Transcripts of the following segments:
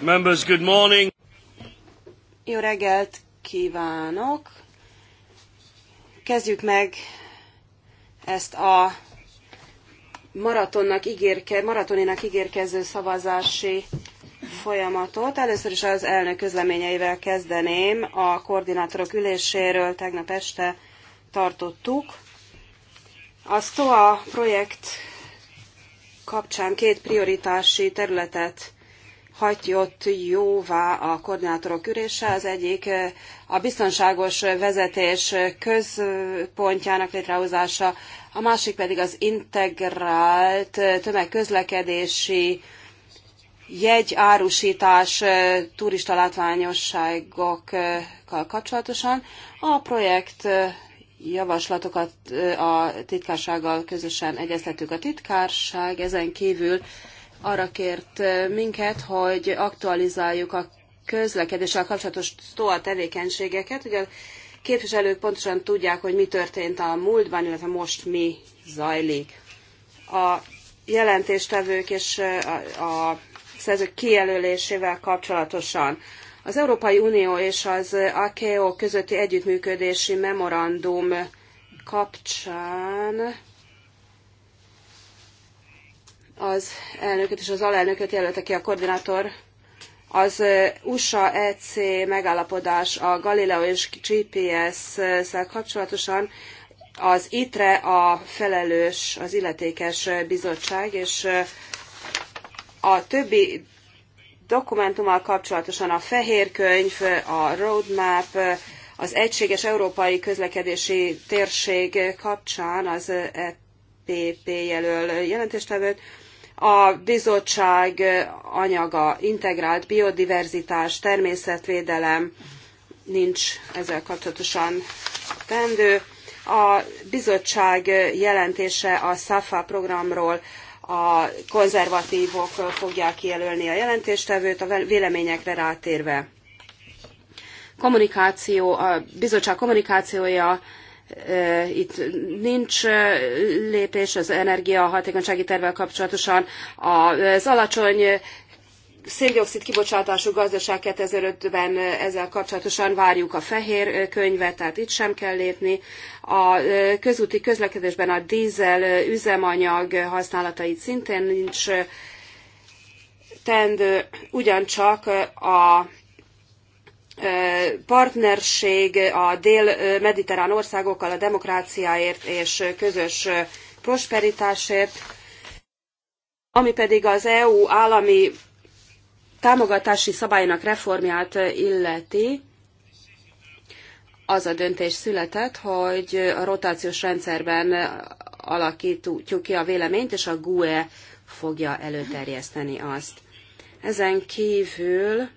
Members, good morning. Jó reggelt kívánok. Kezdjük meg ezt a maratonnak ígérke, maratoninak ígérkező szavazási folyamatot. Először is az elnök közleményeivel kezdeném. A koordinátorok üléséről tegnap este tartottuk. A STOA projekt kapcsán két prioritási területet hagyott jóvá a koordinátorok ülése. Az egyik eh, a biztonságos vezetés központjának létrehozása, a másik pedig az integrált eh, tömegközlekedési jegyárusítás eh, turista látványosságokkal kapcsolatosan. A projekt javaslatokat a titkársággal közösen egyeztettük. A titkárság ezen kívül arra kért minket, hogy aktualizáljuk a közlekedéssel kapcsolatos stoa tevékenységeket, hogy a képviselők pontosan tudják, hogy mi történt a múltban, illetve most mi zajlik. A jelentéstevők és a szerzők kijelölésével kapcsolatosan. Az Európai Unió és az AKO e közötti együttműködési memorandum kapcsán az elnököt és az alelnököt jelölte ki a koordinátor. Az USA-EC megállapodás a Galileo és GPS-szel kapcsolatosan az ITRE a felelős, az illetékes bizottság, és a többi dokumentummal kapcsolatosan a fehér könyv, a roadmap, az egységes európai közlekedési térség kapcsán az EPP jelöl jelentéstevőt, a bizottság anyaga integrált biodiverzitás, természetvédelem nincs ezzel kapcsolatosan tendő. A bizottság jelentése a SAFA programról a konzervatívok fogják kijelölni a jelentéstevőt, a véleményekre rátérve kommunikáció, a bizottság kommunikációja itt nincs lépés az energiahatékonysági tervvel kapcsolatosan. Az alacsony széndiokszid kibocsátású gazdaság 2005-ben ezzel kapcsolatosan várjuk a fehér könyvet, tehát itt sem kell lépni. A közúti közlekedésben a dízel üzemanyag használata itt szintén nincs tendő, ugyancsak a partnerség a dél-mediterrán országokkal a demokráciáért és közös prosperitásért, ami pedig az EU állami támogatási szabálynak reformját illeti, az a döntés született, hogy a rotációs rendszerben alakítjuk ki a véleményt, és a GUE fogja előterjeszteni azt. Ezen kívül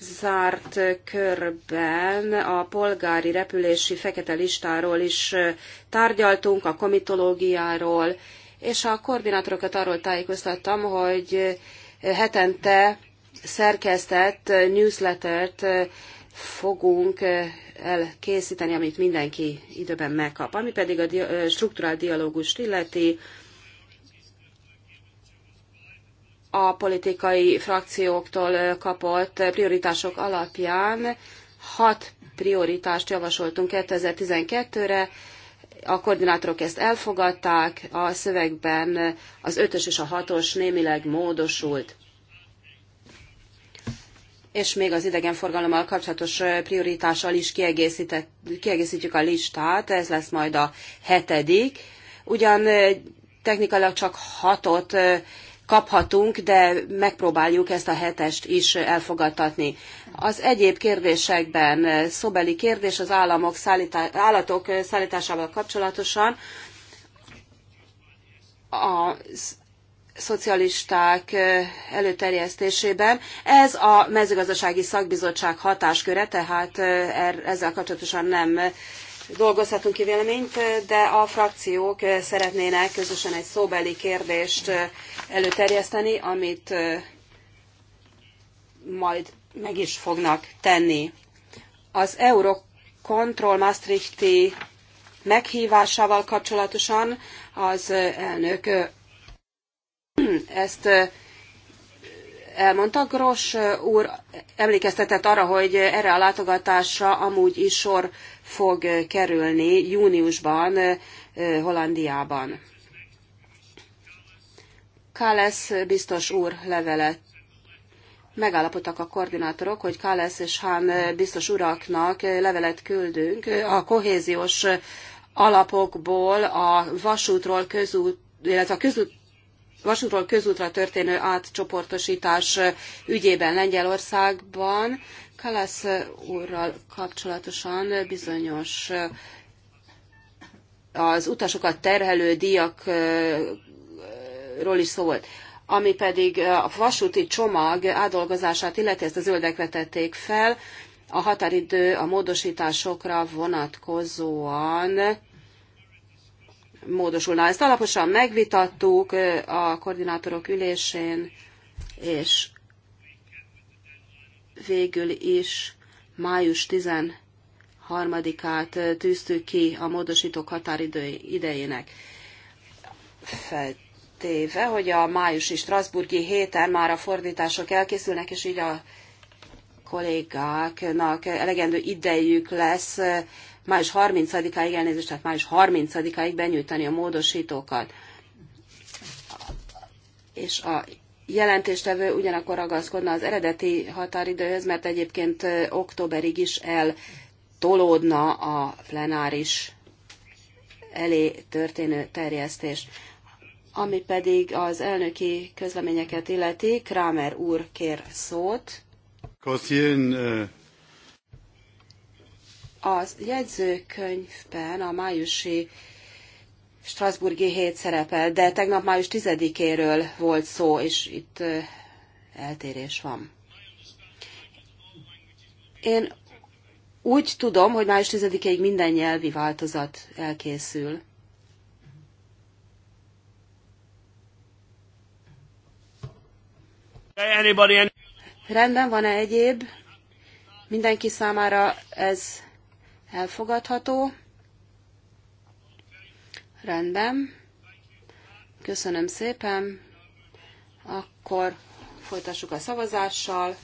zárt körben a polgári repülési fekete listáról is tárgyaltunk, a komitológiáról, és a koordinátorokat arról tájékoztattam, hogy hetente szerkesztett newslettert fogunk elkészíteni, amit mindenki időben megkap. Ami pedig a struktúrált dialógust illeti, a politikai frakcióktól kapott prioritások alapján hat prioritást javasoltunk 2012-re, a koordinátorok ezt elfogadták, a szövegben az ötös és a hatos némileg módosult. És még az idegenforgalommal kapcsolatos prioritással is kiegészítjük a listát, ez lesz majd a hetedik. Ugyan technikailag csak hatot kaphatunk, de megpróbáljuk ezt a hetest is elfogadtatni. Az egyéb kérdésekben szobeli kérdés az államok szállítá- állatok szállításával kapcsolatosan a szocialisták előterjesztésében. Ez a mezőgazdasági szakbizottság hatásköre, tehát eh, er-, ezzel kapcsolatosan nem dolgozhatunk ki véleményt, de a frakciók szeretnének közösen egy szóbeli kérdést előterjeszteni, amit majd meg is fognak tenni. Az Eurocontrol Maastrichti meghívásával kapcsolatosan az elnök ezt elmondta. Gross úr emlékeztetett arra, hogy erre a látogatásra amúgy is sor fog eh, kerülni júniusban eh, eh, Hollandiában. Kálesz biztos úr levelet megállapodtak a koordinátorok, hogy Kálesz és Hán biztos uraknak levelet küldünk a kohéziós alapokból a vasútról közút, illetve a közút, vasútról közútra történő átcsoportosítás ügyében Lengyelországban, Kalasz úrral kapcsolatosan bizonyos az utasokat terhelő díjakról is szó volt. Ami pedig a vasúti csomag átdolgozását illetve ezt a zöldekre tették fel, a határidő a módosításokra vonatkozóan módosulna. Ezt alaposan megvitattuk a koordinátorok ülésén, és végül is május 13-át eh, tűztük ki a módosítók idejének Feltéve, hogy a májusi Strasburgi héten már a fordítások elkészülnek, és így a kollégáknak elegendő idejük lesz eh, május 30-áig, elnézést, tehát május 30-áig benyújtani a módosítókat. És a jelentéstevő ugyanakkor ragaszkodna az eredeti határidőhöz, mert egyébként októberig is eltolódna a plenáris elé történő terjesztés. Ami pedig az elnöki közleményeket illeti, Kramer úr kér szót. A jegyzőkönyvben a májusi Strasburgi hét szerepel, de tegnap május 10-éről volt szó, és itt eltérés van. Én úgy tudom, hogy május 10-ig minden nyelvi változat elkészül. Anybody... Rendben van-e egyéb? Mindenki számára ez elfogadható. Rendben. Köszönöm szépen. Akkor folytassuk a szavazással.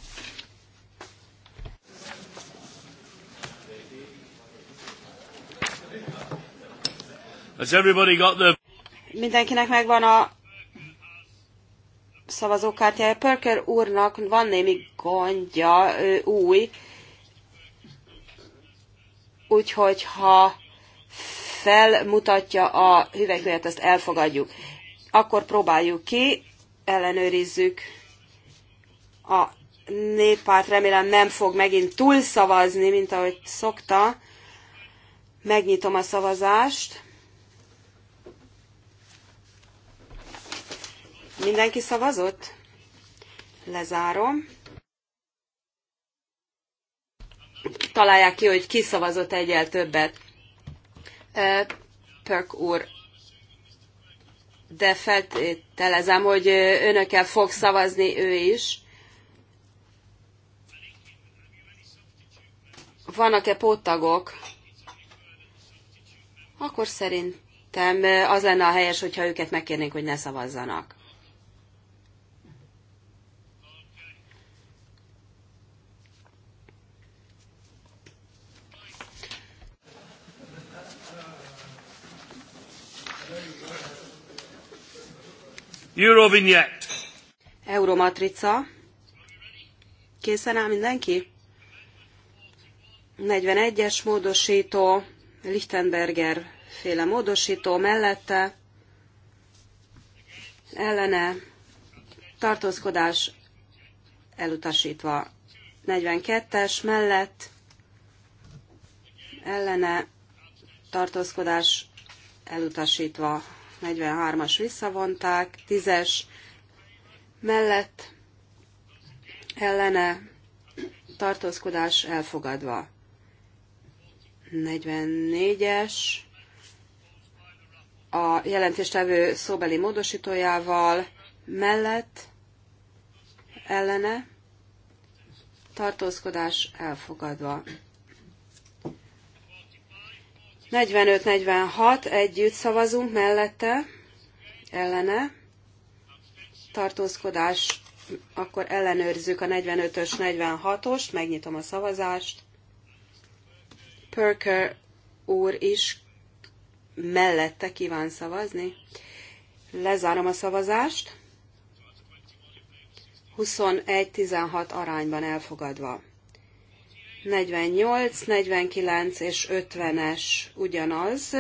Has everybody got the... Mindenkinek megvan a szavazókártyája. Perker úrnak van némi gondja, ő új. Úgyhogy ha felmutatja a hüvelykület, azt elfogadjuk. Akkor próbáljuk ki, ellenőrizzük a néppárt, remélem nem fog megint túlszavazni, mint ahogy szokta. Megnyitom a szavazást. Mindenki szavazott? Lezárom. Találják ki, hogy ki szavazott egyel többet. Pörk úr, de feltételezem, hogy önökkel fog szavazni ő is. Vannak-e póttagok? Akkor szerintem az lenne a helyes, hogyha őket megkérnénk, hogy ne szavazzanak. Eurovignette. Euromatrica. Készen áll mindenki? 41-es módosító, Lichtenberger féle módosító mellette, ellene, tartózkodás elutasítva. 42-es mellett, ellene, tartózkodás elutasítva. 43-as visszavonták, 10-es mellett ellene tartózkodás elfogadva. 44-es a jelentéstevő szóbeli módosítójával mellett ellene tartózkodás elfogadva. 45-46 együtt szavazunk mellette, ellene, tartózkodás, akkor ellenőrizzük a 45-ös, 46-ost, megnyitom a szavazást. Perker úr is mellette kíván szavazni. Lezárom a szavazást. 21-16 arányban elfogadva. 48, 49 és 50-es ugyanaz,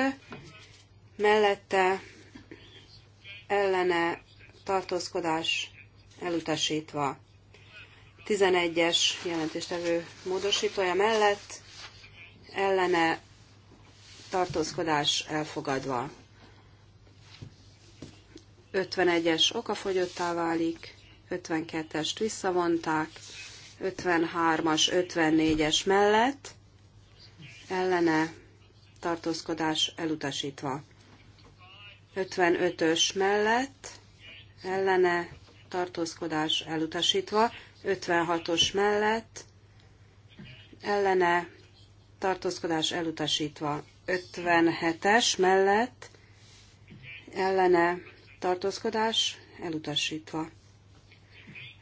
mellette ellene tartózkodás elutasítva. 11-es jelentéstevő módosítója mellett ellene tartózkodás elfogadva. 51-es okafogyottá válik, 52-est visszavonták, 53-as, 54-es mellett ellene tartózkodás elutasítva. 55-ös mellett ellene tartózkodás elutasítva, 56-os mellett ellene tartózkodás elutasítva, 57-es mellett ellene tartózkodás elutasítva.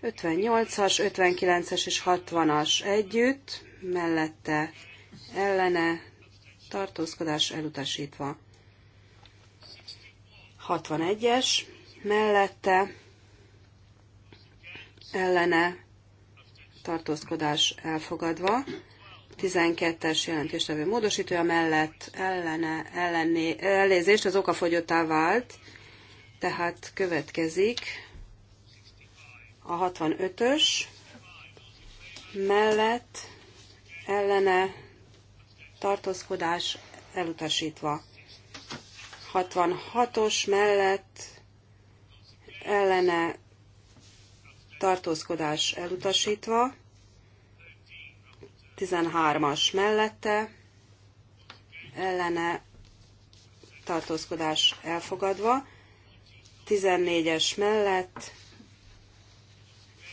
58-as, 59-es és 60-as együtt, mellette ellene tartózkodás elutasítva. 61-es, mellette ellene tartózkodás elfogadva. 12-es jelentéstevő módosítója mellett ellene, ellené, ellézést az okafogyottá vált, tehát következik a 65-ös mellett ellene tartózkodás elutasítva. 66-os mellett ellene tartózkodás elutasítva, 13-as mellette ellene tartózkodás elfogadva, 14-es mellett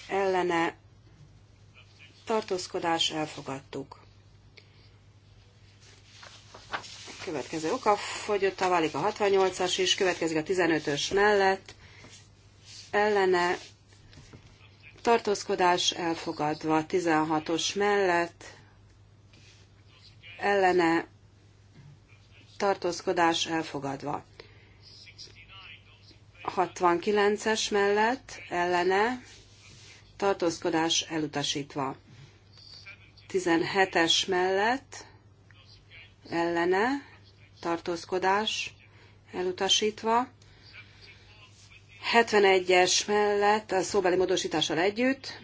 ellene tartózkodás elfogadtuk. Következő oka fogyott válik a 68-as is, következik a 15-ös mellett, ellene tartózkodás elfogadva 16-os mellett, ellene tartózkodás elfogadva. 69-es mellett ellene tartózkodás elutasítva. 17-es mellett ellene tartózkodás elutasítva. 71-es mellett a szóbeli módosítással együtt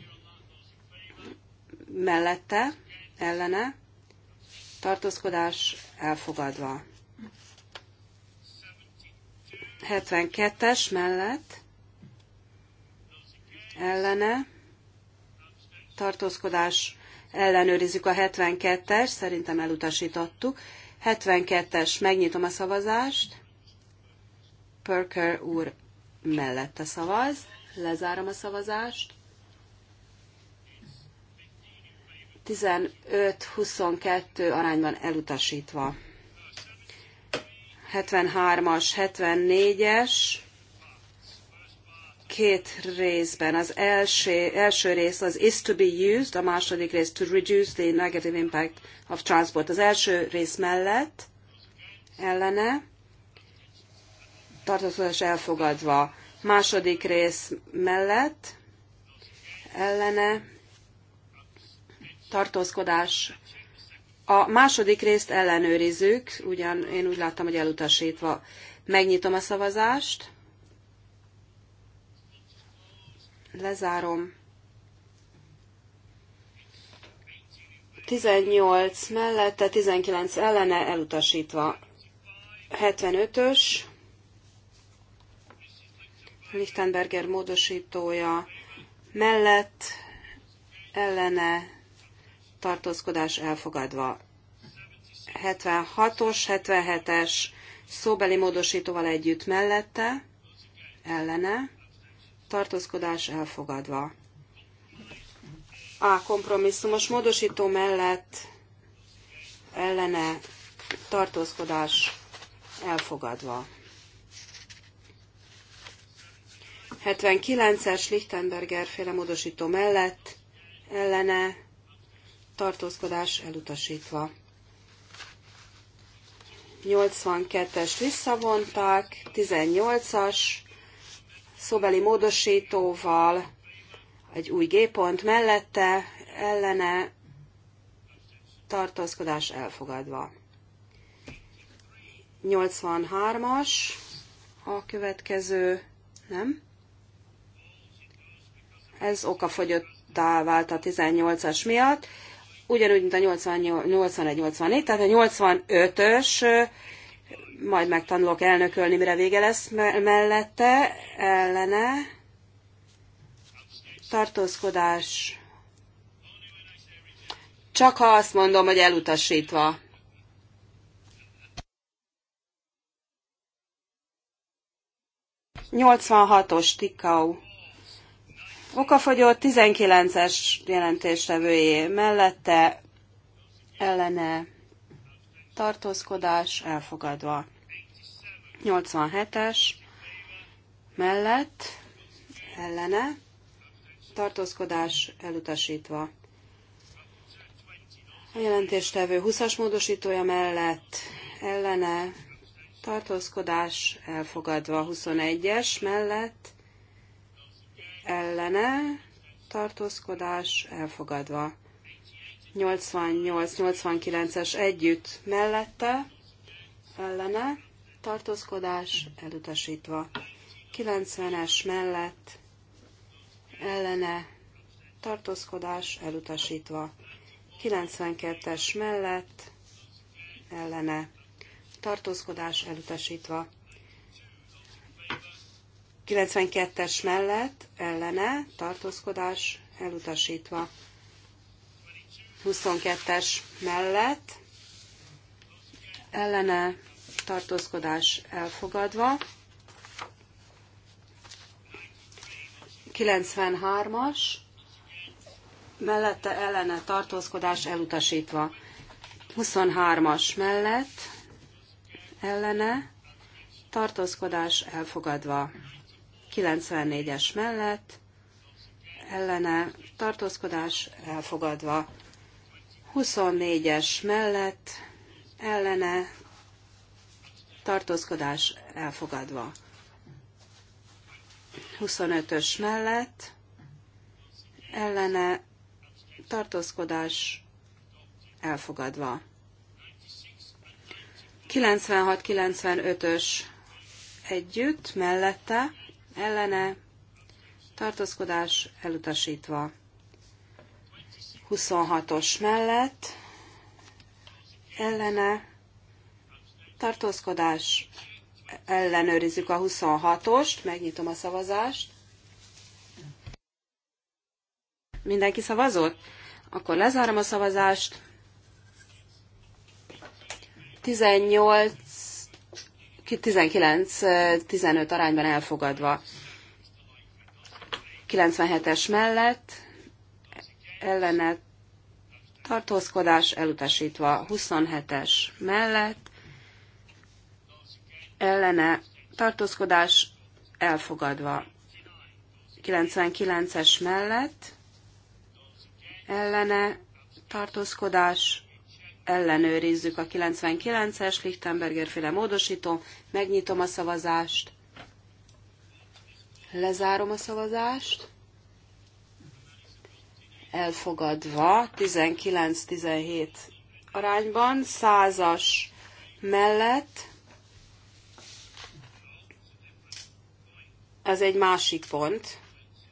mellette ellene tartózkodás elfogadva. 72-es mellett ellene tartózkodás, ellenőrizzük a 72-es, szerintem elutasítottuk. 72-es, megnyitom a szavazást. Perker úr mellette szavaz. Lezárom a szavazást. 15-22 arányban elutasítva. 73-as, 74-es két részben. Az első, első rész az is to be used, a második rész to reduce the negative impact of transport. Az első rész mellett ellene tartozás elfogadva. Második rész mellett ellene tartózkodás. A második részt ellenőrizzük, ugyan én úgy láttam, hogy elutasítva. Megnyitom a szavazást. Lezárom. 18 mellette, 19 ellene elutasítva. 75-ös. Lichtenberger módosítója mellett ellene tartózkodás elfogadva. 76-os, 77-es szóbeli módosítóval együtt mellette, ellene, tartózkodás elfogadva. A kompromisszumos módosító mellett ellene tartózkodás elfogadva. 79-es Lichtenberger féle módosító mellett ellene tartózkodás elutasítva. 82-es visszavonták, 18-as szóbeli módosítóval, egy új gépont mellette, ellene tartózkodás elfogadva. 83-as a következő, nem? Ez okafogyottá vált a 18-as miatt, ugyanúgy, mint a 81-84, tehát a 85-ös majd megtanulok elnökölni, mire vége lesz mellette, ellene, tartózkodás. Csak ha azt mondom, hogy elutasítva. Nyolcvanhatos Tikau. Okafogyott 19-es jelentéstevőjé mellette ellene tartózkodás elfogadva. 87-es mellett ellene tartózkodás elutasítva. A jelentéstevő 20-as módosítója mellett ellene tartózkodás elfogadva 21-es mellett ellene tartózkodás elfogadva. 88-89-es együtt mellette, ellene, tartózkodás elutasítva. 90-es mellett, ellene, tartózkodás elutasítva. 92-es mellett, ellene, tartózkodás elutasítva. 92-es mellett, ellene, tartózkodás elutasítva. 22-es mellett ellene tartózkodás elfogadva. 93-as mellette ellene tartózkodás elutasítva. 23-as mellett ellene tartózkodás elfogadva. 94-es mellett ellene tartózkodás elfogadva. 24-es mellett ellene tartózkodás elfogadva. 25-ös mellett ellene tartózkodás elfogadva. 96-95-ös együtt, mellette, ellene, tartózkodás elutasítva. 26-os mellett ellene tartózkodás ellenőrizzük a 26-ost, megnyitom a szavazást. Mindenki szavazott? Akkor lezárom a szavazást. 18 19-15 arányban elfogadva. 97-es mellett ellene tartózkodás elutasítva 27-es mellett ellene tartózkodás elfogadva 99-es mellett ellene tartózkodás ellenőrizzük a 99-es Lichtenberger féle módosító, megnyitom a szavazást, lezárom a szavazást, elfogadva 19-17 arányban, százas mellett az egy másik pont,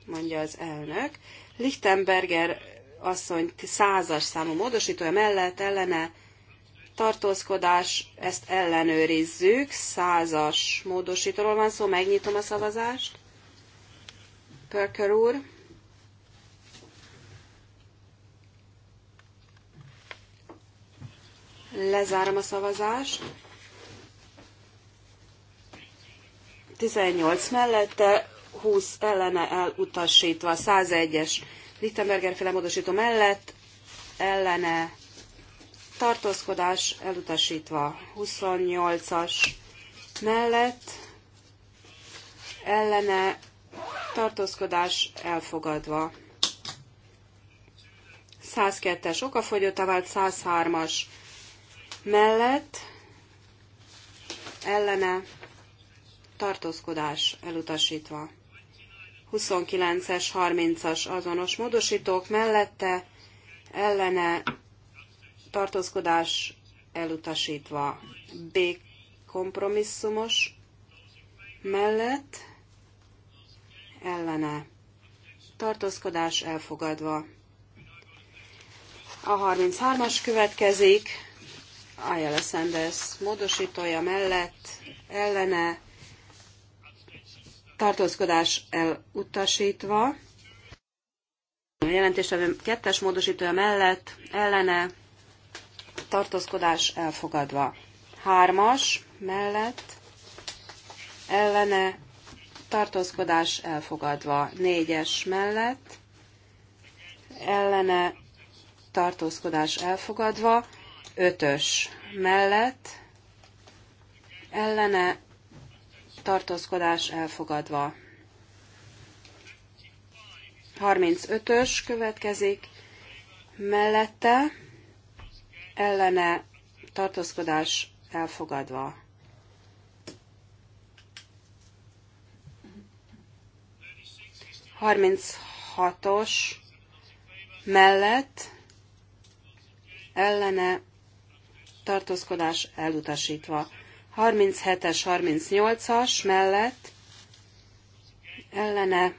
mondja az elnök. Lichtenberger asszony százas számú módosítója mellett ellene tartózkodás, ezt ellenőrizzük, százas módosítóról van szó, megnyitom a szavazást. Perker úr. Lezárom a szavazást. 18 mellette, 20 ellene elutasítva, 101-es Lichtenberger féle módosító mellett, ellene tartózkodás elutasítva, 28-as mellett, ellene tartózkodás elfogadva. 102-es okafogyottá vált 103-as mellett ellene tartózkodás elutasítva. 29-es, 30-as azonos módosítók mellette ellene tartózkodás elutasítva. B kompromisszumos mellett ellene tartózkodás elfogadva. A 33-as következik Ayala Sanders módosítója mellett ellene tartózkodás elutasítva. A jelentéstevő kettes módosítója mellett ellene tartózkodás elfogadva. Hármas mellett ellene tartózkodás elfogadva. Négyes mellett ellene tartózkodás elfogadva ötös mellett ellene tartózkodás elfogadva. 35-ös következik, mellette ellene tartózkodás elfogadva. Harminc hatos mellett ellene tartózkodás elutasítva. 37-es, 38-as mellett ellene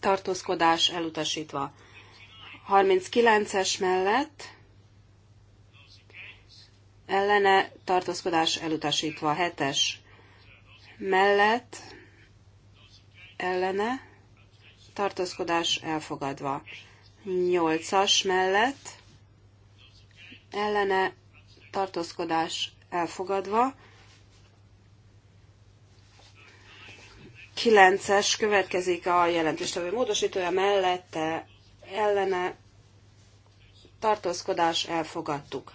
tartózkodás elutasítva. 39-es mellett ellene tartózkodás elutasítva. 7-es mellett ellene tartózkodás elfogadva. 8-as mellett ellene tartózkodás elfogadva. 9-es következik a jelentéstevő módosítója mellette ellene tartózkodás elfogadtuk.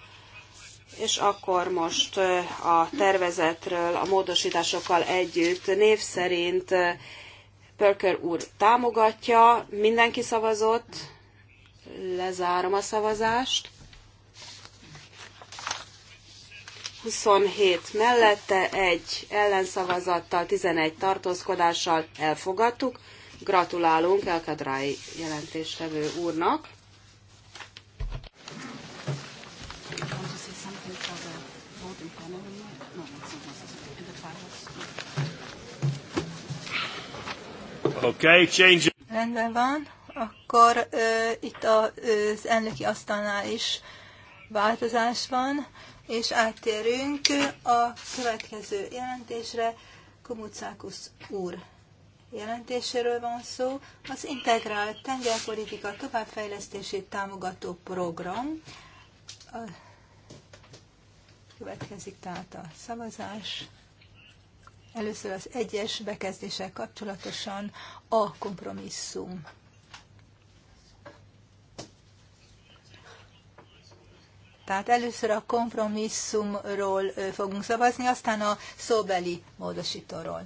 És akkor most a tervezetről a módosításokkal együtt név szerint Pörker úr támogatja, mindenki szavazott, lezárom a szavazást. 27 mellette, egy ellenszavazattal, 11 tartózkodással elfogadtuk. Gratulálunk Elkadrái jelentéstevő úrnak. Okay, change. Rendben van, akkor itt a, az elnöki asztalnál is változás van és áttérünk a következő jelentésre. Komucákus úr jelentéséről van szó. Az integrált tengerpolitika továbbfejlesztését támogató program. A következik tehát a szavazás. Először az egyes bekezdéssel kapcsolatosan a kompromisszum. Tehát először a kompromisszumról fogunk szavazni, aztán a szóbeli módosítóról.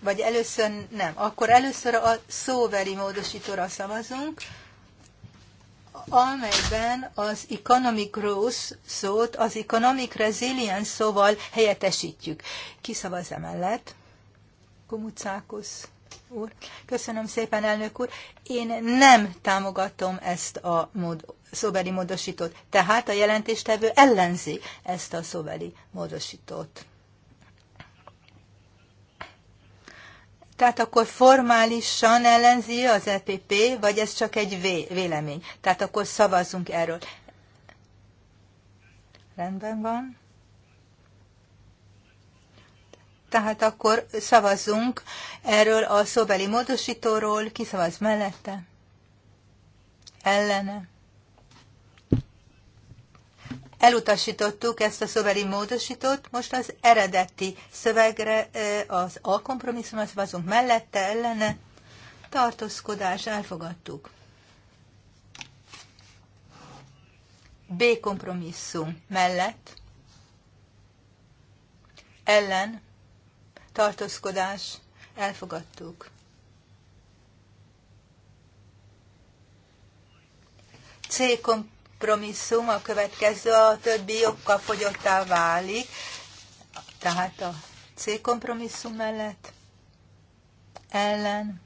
Vagy először nem. Akkor először a szóbeli módosítóra szavazunk, amelyben az economic growth szót az economic resilience szóval helyettesítjük. Kiszavaz emellett? Kumucákusz úr. Köszönöm szépen, elnök úr. Én nem támogatom ezt a mód, szóbeli módosítót, tehát a jelentéstevő ellenzi ezt a szóbeli módosítót. Tehát akkor formálisan ellenzi az EPP, vagy ez csak egy vé- vélemény? Tehát akkor szavazzunk erről. Rendben van. tehát akkor szavazzunk erről a szóbeli módosítóról, ki szavaz mellette, ellene. Elutasítottuk ezt a szóbeli módosítót, most az eredeti szövegre, az A az szavazunk mellette, ellene, tartózkodás, elfogadtuk. B kompromisszum mellett, ellen, tartózkodás, elfogadtuk. C kompromisszum a következő, a többi jogkal fogyottá válik, tehát a C kompromisszum mellett ellen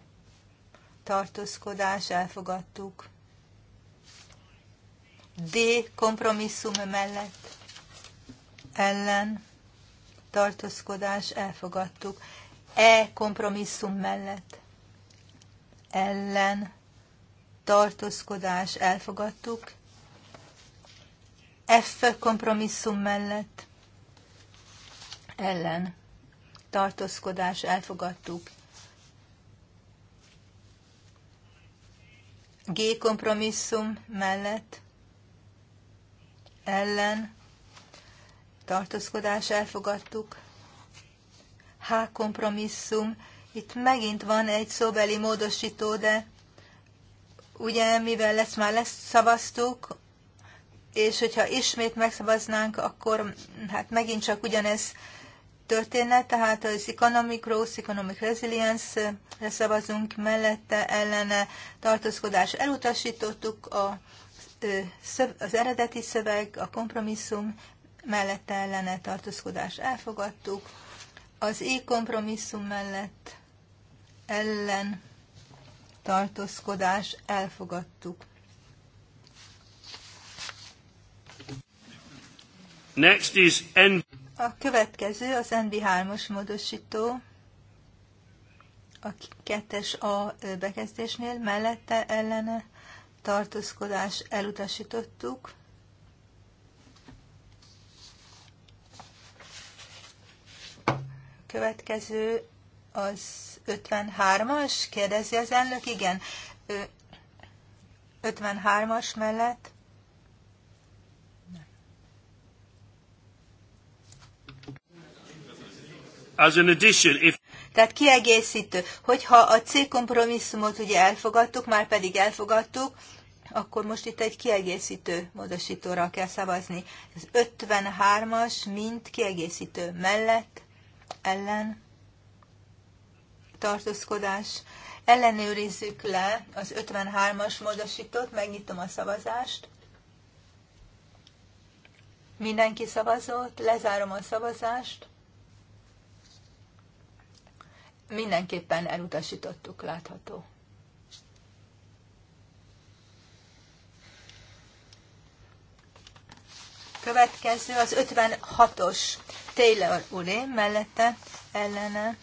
tartózkodás elfogadtuk. D kompromisszum mellett ellen tartózkodás elfogadtuk. E kompromisszum mellett ellen tartózkodás elfogadtuk. F kompromisszum mellett ellen tartózkodás elfogadtuk. G kompromisszum mellett ellen tartózkodás elfogadtuk. H kompromisszum. Itt megint van egy szóbeli módosító, de ugye mivel lesz már lesz szavaztuk, és hogyha ismét megszavaznánk, akkor hát megint csak ugyanez történne, tehát az economic growth, economic resilience szavazunk mellette ellene tartózkodás elutasítottuk, a, az eredeti szöveg, a kompromisszum mellette ellene tartózkodás elfogadtuk, az I e kompromisszum mellett ellen tartózkodás elfogadtuk. Next is N- a következő az NB3-os módosító, a kettes A bekezdésnél mellette ellene tartózkodás elutasítottuk. következő az 53-as, kérdezi az elnök, igen. 53-as mellett. As an addition, if... Tehát kiegészítő, hogyha a C kompromisszumot ugye elfogadtuk, már pedig elfogadtuk, akkor most itt egy kiegészítő módosítóra kell szavazni. Az 53-as, mint kiegészítő mellett ellen tartózkodás. Ellenőrizzük le az 53-as módosítót, megnyitom a szavazást. Mindenki szavazott, lezárom a szavazást. Mindenképpen elutasítottuk, látható. Következő az 56-os Taylor úré mellette ellene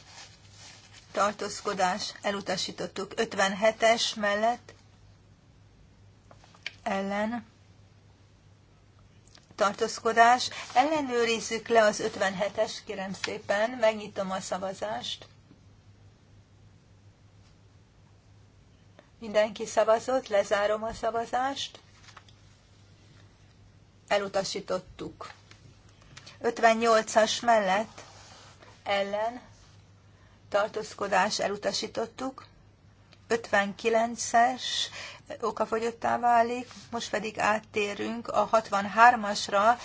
tartózkodás elutasítottuk. 57-es mellett ellen tartózkodás. Ellenőrizzük le az 57-es, kérem szépen, megnyitom a szavazást. Mindenki szavazott, lezárom a szavazást. Elutasítottuk. 58-as mellett ellen tartózkodás elutasítottuk. 59-es okafogyottá válik, most pedig áttérünk a 63-asra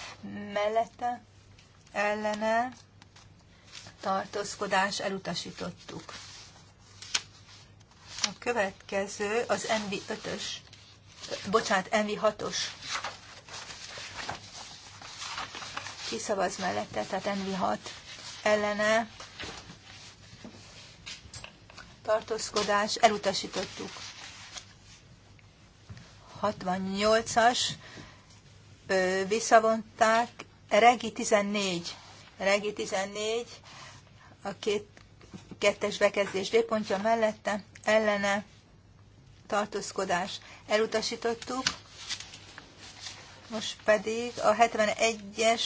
mellette ellene tartózkodás elutasítottuk. A következő az MV5-ös, bocsánat, MV6-os ki szavaz mellette, tehát Envi 6 ellene tartózkodás, elutasítottuk. 68-as visszavonták, Regi 14, Regi 14, a két kettes bekezdés D pontja mellette, ellene tartózkodás elutasítottuk. Most pedig a 71-es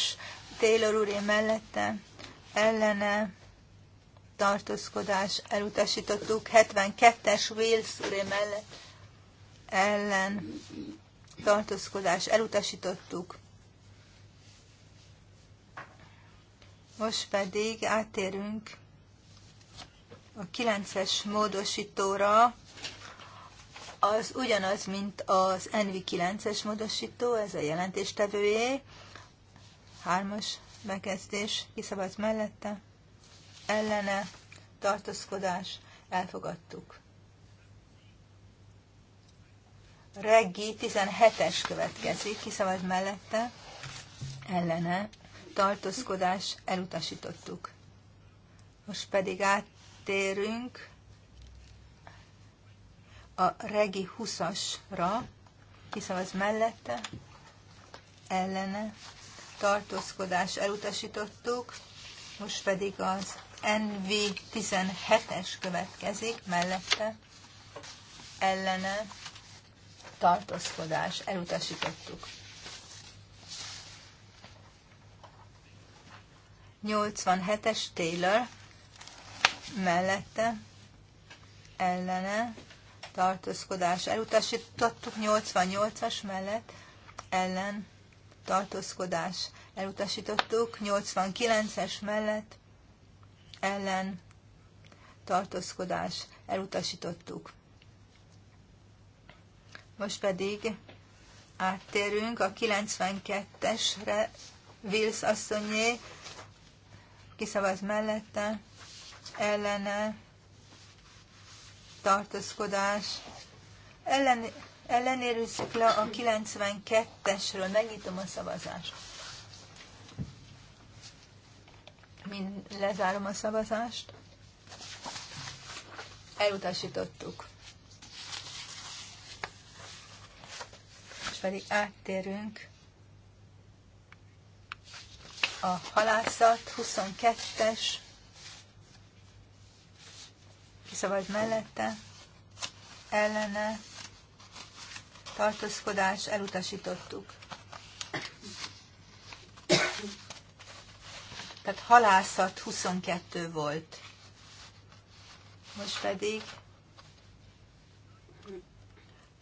Taylor úré mellette ellene tartózkodás elutasítottuk, 72-es Wales úré mellett ellen tartózkodás elutasítottuk. Most pedig átérünk a 9-es módosítóra, az ugyanaz, mint az NV9-es módosító, ez a jelentéstevőjé. Hármas bekezdés, kiszabadsz mellette, ellene, tartózkodás, elfogadtuk. Reggi 17-es következik, kiszabadsz mellette, ellene, tartózkodás, elutasítottuk. Most pedig áttérünk a Regi 20-asra, hiszen az mellette, ellene, tartózkodás elutasítottuk, most pedig az NV 17-es következik, mellette, ellene, tartózkodás elutasítottuk. 87-es Taylor mellette ellene tartózkodás elutasítottuk, 88-as mellett ellen tartózkodás elutasítottuk, 89-es mellett ellen tartózkodás elutasítottuk. Most pedig áttérünk a 92-esre, Wills asszonyé, kiszavaz mellette, ellene, tartózkodás. Ellen, ellenérőzzük le a 92-esről. Megnyitom a szavazást. Mind lezárom a szavazást. Elutasítottuk. És pedig áttérünk a halászat 22-es kiszavaz mellette, ellene, tartózkodás, elutasítottuk. Tehát halászat 22 volt. Most pedig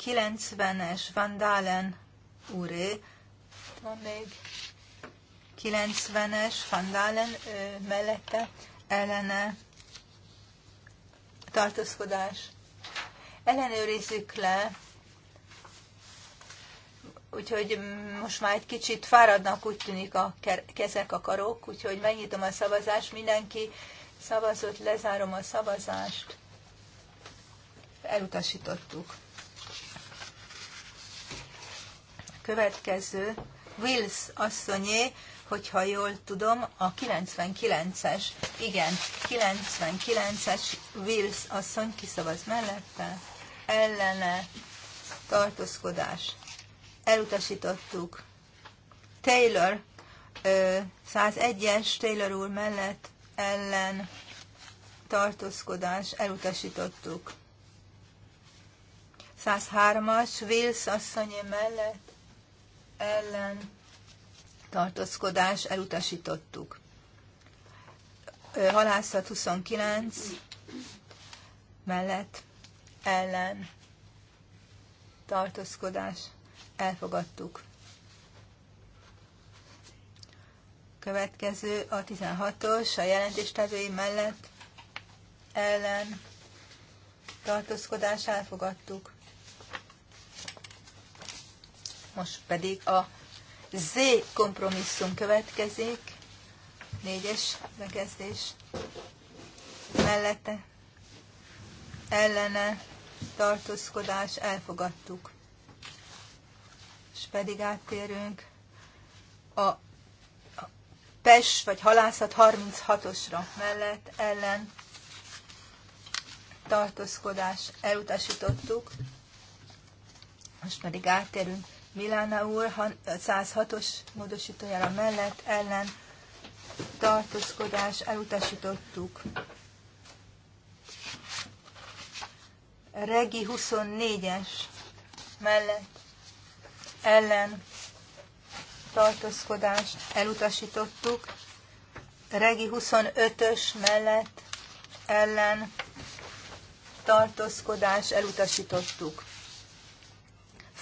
90-es Van Dalen úré, van még 90-es Van Dalen mellette ellene tartózkodás. Ellenőrizzük le, úgyhogy most már egy kicsit fáradnak, úgy tűnik a kezek, a karok, úgyhogy megnyitom a szavazást, mindenki szavazott, lezárom a szavazást. Elutasítottuk. Következő, Wills asszonyé, hogyha jól tudom, a 99-es, igen, 99-es Wills asszony kiszavaz mellette, ellene tartózkodás. Elutasítottuk. Taylor, 101-es Taylor úr mellett ellen tartózkodás, elutasítottuk. 103-as Wills asszony mellett ellen tartózkodás, elutasítottuk. Halászat 29 mellett ellen tartózkodás, elfogadtuk. Következő a 16-os, a jelentéstevői mellett ellen tartózkodás elfogadtuk. Most pedig a Z kompromisszum következik, négyes bekezdés mellette, ellene, tartózkodás, elfogadtuk. És pedig áttérünk a PES vagy halászat 36-osra mellett ellen tartózkodás elutasítottuk. Most pedig áttérünk Milána úr 106-os módosítójára mellett ellen tartózkodás elutasítottuk. Regi 24-es mellett ellen tartózkodást elutasítottuk. Regi 25-ös mellett ellen tartózkodás elutasítottuk.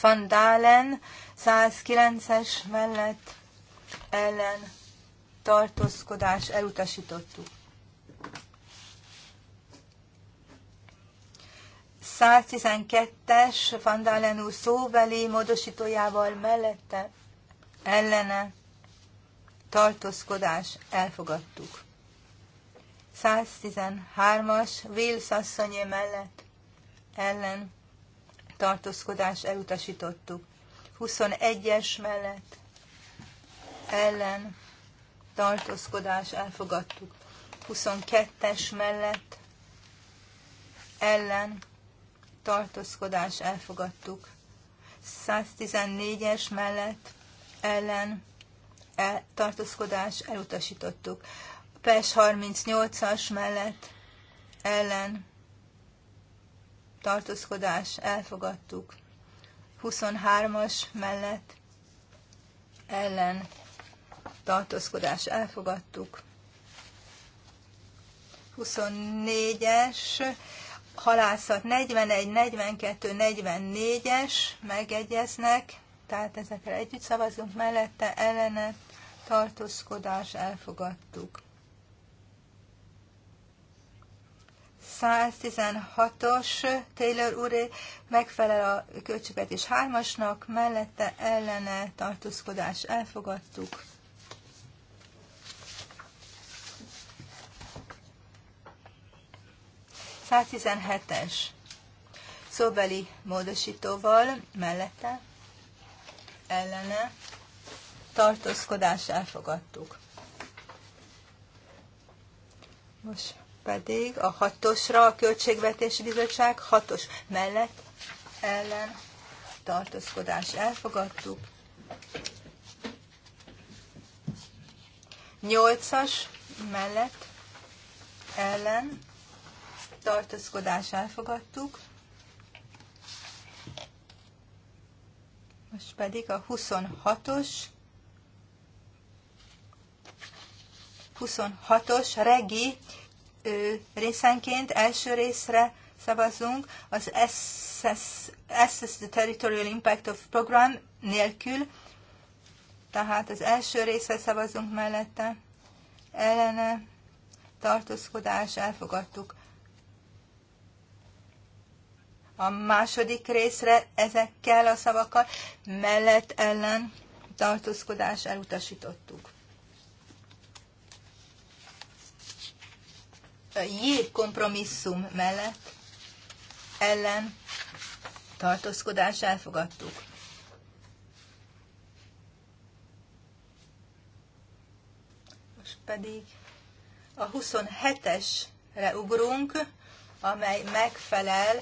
Van Dalen 109-es mellett ellen tartózkodás elutasítottuk. 112-es Van Dalen úr módosítójával mellette ellene tartózkodás elfogadtuk. 113-as Wills asszonyé mellett ellen tartózkodás elutasítottuk. 21-es mellett ellen tartózkodás elfogadtuk. 22-es mellett ellen tartózkodás elfogadtuk. 114-es mellett ellen el, tartózkodás elutasítottuk. PES 38-as mellett ellen tartózkodás elfogadtuk. 23-as mellett ellen tartózkodás elfogadtuk. 24-es halászat 41, 42, 44-es megegyeznek, tehát ezekre együtt szavazunk mellette, ellene tartózkodás elfogadtuk. 116-os Taylor úré megfelel a költségvetés 3-asnak, mellette ellene tartózkodás elfogadtuk. es szóbeli módosítóval mellette ellene tartózkodás elfogadtuk. Most pedig a hatosra a Költségvetési Bizottság hatos mellett ellen tartózkodás elfogadtuk. Nyolcas mellett ellen tartózkodás elfogadtuk. Most pedig a 26-os 26-os regi részenként első részre szavazunk, az SS, SS the Territorial Impact of Program nélkül, tehát az első részre szavazunk mellette, ellene tartózkodás elfogadtuk. A második részre ezekkel a szavakkal mellett ellen tartózkodás elutasítottuk. a kompromisszum mellett ellen tartózkodás elfogadtuk. Most pedig a 27-esre ugrunk, amely megfelel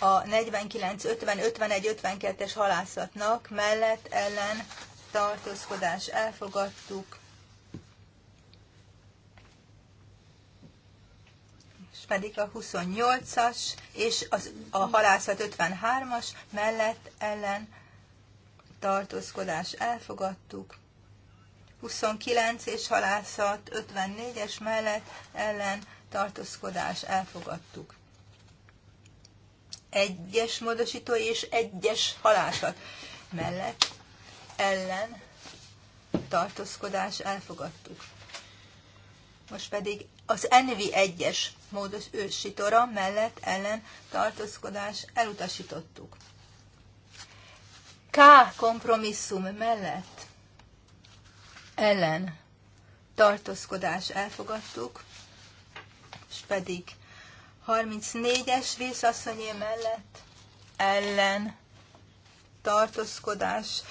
a 49, 50, 51, 52-es halászatnak mellett ellen tartózkodás elfogadtuk. és pedig a 28-as és az, a halászat 53-as mellett ellen tartózkodás elfogadtuk. 29 és halászat 54-es mellett ellen tartózkodás elfogadtuk. Egyes módosító és egyes halászat mellett ellen tartózkodás elfogadtuk. Most pedig az NV 1-es módos ősitora mellett ellen tartózkodás elutasítottuk. K kompromisszum mellett ellen tartózkodás elfogadtuk, és pedig 34-es vészasszonyé mellett ellen tartózkodás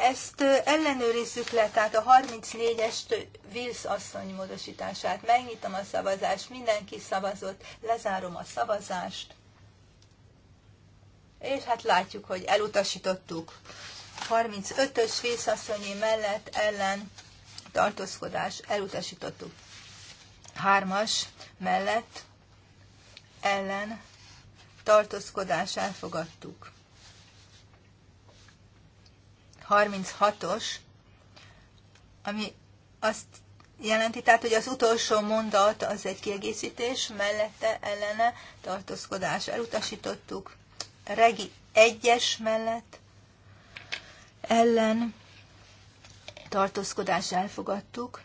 ezt ellenőrizzük le, tehát a 34-est Wills asszony módosítását. Megnyitom a szavazást, mindenki szavazott, lezárom a szavazást, és hát látjuk, hogy elutasítottuk. 35-ös Wills asszonyi mellett ellen tartózkodás elutasítottuk. 3-as mellett ellen tartózkodás elfogadtuk. 36-os, ami azt jelenti, tehát, hogy az utolsó mondat az egy kiegészítés, mellette ellene tartózkodás. Elutasítottuk. Regi egyes mellett ellen tartózkodás elfogadtuk.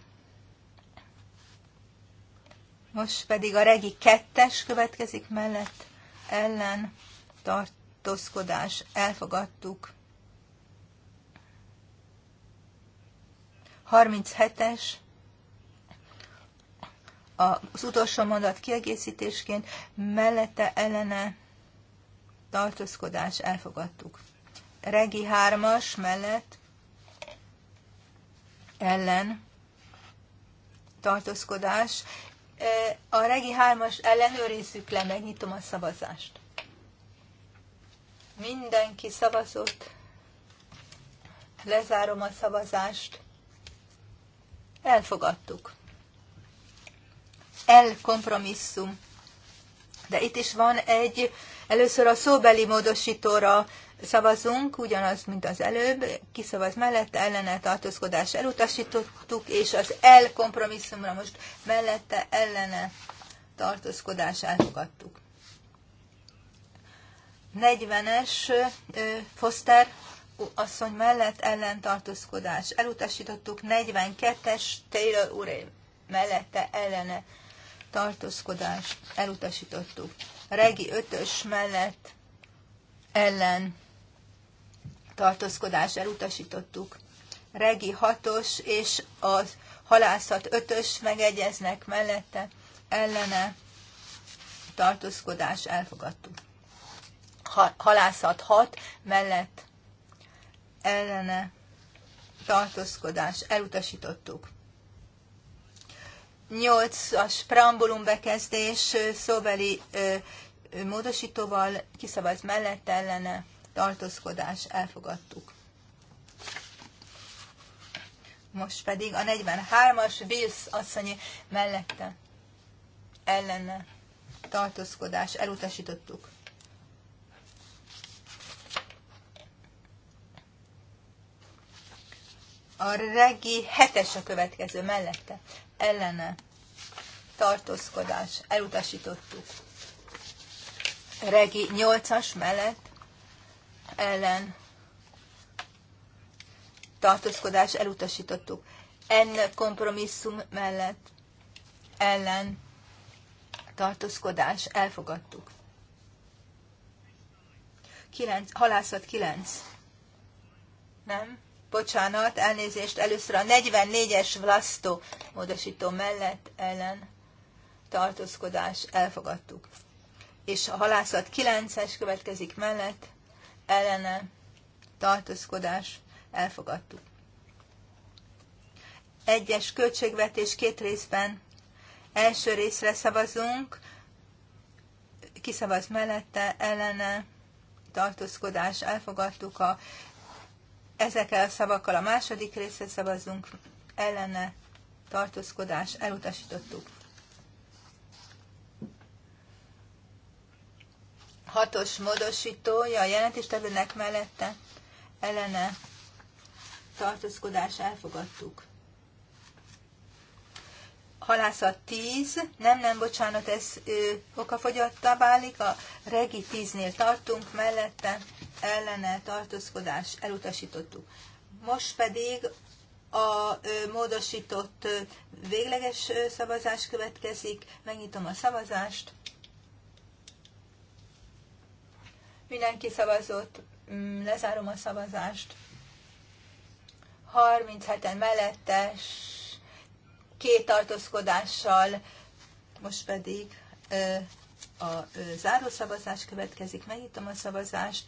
Most pedig a regi kettes következik mellett ellen tartózkodás elfogadtuk. 37-es, az utolsó mondat kiegészítésként, mellette ellene tartózkodás elfogadtuk. Regi 3-as mellett ellen tartózkodás. E, a Regi 3-as ellenőrizzük le, megnyitom a szavazást. Mindenki szavazott. Lezárom a szavazást elfogadtuk. El kompromisszum. De itt is van egy, először a szóbeli módosítóra szavazunk, ugyanaz, mint az előbb, kiszavaz mellette, ellene tartózkodás elutasítottuk, és az el kompromisszumra most mellette, ellene tartózkodás elfogadtuk. 40-es Foster asszony mellett ellentartózkodás. Elutasítottuk 42-es Taylor úr mellette ellene tartózkodás. Elutasítottuk. Regi 5-ös mellett ellen tartózkodás. Elutasítottuk. Regi 6-os és az halászat 5-ös megegyeznek mellette ellene tartózkodás. Elfogadtuk. Ha, halászat 6 mellett ellene tartózkodás elutasítottuk. Nyolc a preambulum bekezdés szóbeli ö, módosítóval kiszavaz mellett ellene tartózkodás elfogadtuk. Most pedig a 43-as Bills asszonyi mellette ellene tartózkodás elutasítottuk. A regi hetes a következő mellette. Ellene. Tartózkodás. Elutasítottuk. Regi nyolcas mellett. Ellen. Tartózkodás. Elutasítottuk. En kompromisszum mellett. Ellen. Tartózkodás. Elfogadtuk. 9, halászat 9. Nem? bocsánat, elnézést, először a 44-es Vlasztó módosító mellett ellen tartózkodás elfogadtuk. És a halászat 9-es következik mellett ellene tartózkodás elfogadtuk. Egyes költségvetés két részben. Első részre szavazunk, kiszavaz mellette, ellene, tartózkodás, elfogadtuk a Ezekkel a szavakkal a második részre szavazunk, ellene tartózkodás elutasítottuk. Hatos módosítója a jelentéstevőnek mellette ellene tartózkodás elfogadtuk. Halászat 10, nem, nem, bocsánat, ez ö, válik, a regi 10-nél tartunk mellette, ellene tartózkodás elutasítottuk. Most pedig a módosított végleges szavazás következik. Megnyitom a szavazást. Mindenki szavazott, mm, lezárom a szavazást. 37-en mellettes, két tartózkodással, most pedig a zárószavazás következik. Megnyitom a szavazást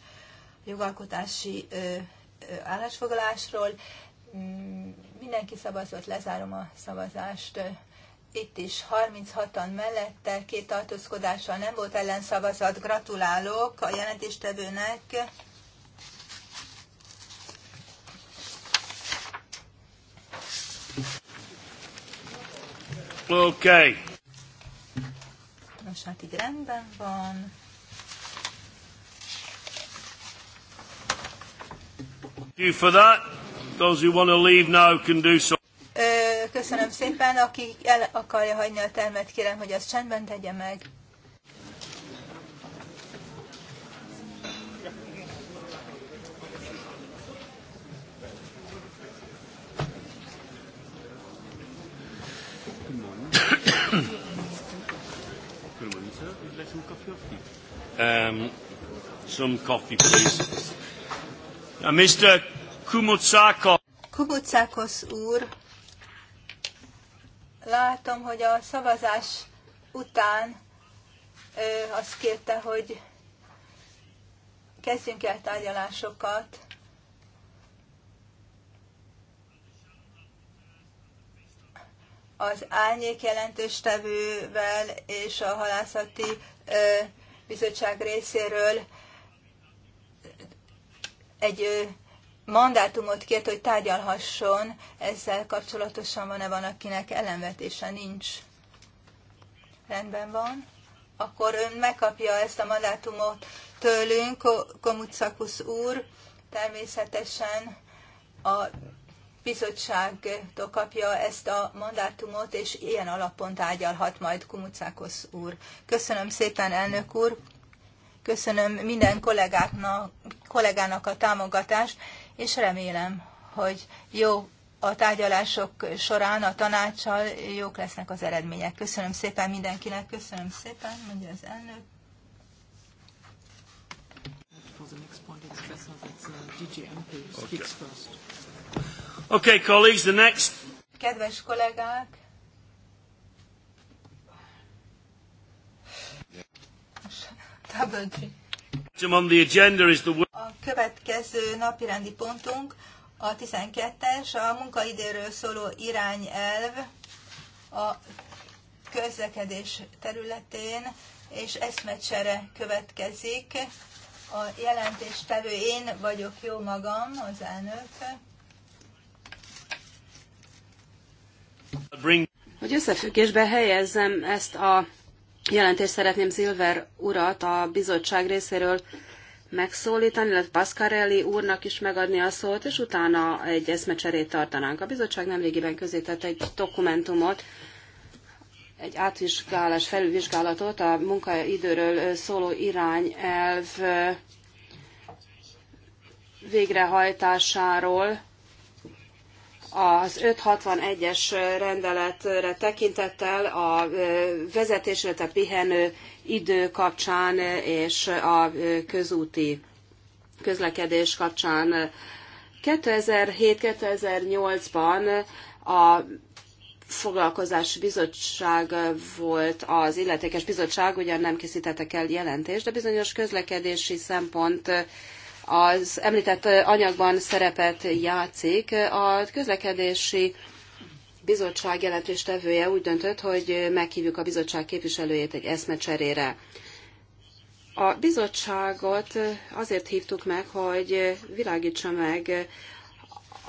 jogalkotási állásfoglalásról. Mm, mindenki szavazott, lezárom a szavazást. Itt is 36-an mellette, két tartózkodással nem volt ellenszavazat. Gratulálok a jelentéstevőnek. Okay. Nos, hát így rendben van. you for that. Those who want to leave now can do so. Köszönöm szépen, aki el akarja hagyni a termet, kérem, hogy azt csendben tegye meg. Um, some coffee, please. Now, uh, Mr. Kumutsakos. Kumutsakos úr, látom, hogy a szavazás után ö, azt kérte, hogy kezdjünk el tárgyalásokat. az árnyék tevővel és a halászati ö, bizottság részéről egy mandátumot kért, hogy tárgyalhasson, ezzel kapcsolatosan van-e valakinek ellenvetése? Nincs. Rendben van. Akkor ön megkapja ezt a mandátumot tőlünk, Komutszakusz úr, természetesen a bizottságtól kapja ezt a mandátumot, és ilyen alapon tárgyalhat majd Kumucákos úr. Köszönöm szépen, elnök úr! Köszönöm minden kollégáknak, kollégának a támogatást, és remélem, hogy jó a tárgyalások során a tanácssal jók lesznek az eredmények. Köszönöm szépen mindenkinek, köszönöm szépen, mondja az elnök. Okay, colleagues, the next. Kedves kollégák, Double G. A következő napirendi pontunk a 12-es, a munkaidőről szóló irányelv a közlekedés területén, és eszmecsere következik. A jelentéstevő én vagyok jó magam, az elnök. Hogy összefüggésbe helyezzem ezt a jelentést szeretném Zilver urat a bizottság részéről megszólítani, illetve Pascarelli úrnak is megadni a szót, és utána egy eszmecserét tartanánk. A bizottság nemrégiben tett egy dokumentumot, egy átvizsgálás, felülvizsgálatot a munkaidőről szóló irányelv végrehajtásáról, az 561-es rendeletre tekintettel a vezetés, illetve pihenő idő kapcsán és a közúti közlekedés kapcsán 2007-2008-ban a foglalkozás bizottság volt az illetékes bizottság, ugyan nem készítettek el jelentést, de bizonyos közlekedési szempont az említett anyagban szerepet játszik. A közlekedési bizottság jelentéstevője úgy döntött, hogy meghívjuk a bizottság képviselőjét egy eszmecserére. A bizottságot azért hívtuk meg, hogy világítsa meg,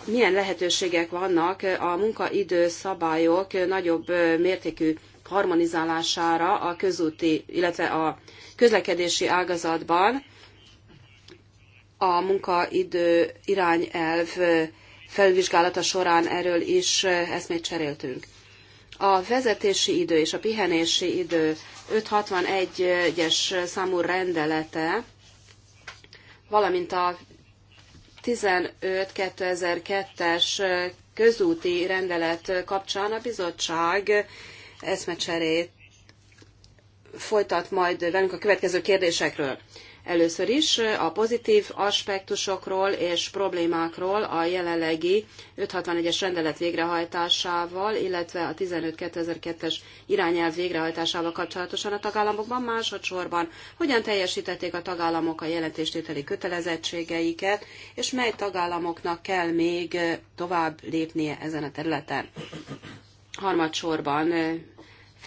milyen lehetőségek vannak a munkaidő szabályok nagyobb mértékű harmonizálására a közúti, illetve a közlekedési ágazatban, a munkaidő irányelv felvizsgálata során erről is eh, eszmét cseréltünk. A vezetési idő és a pihenési idő 561-es számú rendelete, valamint a 15-2002-es közúti rendelet kapcsán a bizottság eszmecserét folytat majd velünk a következő kérdésekről. Először is a pozitív aspektusokról és problémákról a jelenlegi 561-es rendelet végrehajtásával, illetve a 15-2002-es irányelv végrehajtásával kapcsolatosan a tagállamokban, másodszorban hogyan teljesítették a tagállamok a jelentéstételi kötelezettségeiket, és mely tagállamoknak kell még tovább lépnie ezen a területen. Harmadsorban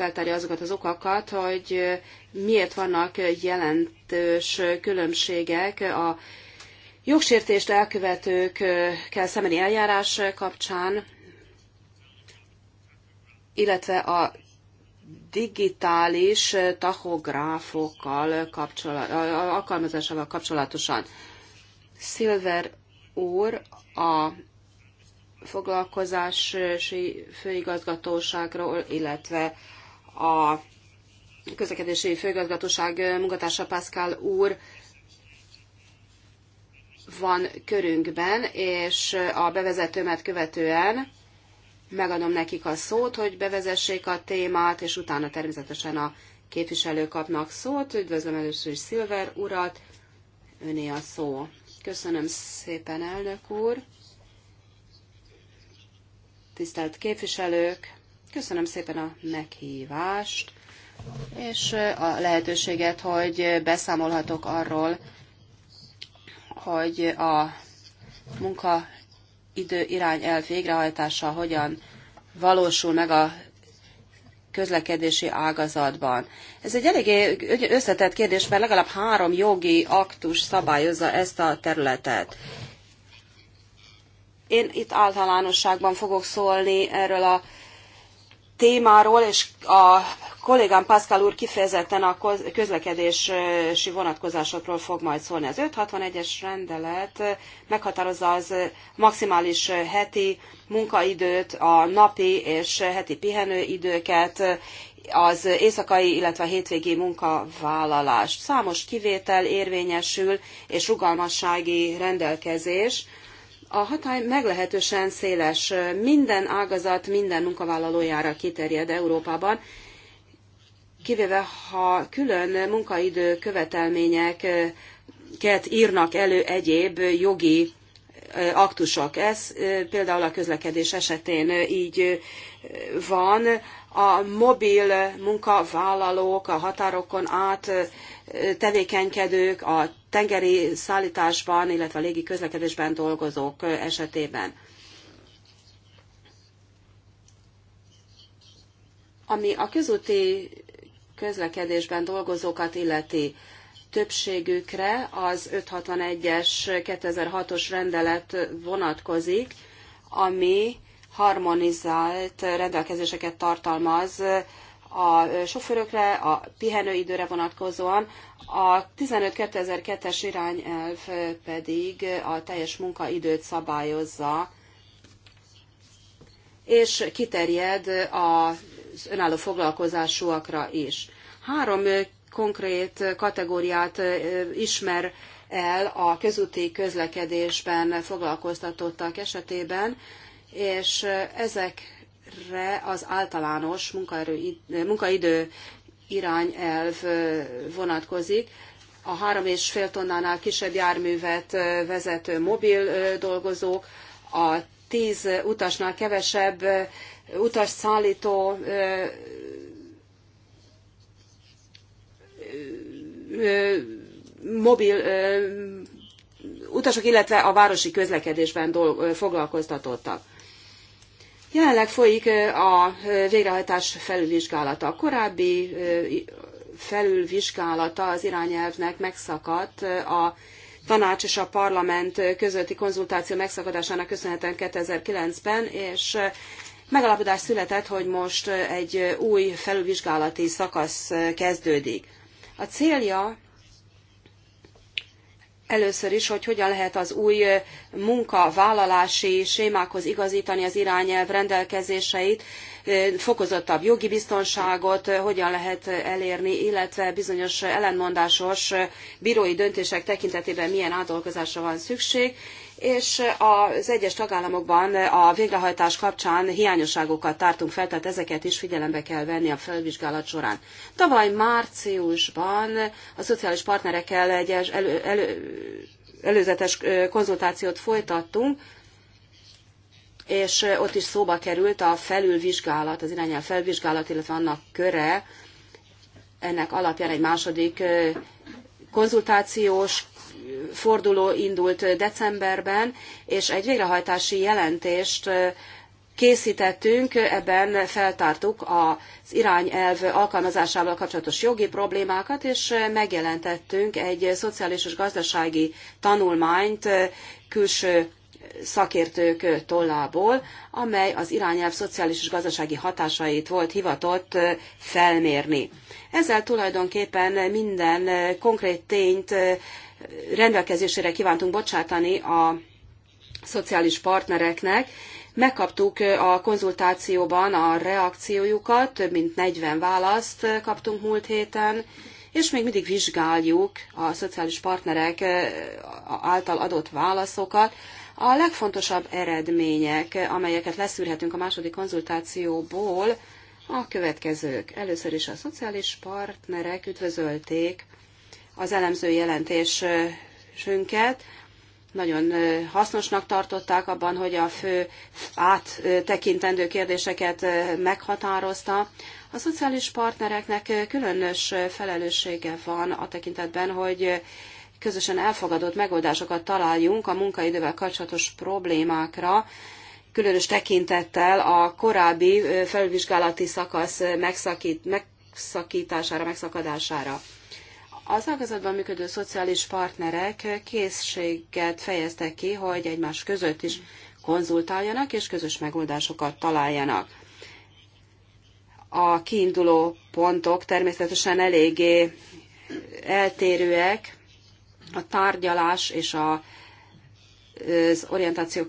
feltárja azokat az okakat, hogy miért vannak jelentős különbségek a jogsértést elkövetőkkel szembeni eljárás kapcsán, illetve a digitális tachográfokkal kapcsolat, alkalmazásával kapcsolatosan. Silver úr a foglalkozási főigazgatóságról, illetve a közlekedési főgazgatóság munkatársa Pascal úr van körünkben, és a bevezetőmet követően megadom nekik a szót, hogy bevezessék a témát, és utána természetesen a képviselők kapnak szót. Üdvözlöm először is Szilver urat, öné a szó. Köszönöm szépen, elnök úr. Tisztelt képviselők! Köszönöm szépen a meghívást, és a lehetőséget, hogy beszámolhatok arról, hogy a munkaidő elv végrehajtása hogyan valósul meg a közlekedési ágazatban. Ez egy eléggé összetett kérdés, mert legalább három jogi aktus szabályozza ezt a területet. Én itt általánosságban fogok szólni erről a témáról, és a kollégám Pascal úr kifejezetten a közlekedési vonatkozásokról fog majd szólni. Az 561-es rendelet meghatározza az maximális heti munkaidőt, a napi és heti pihenőidőket, az éjszakai, illetve a hétvégi munkavállalást. Számos kivétel érvényesül, és rugalmassági rendelkezés, a hatály meglehetősen széles, minden ágazat, minden munkavállalójára kiterjed Európában, kivéve ha külön munkaidő követelményeket írnak elő egyéb jogi aktusok. Ez például a közlekedés esetén így van a mobil munkavállalók, a határokon át tevékenykedők, a tengeri szállításban, illetve a légi közlekedésben dolgozók esetében. Ami a közúti közlekedésben dolgozókat illeti, többségükre az 561-es 2006-os rendelet vonatkozik, ami harmonizált rendelkezéseket tartalmaz a sofőrökre, a pihenőidőre vonatkozóan, a 152002 es irányelv pedig a teljes munkaidőt szabályozza, és kiterjed az önálló foglalkozásúakra is. Három konkrét kategóriát ismer el a közúti közlekedésben foglalkoztatottak esetében és ezekre az általános munkaerő, munkaidő irányelv vonatkozik. A három és fél tonnánál kisebb járművet vezető mobil dolgozók, a tíz utasnál kevesebb utas szállító mobil utasok, illetve a városi közlekedésben dolg, foglalkoztatottak. Jelenleg folyik a végrehajtás felülvizsgálata. A korábbi felülvizsgálata az irányelvnek megszakadt a tanács és a parlament közötti konzultáció megszakadásának köszönhetően 2009-ben, és megalapodás született, hogy most egy új felülvizsgálati szakasz kezdődik. A célja először is, hogy hogyan lehet az új munkavállalási sémákhoz igazítani az irányelv rendelkezéseit, fokozottabb jogi biztonságot hogyan lehet elérni, illetve bizonyos ellenmondásos bírói döntések tekintetében milyen átdolgozásra van szükség, és az egyes tagállamokban a végrehajtás kapcsán hiányosságokat tártunk fel, tehát ezeket is figyelembe kell venni a felvizsgálat során. Tavaly márciusban a szociális partnerekkel egy elő, elő, előzetes konzultációt folytattunk, és ott is szóba került a felülvizsgálat, az irányel felvizsgálat, illetve annak köre, ennek alapján egy második konzultációs forduló indult decemberben, és egy végrehajtási jelentést készítettünk, ebben feltártuk az irányelv alkalmazásával kapcsolatos jogi problémákat, és megjelentettünk egy szociális és gazdasági tanulmányt külső szakértők tollából, amely az irányelv szociális és gazdasági hatásait volt hivatott felmérni. Ezzel tulajdonképpen minden konkrét tényt rendelkezésére kívántunk bocsátani a szociális partnereknek. Megkaptuk a konzultációban a reakciójukat, több mint 40 választ kaptunk múlt héten, és még mindig vizsgáljuk a szociális partnerek által adott válaszokat. A legfontosabb eredmények, amelyeket leszűrhetünk a második konzultációból, a következők. Először is a szociális partnerek üdvözölték az elemző jelentésünket. Nagyon hasznosnak tartották abban, hogy a fő áttekintendő kérdéseket meghatározta. A szociális partnereknek különös felelőssége van a tekintetben, hogy közösen elfogadott megoldásokat találjunk a munkaidővel kapcsolatos problémákra, különös tekintettel a korábbi felvizsgálati szakasz megszakít, megszakítására, megszakadására. Az ágazatban működő szociális partnerek készséget fejeztek ki, hogy egymás között is konzultáljanak és közös megoldásokat találjanak. A kiinduló pontok természetesen eléggé eltérőek, a tárgyalás és a, az orientáció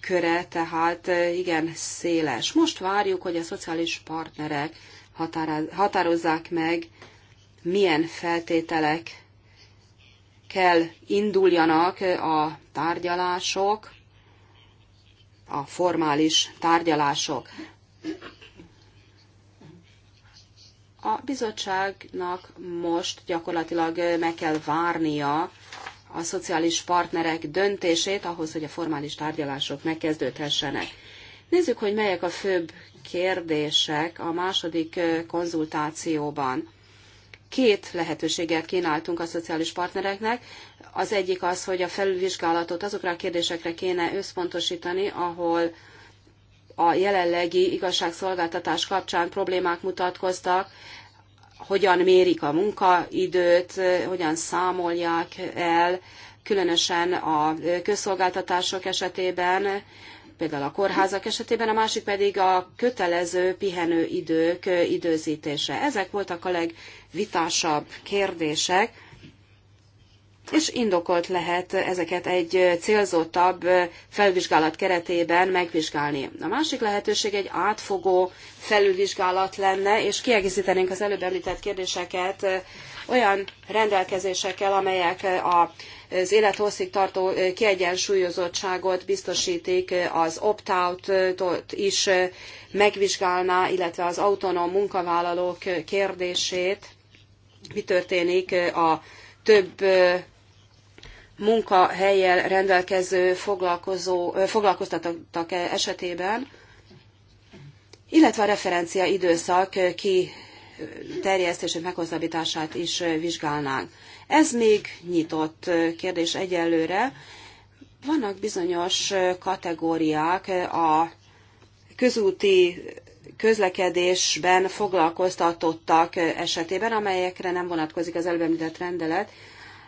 köre, tehát igen széles. Most várjuk, hogy a szociális partnerek határozzák meg milyen feltételek kell induljanak a tárgyalások, a formális tárgyalások. A bizottságnak most gyakorlatilag meg kell várnia a szociális partnerek döntését ahhoz, hogy a formális tárgyalások megkezdődhessenek. Nézzük, hogy melyek a főbb kérdések a második konzultációban két lehetőséget kínáltunk a szociális partnereknek. Az egyik az, hogy a felülvizsgálatot azokra a kérdésekre kéne összpontosítani, ahol a jelenlegi igazságszolgáltatás kapcsán problémák mutatkoztak, hogyan mérik a munkaidőt, hogyan számolják el, különösen a közszolgáltatások esetében, például a kórházak esetében, a másik pedig a kötelező pihenőidők időzítése. Ezek voltak a leg vitásabb kérdések, és indokolt lehet ezeket egy célzottabb felvizsgálat keretében megvizsgálni. A másik lehetőség egy átfogó felülvizsgálat lenne, és kiegészítenénk az előbb említett kérdéseket olyan rendelkezésekkel, amelyek az élethosszig tartó kiegyensúlyozottságot biztosítik, az opt-out-ot is megvizsgálná, illetve az autonóm munkavállalók kérdését mi történik a több munkahelyel rendelkező foglalkozó, foglalkoztatottak esetében, illetve a referencia időszak és meghosszabbítását is vizsgálnánk. Ez még nyitott kérdés egyelőre. Vannak bizonyos kategóriák a közúti közlekedésben foglalkoztatottak esetében, amelyekre nem vonatkozik az előbb említett rendelet,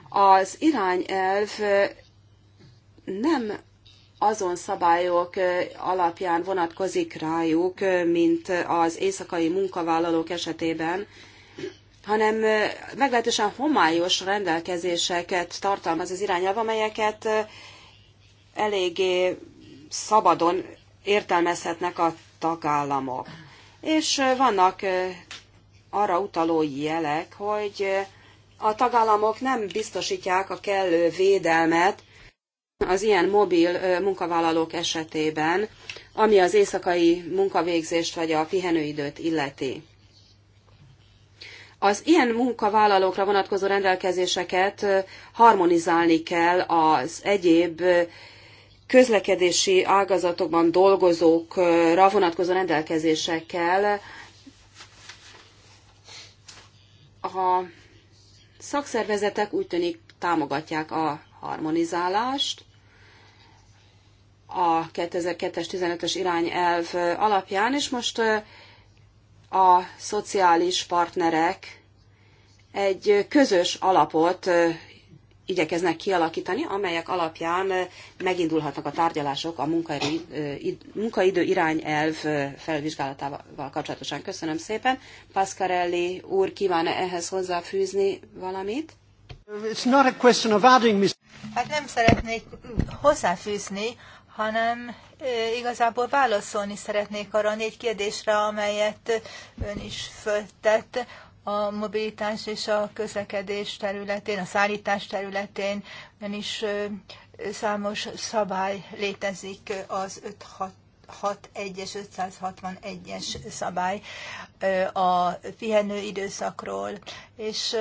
az irányelv nem azon szabályok alapján vonatkozik rájuk, mint az éjszakai munkavállalók esetében, hanem meglehetősen homályos rendelkezéseket tartalmaz az irányelv, amelyeket eléggé szabadon értelmezhetnek a tagállamok. És vannak arra utaló jelek, hogy a tagállamok nem biztosítják a kellő védelmet az ilyen mobil munkavállalók esetében, ami az éjszakai munkavégzést vagy a pihenőidőt illeti. Az ilyen munkavállalókra vonatkozó rendelkezéseket harmonizálni kell az egyéb közlekedési ágazatokban dolgozókra vonatkozó rendelkezésekkel a szakszervezetek úgy tűnik támogatják a harmonizálást, a 2002-es 15-ös irányelv alapján, és most a szociális partnerek egy közös alapot igyekeznek kialakítani, amelyek alapján megindulhatnak a tárgyalások a munkaidő, munkaidő irányelv felvizsgálatával kapcsolatosan. Köszönöm szépen. Pascarelli úr kíván -e ehhez hozzáfűzni valamit? It's not a question of adding, Hát nem szeretnék hozzáfűzni, hanem igazából válaszolni szeretnék arra a négy kérdésre, amelyet ön is föltett a mobilitás és a közlekedés területén, a szállítás területén, is számos szabály létezik az 561-es, 561-es szabály a pihenő időszakról, és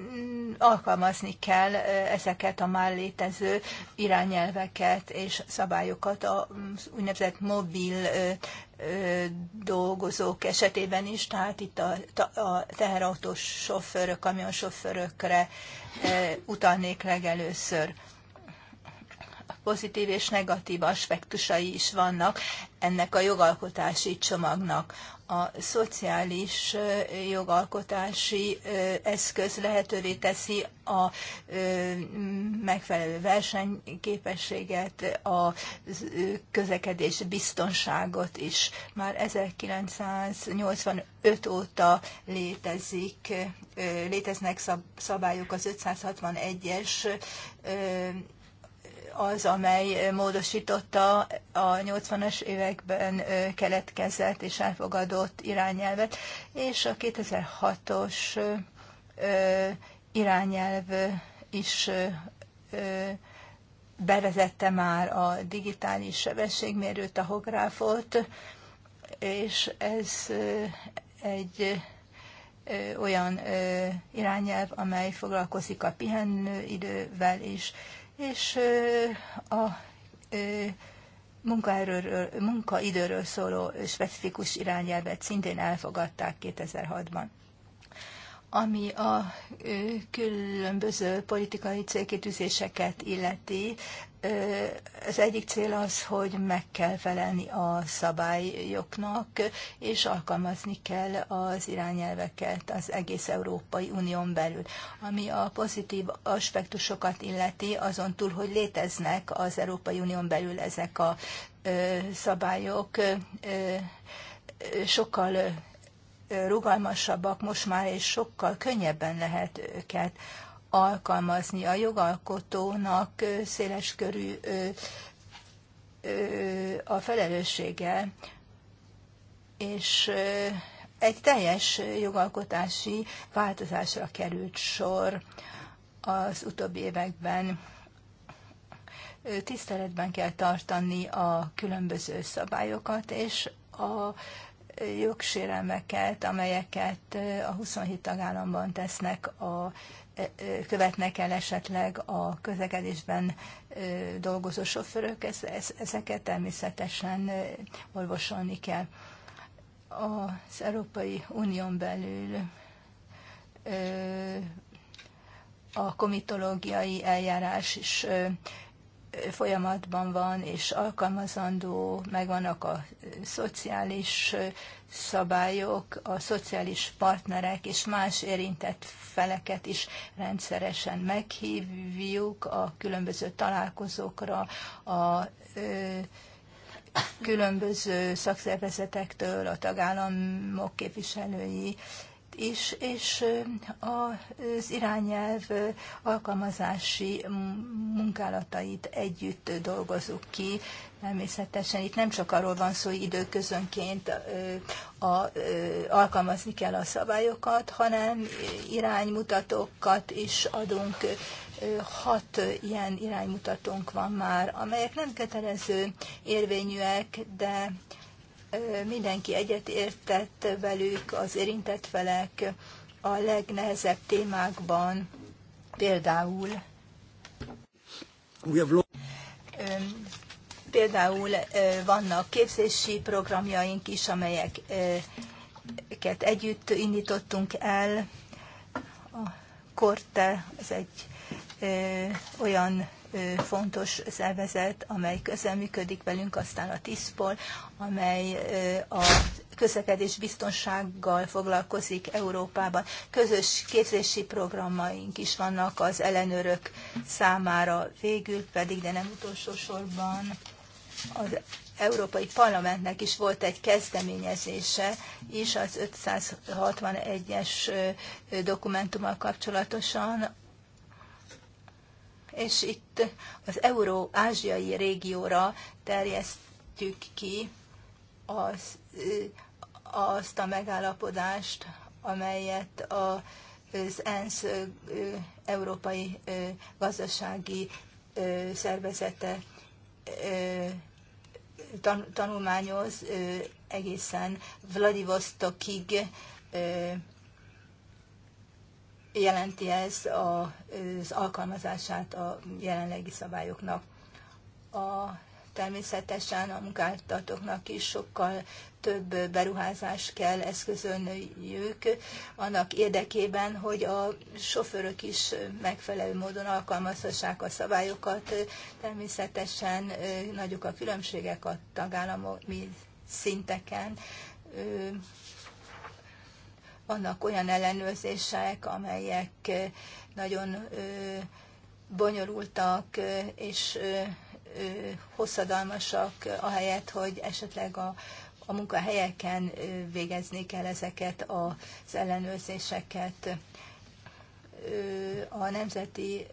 mm, alkalmazni kell ezeket a már létező irányelveket és szabályokat az mm, úgynevezett mobil dolgozók esetében is, tehát itt a, a teherautós sofőrök, kamionsofőrökre utalnék legelőször pozitív és negatív aspektusai is vannak ennek a jogalkotási csomagnak. A szociális jogalkotási eszköz lehetővé teszi a megfelelő versenyképességet, a közlekedés biztonságot is. Már 1985 óta létezik, léteznek szabályok az 561-es az, amely módosította a 80-as években keletkezett és elfogadott irányelvet, és a 2006-os irányelv is bevezette már a digitális sebességmérő tahográfot, és ez egy olyan irányelv, amely foglalkozik a pihenőidővel is és a munkaerőről, munkaidőről szóló specifikus irányelvet szintén elfogadták 2006-ban ami a különböző politikai célkitűzéseket illeti, az egyik cél az, hogy meg kell felelni a szabályoknak, és alkalmazni kell az irányelveket az egész Európai Unión belül. Ami a pozitív aspektusokat illeti, azon túl, hogy léteznek az Európai Unión belül ezek a szabályok, sokkal rugalmasabbak most már, és sokkal könnyebben lehet őket alkalmazni. A jogalkotónak széleskörű a felelőssége, és egy teljes jogalkotási változásra került sor az utóbbi években. Tiszteletben kell tartani a különböző szabályokat és a jogsérelmeket, amelyeket a 27 tagállamban tesznek a követnek el esetleg a közlekedésben dolgozó sofőrök, ezeket természetesen orvosolni kell. Az Európai Unión belül a komitológiai eljárás is folyamatban van és alkalmazandó, megvannak a szociális szabályok, a szociális partnerek és más érintett feleket is rendszeresen meghívjuk a különböző találkozókra, a különböző szakszervezetektől, a tagállamok képviselői is, és az irányelv alkalmazási munkálatait együtt dolgozunk ki. Természetesen itt nem csak arról van szó, hogy időközönként a, a, alkalmazni kell a szabályokat, hanem iránymutatókat is adunk. Hat ilyen iránymutatónk van már, amelyek nem kötelező érvényűek, de mindenki egyet értett velük, az érintett felek a legnehezebb témákban, például Például vannak képzési programjaink is, amelyeket együtt indítottunk el. A Korte az egy olyan fontos szervezet, amely működik velünk, aztán a TISZPOL, amely a közlekedés biztonsággal foglalkozik Európában. Közös képzési programmaink is vannak az ellenőrök számára, végül pedig, de nem utolsó sorban az Európai Parlamentnek is volt egy kezdeményezése is az 561-es dokumentummal kapcsolatosan, és itt az euró-ázsiai régióra terjesztjük ki az, azt a megállapodást, amelyet az ENSZ Európai Gazdasági Szervezete tanulmányoz egészen Vladivostokig jelenti ez az alkalmazását a jelenlegi szabályoknak. A természetesen a munkáltatóknak is sokkal több beruházás kell eszközölniük annak érdekében, hogy a sofőrök is megfelelő módon alkalmazhassák a szabályokat. Természetesen nagyok a különbségek a tagállami szinteken, vannak olyan ellenőrzések, amelyek nagyon bonyolultak és hosszadalmasak, ahelyett, hogy esetleg a, a munkahelyeken végezni kell ezeket az ellenőrzéseket. A nemzeti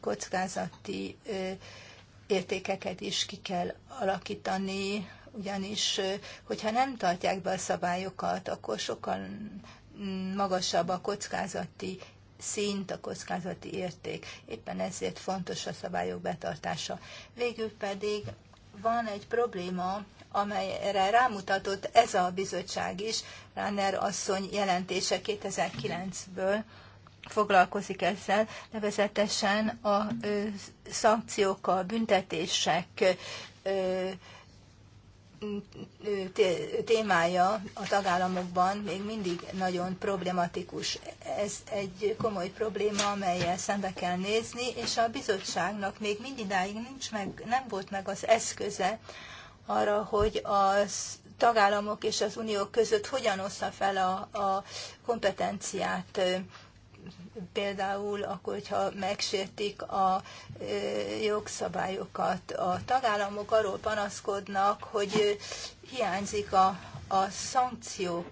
kockázati értékeket is ki kell alakítani, ugyanis hogyha nem tartják be a szabályokat, akkor sokan magasabb a kockázati szint, a kockázati érték. Éppen ezért fontos a szabályok betartása. Végül pedig van egy probléma, amelyre rámutatott ez a bizottság is, Ráner asszony jelentése 2009-ből foglalkozik ezzel, nevezetesen a szankciók, a büntetések témája a tagállamokban még mindig nagyon problematikus. Ez egy komoly probléma, amelyel szembe kell nézni, és a bizottságnak még mindidáig nincs meg, nem volt meg az eszköze arra, hogy a tagállamok és az unió között hogyan ossza fel a, a kompetenciát például akkor, hogyha megsértik a jogszabályokat. A tagállamok arról panaszkodnak, hogy hiányzik a, a szankciók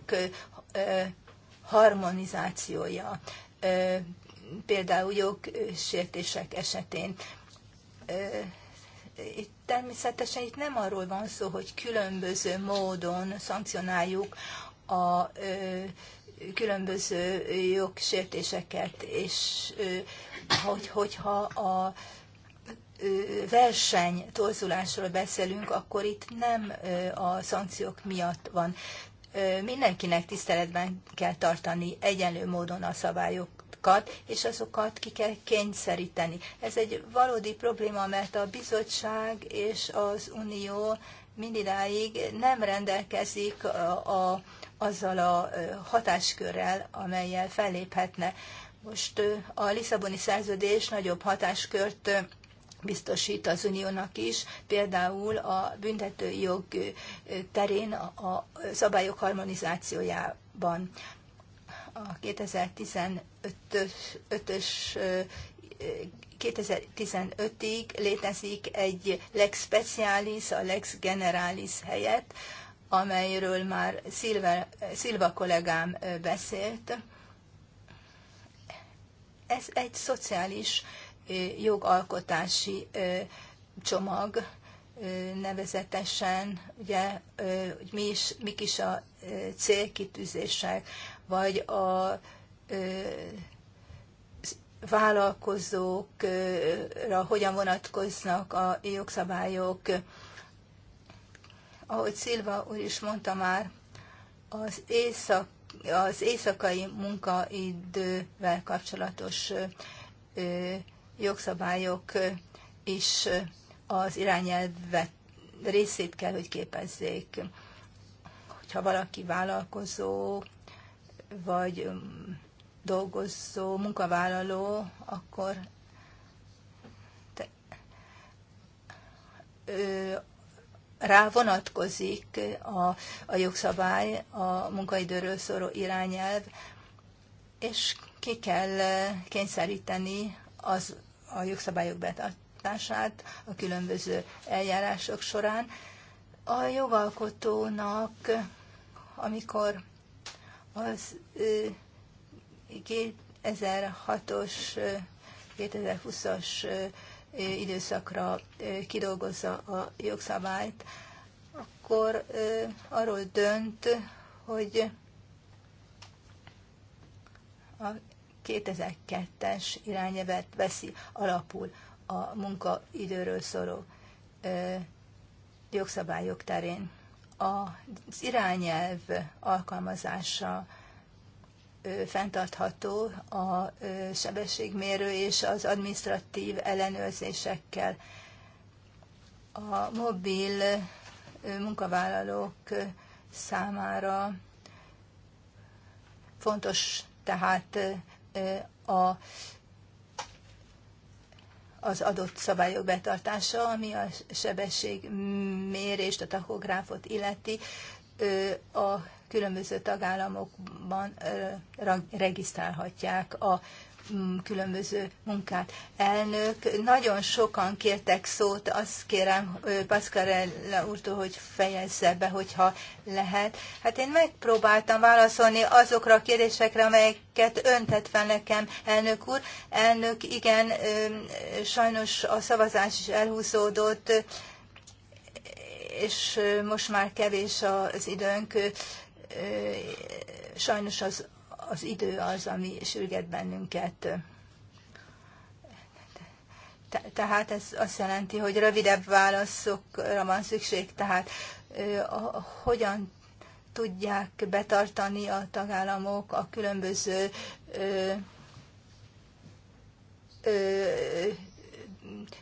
harmonizációja, például jogsértések esetén. Itt természetesen itt nem arról van szó, hogy különböző módon szankcionáljuk a különböző jogsértéseket, és hogy, hogyha a verseny torzulásról beszélünk, akkor itt nem a szankciók miatt van. Mindenkinek tiszteletben kell tartani egyenlő módon a szabályokat, és azokat ki kell kényszeríteni. Ez egy valódi probléma, mert a bizottság és az unió mindidáig nem rendelkezik a, a azzal a hatáskörrel, amelyel felléphetne. Most a Lisszaboni szerződés nagyobb hatáskört biztosít az uniónak is, például a büntetőjog terén a szabályok harmonizációjában. A 2015-ös 2015-ig létezik egy lex specialis, a lex generalis helyett, amelyről már Szilva, Szilva kollégám beszélt. Ez egy szociális jogalkotási csomag, nevezetesen, ugye, hogy mi is, mik is a célkitűzések, vagy a vállalkozókra hogyan vonatkoznak a jogszabályok, ahogy Szilva úr is mondta már, az, éjszak, az éjszakai munkaidővel kapcsolatos ö, jogszabályok is az irányelvet részét kell, hogy képezzék. Hogyha valaki vállalkozó, vagy dolgozó, munkavállaló, akkor te, ö, rá vonatkozik a, a jogszabály, a munkaidőről szóló irányelv, és ki kell eh, kényszeríteni az, a jogszabályok betartását a különböző eljárások során. A jogalkotónak, amikor az eh, 2006-os eh, 2020-as időszakra kidolgozza a jogszabályt, akkor arról dönt, hogy a 2002-es irányevet veszi alapul a munkaidőről szóló jogszabályok terén. Az irányelv alkalmazása fenntartható a sebességmérő és az administratív ellenőrzésekkel. A mobil munkavállalók számára fontos tehát a, az adott szabályok betartása, ami a sebességmérést, a tachográfot illeti, a különböző tagállamokban regisztrálhatják a mm, különböző munkát. Elnök, nagyon sokan kértek szót, azt kérem Pascarella úrtól, hogy fejezze be, hogyha lehet. Hát én megpróbáltam válaszolni azokra a kérdésekre, amelyeket ön tett fel nekem, elnök úr. Elnök, igen, sajnos a szavazás is elhúzódott, és most már kevés az időnk sajnos az, az idő az, ami sürget bennünket. Tehát ez azt jelenti, hogy rövidebb válaszokra van szükség, tehát hogyan tudják betartani a tagállamok a különböző ö, ö,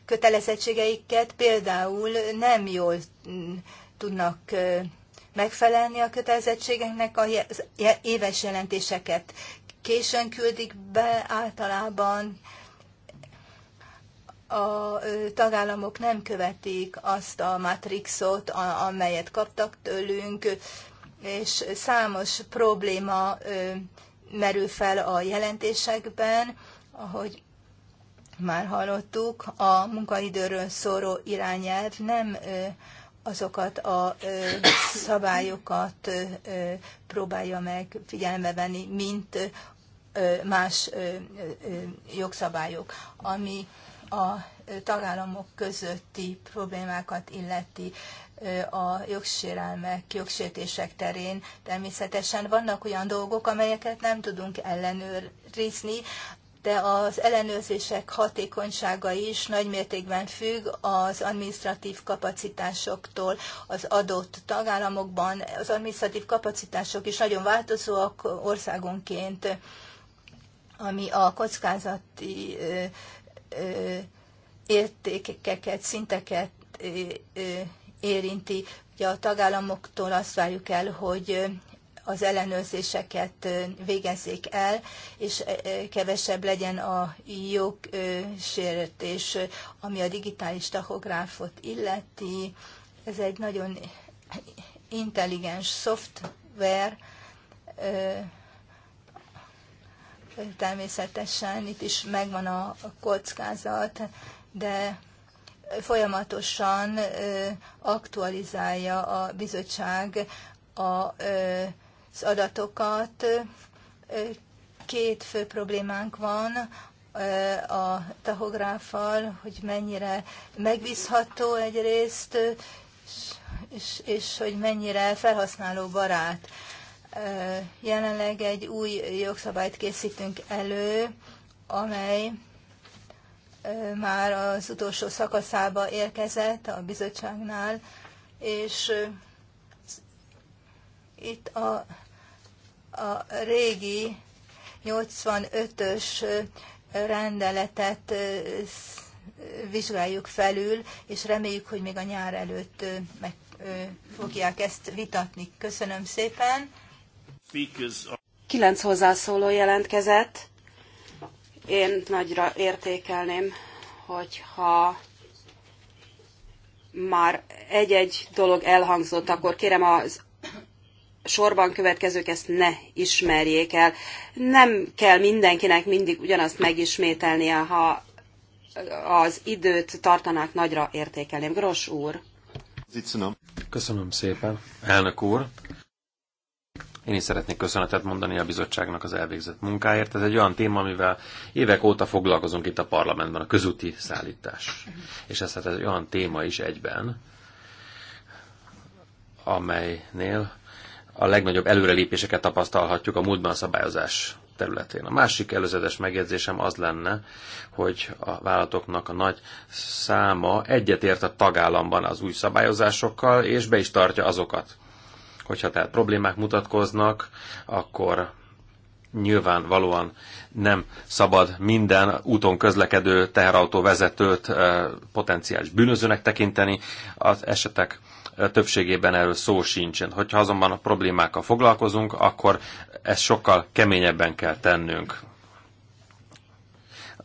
kötelezettségeiket, például nem jól mm, tudnak megfelelni a kötelezettségeknek, a éves jelentéseket későn küldik be általában, a tagállamok nem követik azt a matrixot, amelyet kaptak tőlünk, és számos probléma merül fel a jelentésekben, ahogy már hallottuk, a munkaidőről szóró irányelv nem azokat a szabályokat próbálja meg figyelembe venni, mint más jogszabályok, ami a tagállamok közötti problémákat illeti a jogsérelmek, jogsértések terén. Természetesen vannak olyan dolgok, amelyeket nem tudunk ellenőrizni, de az ellenőrzések hatékonysága is nagymértékben függ az administratív kapacitásoktól az adott tagállamokban. Az administratív kapacitások is nagyon változóak országonként, ami a kockázati értékeket, szinteket érinti. Ugye a tagállamoktól azt várjuk el, hogy az ellenőrzéseket végezzék el, és kevesebb legyen a jogsértés, ami a digitális tachográfot illeti. Ez egy nagyon intelligens szoftver, természetesen itt is megvan a kockázat, de folyamatosan aktualizálja a bizottság a az adatokat. Két fő problémánk van a tahográffal, hogy mennyire megbízható egyrészt, és, és hogy mennyire felhasználó barát. Jelenleg egy új jogszabályt készítünk elő, amely már az utolsó szakaszába érkezett a bizottságnál, és itt a a régi 85-ös rendeletet vizsgáljuk felül, és reméljük, hogy még a nyár előtt meg fogják ezt vitatni. Köszönöm szépen. Kilenc hozzászóló jelentkezett. Én nagyra értékelném, hogyha már egy-egy dolog elhangzott, akkor kérem az sorban következők ezt ne ismerjék el. Nem kell mindenkinek mindig ugyanazt megismételnie, ha az időt tartanák nagyra értékelném. Gros úr. Köszönöm szépen. Elnök úr. Én is szeretnék köszönetet mondani a bizottságnak az elvégzett munkáért. Ez egy olyan téma, amivel évek óta foglalkozunk itt a parlamentben, a közúti szállítás. És ez hát egy olyan téma is egyben, amelynél a legnagyobb előrelépéseket tapasztalhatjuk a múltban a szabályozás területén. A másik előzetes megjegyzésem az lenne, hogy a vállalatoknak a nagy száma egyetért a tagállamban az új szabályozásokkal, és be is tartja azokat. Hogyha tehát problémák mutatkoznak, akkor nyilvánvalóan nem szabad minden úton közlekedő teherautó vezetőt eh, potenciális bűnözőnek tekinteni. Az esetek többségében erről szó sincsen. Hogyha azonban a problémákkal foglalkozunk, akkor ezt sokkal keményebben kell tennünk.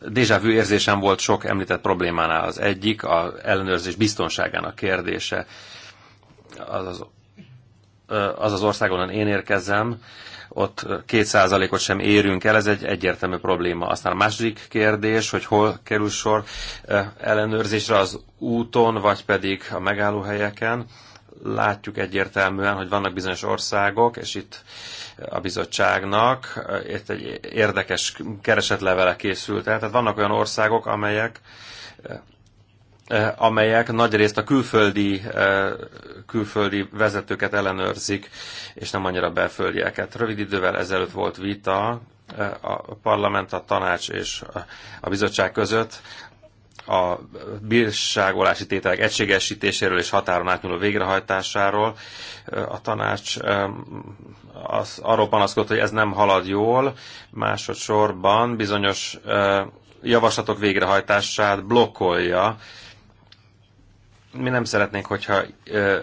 Déjà vu érzésem volt sok említett problémánál. Az egyik a ellenőrzés biztonságának kérdése. Az az, az, az országon, én érkezem, ott kétszázalékot sem érünk el, ez egy egyértelmű probléma. Aztán a második kérdés, hogy hol kerül sor eh, ellenőrzésre az úton, vagy pedig a megállóhelyeken. Látjuk egyértelműen, hogy vannak bizonyos országok, és itt a bizottságnak eh, itt egy érdekes keresetlevele készült el. Tehát vannak olyan országok, amelyek eh, Eh, amelyek nagyrészt a külföldi, eh, külföldi vezetőket ellenőrzik, és nem annyira belföldieket. Rövid idővel ezelőtt volt vita eh, a parlament, a tanács és a bizottság között a bírságolási tételek egységesítéséről és határon átnyúló végrehajtásáról. A tanács az, arról panaszkodott, hogy ez nem halad jól, másodszorban bizonyos javaslatok végrehajtását blokkolja mi nem szeretnénk, hogyha e,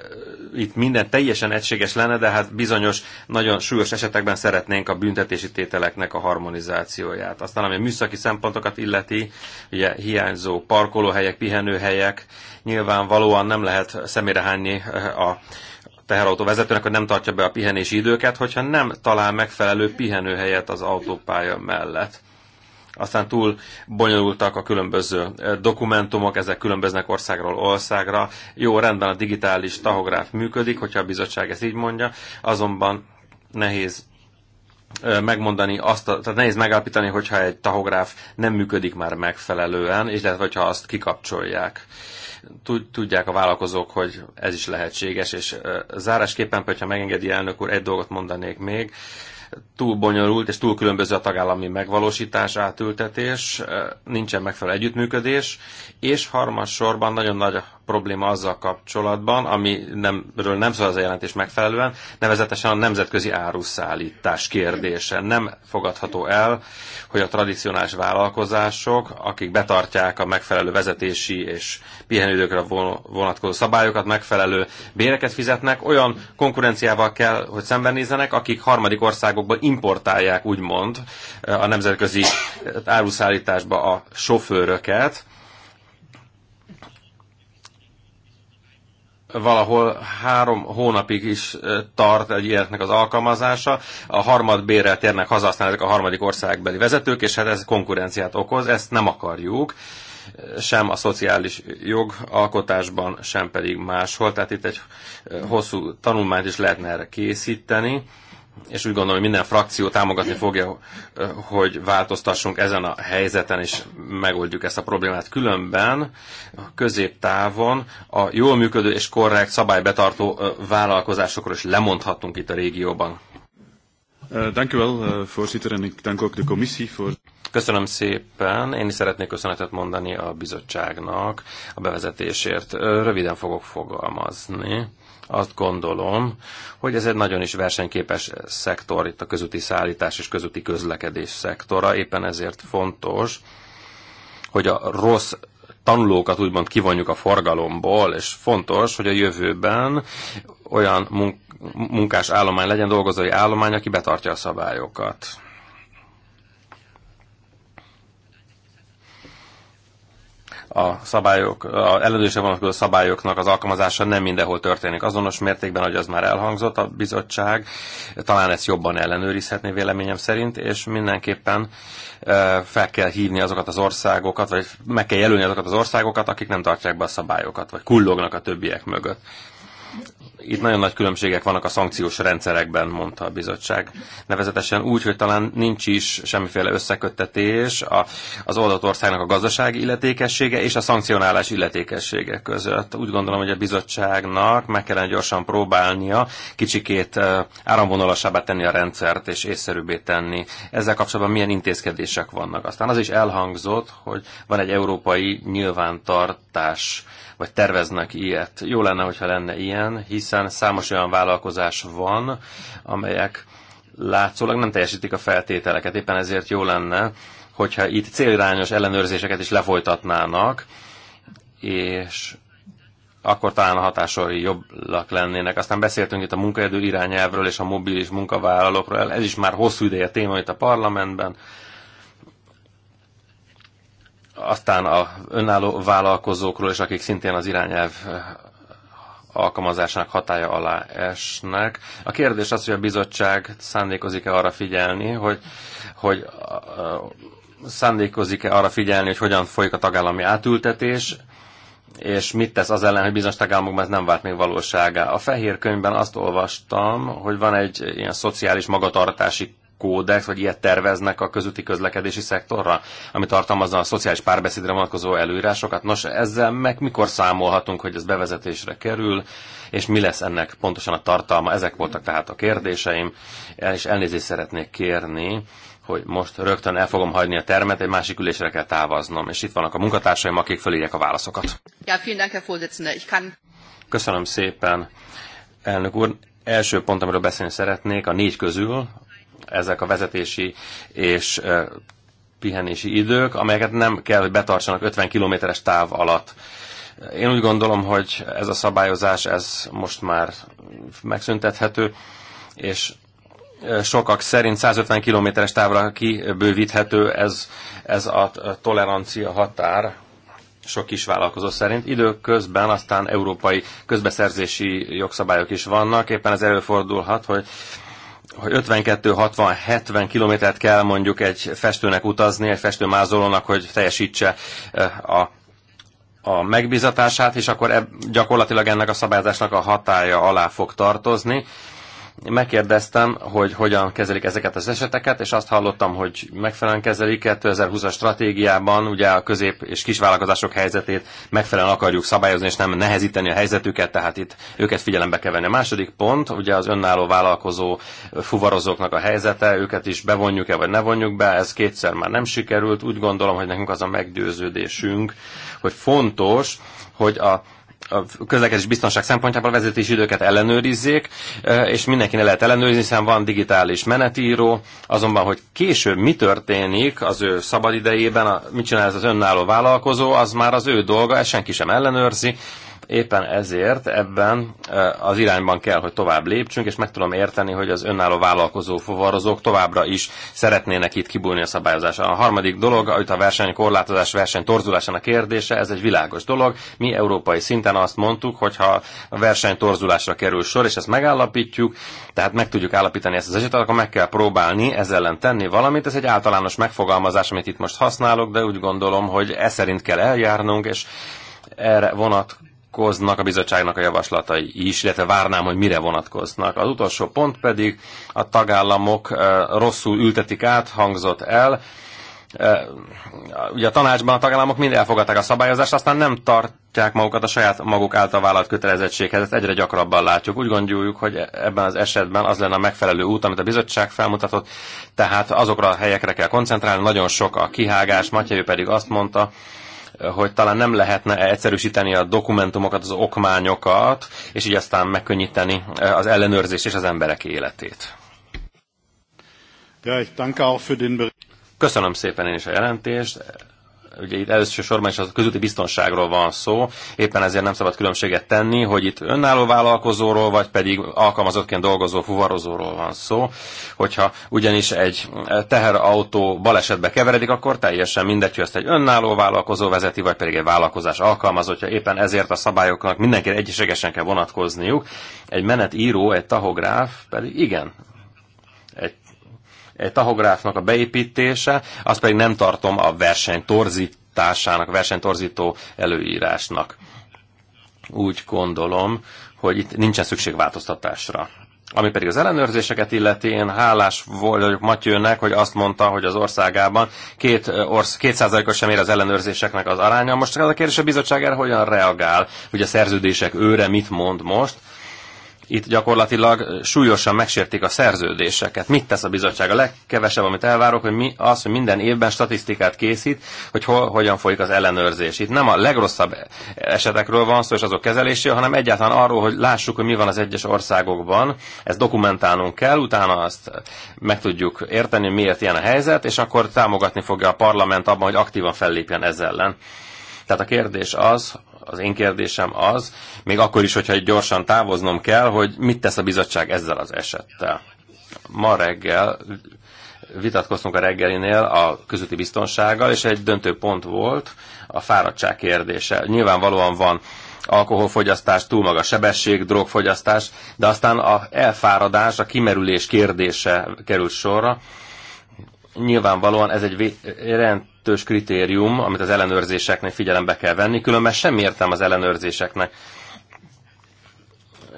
itt minden teljesen egységes lenne, de hát bizonyos, nagyon súlyos esetekben szeretnénk a büntetési tételeknek a harmonizációját. Aztán ami a műszaki szempontokat illeti, ugye hiányzó parkolóhelyek, pihenőhelyek, nyilvánvalóan nem lehet szemére hányni a teherautó vezetőnek, hogy nem tartja be a pihenési időket, hogyha nem talál megfelelő pihenőhelyet az autópálya mellett aztán túl bonyolultak a különböző dokumentumok, ezek különböznek országról országra. Jó, rendben a digitális tahográf működik, hogyha a bizottság ezt így mondja, azonban nehéz megmondani azt, tehát nehéz megállapítani, hogyha egy tahográf nem működik már megfelelően, és lehet, hogyha azt kikapcsolják. Tudják a vállalkozók, hogy ez is lehetséges, és zárásképpen, hogyha megengedi elnök úr, egy dolgot mondanék még túl bonyolult és túl különböző a tagállami megvalósítás, átültetés, nincsen megfelelő együttműködés, és sorban nagyon nagy a probléma azzal kapcsolatban, ami nem, nem szól az a jelentés megfelelően, nevezetesen a nemzetközi áruszállítás kérdése. Nem fogadható el, hogy a tradicionális vállalkozások, akik betartják a megfelelő vezetési és pihenőidőkre vonatkozó szabályokat, megfelelő béreket fizetnek, olyan konkurenciával kell, hogy szembenézzenek, akik harmadik ország országokba importálják, úgymond, a nemzetközi áruszállításba a sofőröket. valahol három hónapig is tart egy ilyeneknek az alkalmazása. A harmad bérrel térnek haza, aztán ezek a harmadik országbeli vezetők, és hát ez konkurenciát okoz, ezt nem akarjuk sem a szociális jogalkotásban, sem pedig máshol. Tehát itt egy hosszú tanulmányt is lehetne erre készíteni és úgy gondolom, hogy minden frakció támogatni fogja, hogy változtassunk ezen a helyzeten, és megoldjuk ezt a problémát. Különben a középtávon a jól működő és korrekt szabálybetartó vállalkozásokról is lemondhatunk itt a régióban. Köszönöm szépen. Én is szeretnék köszönetet mondani a bizottságnak a bevezetésért. Röviden fogok fogalmazni azt gondolom, hogy ez egy nagyon is versenyképes szektor, itt a közúti szállítás és közúti közlekedés szektora, éppen ezért fontos, hogy a rossz tanulókat úgymond kivonjuk a forgalomból, és fontos, hogy a jövőben olyan munkás állomány legyen, dolgozói állomány, aki betartja a szabályokat. a szabályok, a ellenőrzésre vonatkozó szabályoknak az alkalmazása nem mindenhol történik. Azonos mértékben, hogy az már elhangzott a bizottság, talán ezt jobban ellenőrizhetné véleményem szerint, és mindenképpen e, fel kell hívni azokat az országokat, vagy meg kell jelölni azokat az országokat, akik nem tartják be a szabályokat, vagy kullognak a többiek mögött itt nagyon nagy különbségek vannak a szankciós rendszerekben, mondta a bizottság. Nevezetesen úgy, hogy talán nincs is semmiféle összeköttetés a, az oldott országnak a gazdasági illetékessége és a szankcionálás illetékessége között. Úgy gondolom, hogy a bizottságnak meg kellene gyorsan próbálnia kicsikét áramvonalasabbá tenni a rendszert és észszerűbbé tenni. Ezzel kapcsolatban milyen intézkedések vannak? Aztán az is elhangzott, hogy van egy európai nyilvántartás vagy terveznek ilyet. Jó lenne, hogyha lenne ilyen, hiszen számos olyan vállalkozás van, amelyek látszólag nem teljesítik a feltételeket. Éppen ezért jó lenne, hogyha itt célirányos ellenőrzéseket is lefolytatnának, és akkor talán a hatásai jobbak lennének. Aztán beszéltünk itt a munkaidő irányelvről és a mobilis munkavállalókról, ez is már hosszú ideje téma itt a parlamentben aztán a önálló vállalkozókról, és akik szintén az irányelv alkalmazásának hatája alá esnek. A kérdés az, hogy a bizottság szándékozik-e arra figyelni, hogy, hogy szándékozik-e arra figyelni, hogy hogyan folyik a tagállami átültetés, és mit tesz az ellen, hogy bizonyos tagállamokban ez nem vált még valóságá. A fehér könyvben azt olvastam, hogy van egy ilyen szociális magatartási kódex, vagy ilyet terveznek a közúti közlekedési szektorra, ami tartalmazza a szociális párbeszédre vonatkozó előírásokat. Nos, ezzel meg mikor számolhatunk, hogy ez bevezetésre kerül, és mi lesz ennek pontosan a tartalma? Ezek voltak tehát a kérdéseim, és elnézést szeretnék kérni, hogy most rögtön el fogom hagyni a termet, egy másik ülésre kell távaznom, És itt vannak a munkatársaim, akik fölírják a válaszokat. Ja, vielen Dank, Herr Ich kann... Köszönöm szépen, elnök úr. Első pont, amiről beszélni szeretnék, a négy közül ezek a vezetési és pihenési idők, amelyeket nem kell, hogy betartsanak 50 kilométeres táv alatt. Én úgy gondolom, hogy ez a szabályozás, ez most már megszüntethető, és sokak szerint 150 kilométeres távra kibővíthető ez, ez a tolerancia határ, sok vállalkozó szerint. Időközben aztán európai közbeszerzési jogszabályok is vannak, éppen ez előfordulhat, hogy 52, 60, 70 kilométert kell mondjuk egy festőnek utazni, egy festőmázolónak, hogy teljesítse a a megbízatását, és akkor eb, gyakorlatilag ennek a szabályzásnak a hatája alá fog tartozni. Megkérdeztem, hogy hogyan kezelik ezeket az eseteket, és azt hallottam, hogy megfelelően kezelik 2020-as stratégiában, ugye a közép- és kisvállalkozások helyzetét megfelelően akarjuk szabályozni, és nem nehezíteni a helyzetüket, tehát itt őket figyelembe kell venni. A második pont, ugye az önálló vállalkozó fuvarozóknak a helyzete, őket is bevonjuk-e vagy ne vonjuk be, ez kétszer már nem sikerült. Úgy gondolom, hogy nekünk az a meggyőződésünk, hogy fontos, hogy a a közlekedés biztonság szempontjából a vezetési időket ellenőrizzék, és mindenki ne lehet ellenőrizni, hiszen van digitális menetíró, azonban, hogy később mi történik az ő szabadidejében, mit csinál ez az önálló vállalkozó, az már az ő dolga, ezt senki sem ellenőrzi, Éppen ezért ebben az irányban kell, hogy tovább lépcsünk, és meg tudom érteni, hogy az önálló vállalkozó fuvarozók továbbra is szeretnének itt kibújni a szabályozásra. A harmadik dolog, hogy a versenykorlátozás, verseny torzulásának kérdése, ez egy világos dolog. Mi európai szinten azt mondtuk, hogy ha a verseny torzulásra kerül sor, és ezt megállapítjuk, tehát meg tudjuk állapítani ezt az esetet, akkor meg kell próbálni ezzel ellen tenni valamit. Ez egy általános megfogalmazás, amit itt most használok, de úgy gondolom, hogy ez szerint kell eljárnunk, és erre vonat vonatkoznak a bizottságnak a javaslatai is, illetve várnám, hogy mire vonatkoznak. Az utolsó pont pedig a tagállamok eh, rosszul ültetik át, hangzott el. Eh, ugye a tanácsban a tagállamok mind elfogadták a szabályozást, aztán nem tartják magukat a saját maguk által vállalt kötelezettséghez. Ezt egyre gyakrabban látjuk. Úgy gondoljuk, hogy ebben az esetben az lenne a megfelelő út, amit a bizottság felmutatott, tehát azokra a helyekre kell koncentrálni. Nagyon sok a kihágás. Matyai pedig azt mondta, hogy talán nem lehetne egyszerűsíteni a dokumentumokat, az okmányokat, és így aztán megkönnyíteni eh, az ellenőrzés és az emberek életét. Köszönöm szépen én is a jelentést ugye itt elsősorban is a közúti biztonságról van szó, éppen ezért nem szabad különbséget tenni, hogy itt önálló vállalkozóról, vagy pedig alkalmazottként dolgozó fuvarozóról van szó. Hogyha ugyanis egy teherautó balesetbe keveredik, akkor teljesen mindegy, hogy ezt egy önálló vállalkozó vezeti, vagy pedig egy vállalkozás alkalmazottja. Éppen ezért a szabályoknak mindenkire egyiségesen kell vonatkozniuk. Egy menetíró, egy tahográf pedig igen, egy tahográfnak a beépítése, azt pedig nem tartom a versenytorzításának, torzításának, versenytorzító előírásnak. Úgy gondolom, hogy itt nincsen szükség változtatásra. Ami pedig az ellenőrzéseket illeti, én hálás vagyok Matyőnek, hogy azt mondta, hogy az országában két, orsz, két százalékos sem ér az ellenőrzéseknek az aránya. Most az a kérdés, a bizottság erre hogyan reagál, hogy a szerződések őre mit mond most, itt gyakorlatilag súlyosan megsértik a szerződéseket. Mit tesz a bizottság? A legkevesebb, amit elvárok, hogy mi, az, hogy minden évben statisztikát készít, hogy hol, hogyan folyik az ellenőrzés. Itt nem a legrosszabb esetekről van szó, és azok kezelésé, hanem egyáltalán arról, hogy lássuk, hogy mi van az egyes országokban. Ezt dokumentálnunk kell, utána azt meg tudjuk érteni, miért ilyen a helyzet, és akkor támogatni fogja a parlament abban, hogy aktívan fellépjen ezzel ellen. Tehát a kérdés az, az én kérdésem az, még akkor is, hogyha gyorsan távoznom kell, hogy mit tesz a bizottság ezzel az esettel. Ma reggel vitatkoztunk a reggelinél a közúti biztonsággal, és egy döntő pont volt a fáradtság kérdése. Nyilvánvalóan van alkoholfogyasztás, túl magas sebesség, drogfogyasztás, de aztán a elfáradás, a kimerülés kérdése került sorra. Nyilvánvalóan ez egy rend kettős kritérium, amit az ellenőrzéseknek figyelembe kell venni, különben sem értem az ellenőrzéseknek.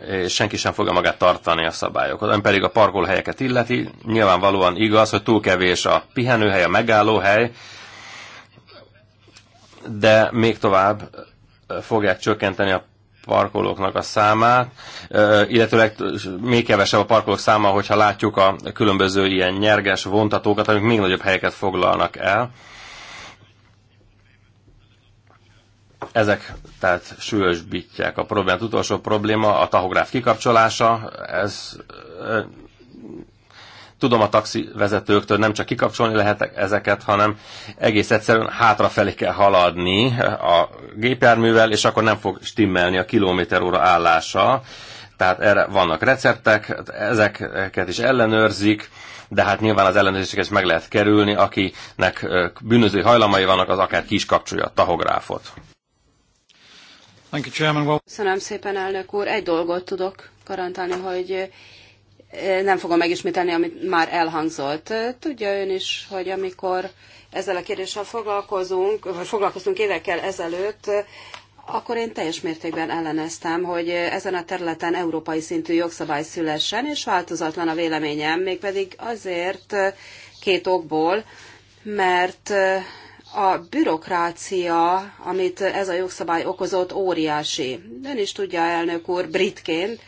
És senki sem fogja magát tartani a szabályokat. Ön pedig a parkolóhelyeket illeti, nyilvánvalóan igaz, hogy túl kevés a pihenőhely, a megállóhely, de még tovább fogják csökkenteni a parkolóknak a számát, illetőleg még kevesebb a parkolók száma, hogyha látjuk a különböző ilyen nyerges vontatókat, amik még nagyobb helyeket foglalnak el. Ezek tehát súlyosbítják a problémát. Utolsó probléma a tahográf kikapcsolása. Ez tudom a taxi vezetőktől nem csak kikapcsolni lehet ezeket, hanem egész egyszerűen hátrafelé kell haladni a gépjárművel, és akkor nem fog stimmelni a kilométer óra állása. Tehát erre vannak receptek, ezeket is ellenőrzik, de hát nyilván az ellenőrzéseket is meg lehet kerülni, akinek bűnöző hajlamai vannak, az akár ki is kapcsolja a tahográfot. Köszönöm szépen, elnök úr. Egy dolgot tudok garantálni, hogy eh, nem fogom megismételni, amit már elhangzott. Tudja ön is, hogy amikor ezzel a kérdéssel foglalkozunk, vagy foglalkoztunk évekkel ezelőtt, akkor én teljes mértékben elleneztem, hogy ezen a területen európai szintű jogszabály szülessen, és változatlan a véleményem, mégpedig azért két okból, mert a bürokrácia, amit ez a jogszabály okozott, óriási. Ön is tudja, elnök úr, britként,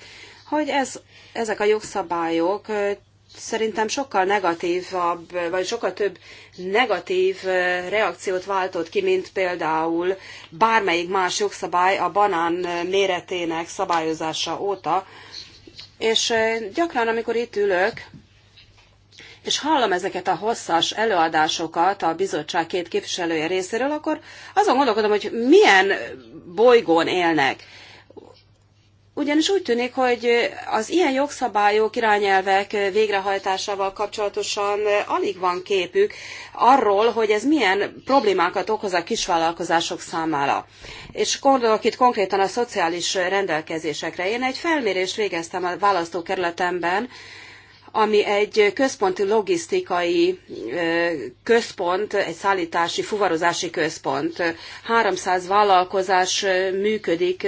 hogy ez, ezek a jogszabályok szerintem sokkal negatívabb, vagy sokkal több negatív reakciót váltott ki, mint például bármelyik más jogszabály a banán méretének szabályozása óta. És gyakran, amikor itt ülök, és hallom ezeket a hosszas előadásokat a bizottság két képviselője részéről, akkor azon gondolkodom, hogy milyen bolygón élnek. Ugyanis úgy tűnik, hogy az ilyen jogszabályok, irányelvek végrehajtásával kapcsolatosan alig van képük arról, hogy ez milyen problémákat okoz a kisvállalkozások számára. És gondolok itt konkrétan a szociális rendelkezésekre. Én egy felmérést végeztem a választókerületemben, ami egy központi logisztikai központ, egy szállítási, fuvarozási központ. 300 vállalkozás működik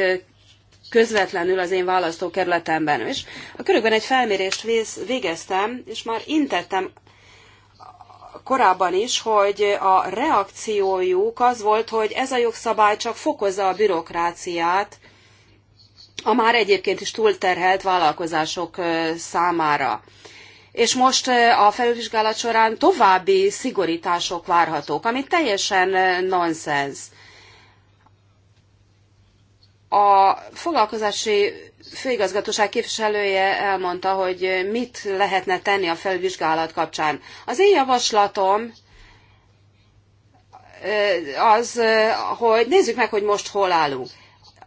közvetlenül az én választókerületemben. És a körükben egy felmérést végeztem, és már intettem korábban is, hogy a reakciójuk az volt, hogy ez a jogszabály csak fokozza a bürokráciát a már egyébként is túlterhelt vállalkozások számára és most eh, a felülvizsgálat során további szigorítások várhatók, ami teljesen eh, nonsens. A foglalkozási főigazgatóság képviselője elmondta, hogy mit lehetne tenni a felülvizsgálat kapcsán. Az én javaslatom eh, az, hogy nézzük meg, hogy most hol állunk.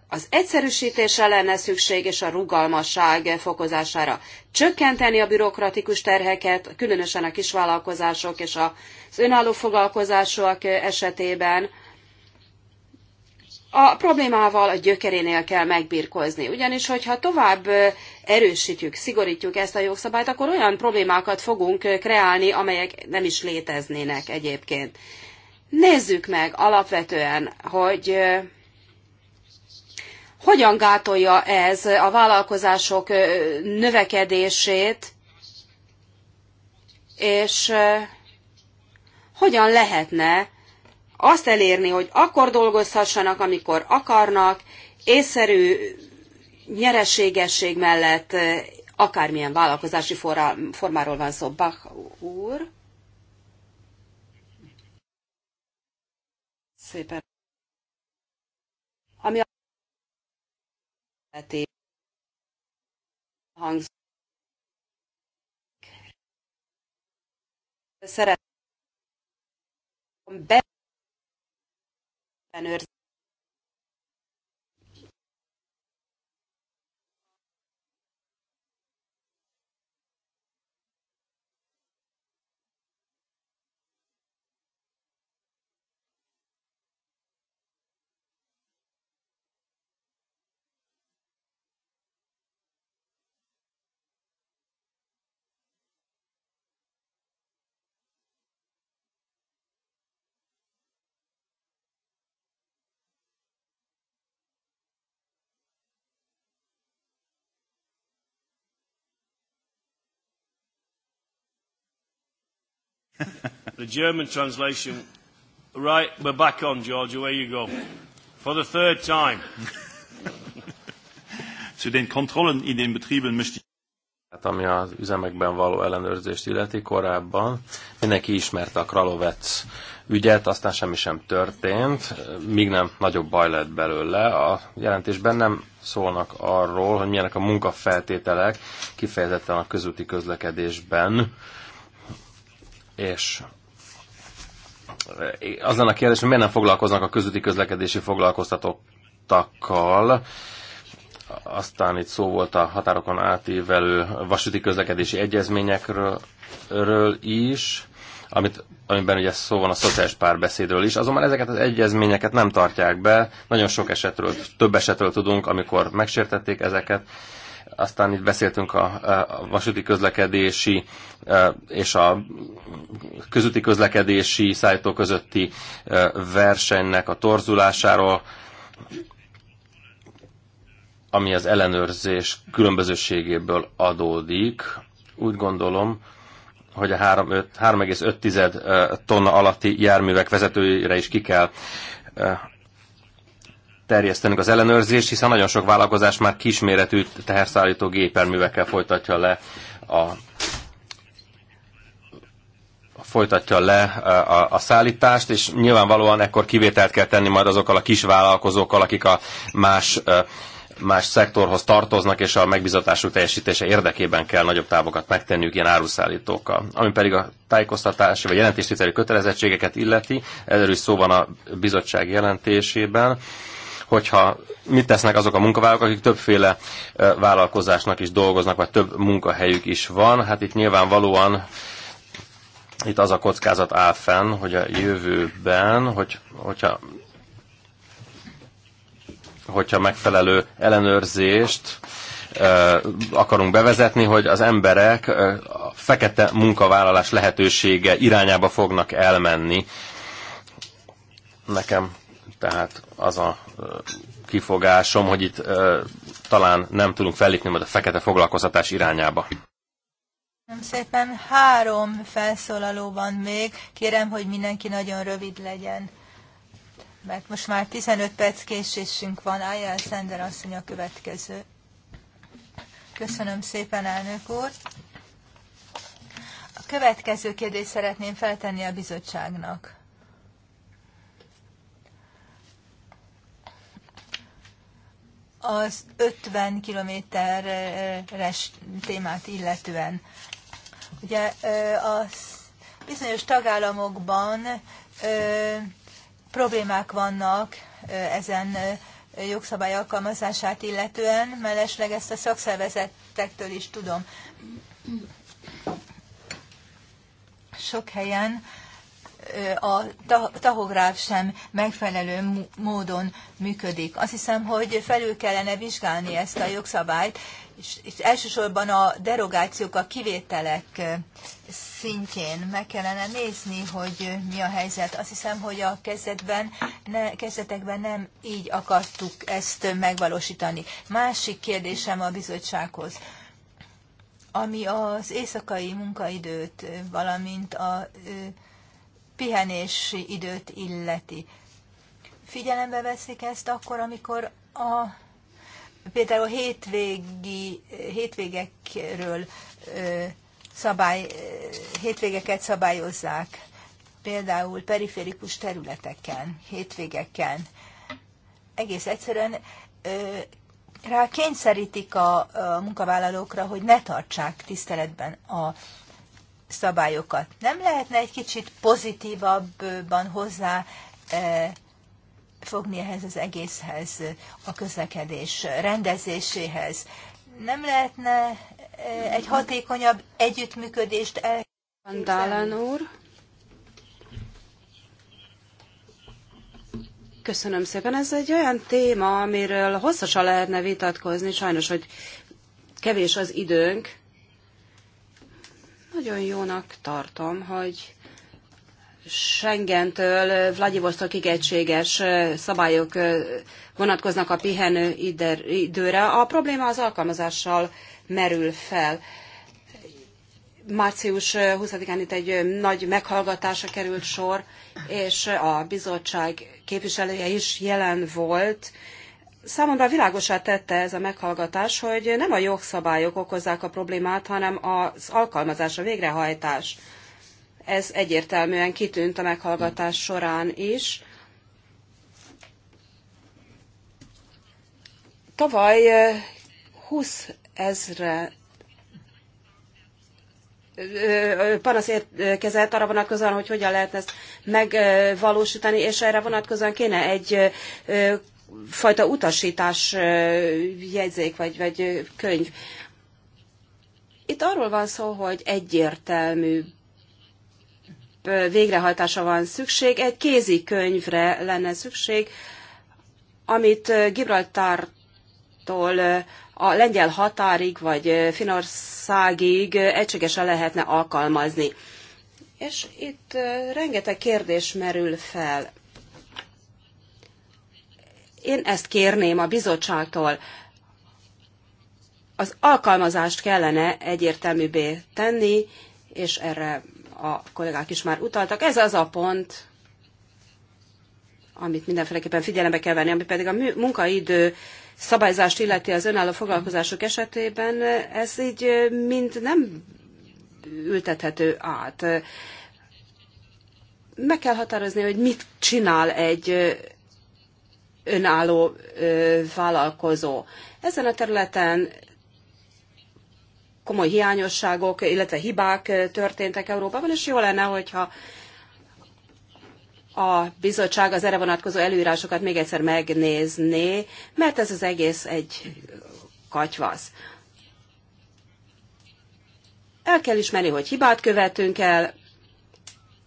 Az egyszerűsítésre lenne szükség és a rugalmasság fokozására. Csökkenteni a bürokratikus terheket, különösen a kisvállalkozások és az önálló foglalkozások esetében. A problémával a gyökerénél kell megbirkózni, ugyanis hogyha tovább erősítjük, szigorítjuk ezt a jogszabályt, akkor olyan problémákat fogunk kreálni, amelyek nem is léteznének egyébként. Nézzük meg alapvetően, hogy hogyan gátolja ez a vállalkozások növekedését, és hogyan lehetne azt elérni, hogy akkor dolgozhassanak, amikor akarnak, észszerű nyereségesség mellett akármilyen vállalkozási formáról van szó. Bach úr. Szépen. Ami a hangzik szeretném be the German translation. Right, we're back on, George. Away you go. For the third time. Zu den Kontrollen in den Betrieben möchte Hát ami az üzemekben való ellenőrzést illeti korábban, mindenki ismerte a Kralovec ügyet, aztán semmi sem történt, míg nem nagyobb baj lett belőle. A jelentésben nem szólnak arról, hogy milyenek a munkafeltételek kifejezetten a közúti közlekedésben és az lenne a kérdés, hogy miért nem foglalkoznak a közúti közlekedési foglalkoztatottakkal, aztán itt szó volt a határokon átívelő vasúti közlekedési egyezményekről is, amit, amiben ugye szó van a szociális párbeszédről is, azonban ezeket az egyezményeket nem tartják be, nagyon sok esetről, több esetről tudunk, amikor megsértették ezeket, aztán itt beszéltünk a, a vasúti közlekedési e, és a közúti közlekedési szállító közötti e, versenynek a torzulásáról, ami az ellenőrzés különbözőségéből adódik. Úgy gondolom, hogy a 3,5 e, tonna alatti járművek vezetőire is ki kell terjesztenünk az ellenőrzést, hiszen nagyon sok vállalkozás már kisméretű teherszállító géperművekkel folytatja le a folytatja le a, a szállítást, és nyilvánvalóan ekkor kivételt kell tenni majd azokkal a kis vállalkozókkal, akik a más, más szektorhoz tartoznak, és a megbizatásuk teljesítése érdekében kell nagyobb távokat megtenniük ilyen áruszállítókkal. Ami pedig a tájékoztatási vagy jelentéstételi kötelezettségeket illeti, erről is szó van a bizottság jelentésében hogyha mit tesznek azok a munkavállalók, akik többféle vállalkozásnak is dolgoznak, vagy több munkahelyük is van. Hát itt nyilvánvalóan itt az a kockázat áll fenn, hogy a jövőben, hogy, hogyha hogyha megfelelő ellenőrzést akarunk bevezetni, hogy az emberek a fekete munkavállalás lehetősége irányába fognak elmenni. Nekem tehát az a kifogásom, hogy itt talán nem tudunk fellépni majd a fekete foglalkoztatás irányába. Köszönöm szépen. Három felszólaló van még. Kérem, hogy mindenki nagyon rövid legyen. Mert most már 15 perc késésünk van. Ájjel Szender asszony a következő. Köszönöm szépen, elnök úr. A következő kérdést szeretném feltenni a bizottságnak. az 50 kilométeres témát illetően. Ugye a bizonyos tagállamokban problémák vannak ezen jogszabály alkalmazását illetően, mellesleg ezt a szakszervezetektől is tudom. Sok helyen a tahográf sem megfelelő módon működik. Azt hiszem, hogy felül kellene vizsgálni ezt a jogszabályt, és, és elsősorban a derogációk, a kivételek szintjén meg kellene nézni, hogy mi a helyzet. Azt hiszem, hogy a kezdetben, ne, kezdetekben nem így akartuk ezt megvalósítani. Másik kérdésem a bizottsághoz ami az éjszakai munkaidőt, valamint a pihenési időt illeti. Figyelembe veszik ezt akkor, amikor a, például hétvégi, hétvégekről szabály, hétvégeket szabályozzák, például periférikus területeken, hétvégeken. Egész egyszerűen rá kényszerítik a, a munkavállalókra, hogy ne tartsák tiszteletben a szabályokat. Nem lehetne egy kicsit pozitívabban hozzá e, fogni ehhez az egészhez, a közlekedés rendezéséhez. Nem lehetne e, egy hatékonyabb együttműködést el... Dálán úr. Köszönöm szépen. Ez egy olyan téma, amiről hosszasan lehetne vitatkozni, sajnos, hogy kevés az időnk. Nagyon jónak tartom, hogy Schengentől Vladivostokig egységes szabályok vonatkoznak a pihenő időre. A probléma az alkalmazással merül fel. Március 20-án itt egy nagy meghallgatásra került sor, és a bizottság képviselője is jelen volt, Számomra világosá tette ez a meghallgatás, hogy nem a jogszabályok okozzák a problémát, hanem az alkalmazás, a végrehajtás. Ez egyértelműen kitűnt a meghallgatás során is. Tavaly 20 eh, ezre eh, eh, panasz érkezett arra vonatkozóan, hogy hogyan lehetne ezt megvalósítani, és erre vonatkozóan kéne egy fajta utasítás jegyzék vagy, vagy könyv. Itt arról van szó, hogy egyértelmű végrehajtása van szükség, egy kézi könyvre lenne szükség, amit Gibraltártól a lengyel határig vagy Finországig egységesen lehetne alkalmazni. És itt rengeteg kérdés merül fel. Én ezt kérném a bizottságtól. Az alkalmazást kellene egyértelműbbé tenni, és erre a kollégák is már utaltak. Ez az a pont, amit mindenféleképpen figyelembe kell venni, ami pedig a munkaidő szabályzást illeti az önálló foglalkozások esetében, ez így mind nem ültethető át. Meg kell határozni, hogy mit csinál egy önálló vállalkozó. Ezen a területen komoly hiányosságok, illetve hibák történtek Európában, és jó lenne, hogyha a bizottság az erre vonatkozó előírásokat még egyszer megnézné, mert ez az egész egy katyvasz. El kell ismerni, hogy hibát követünk el,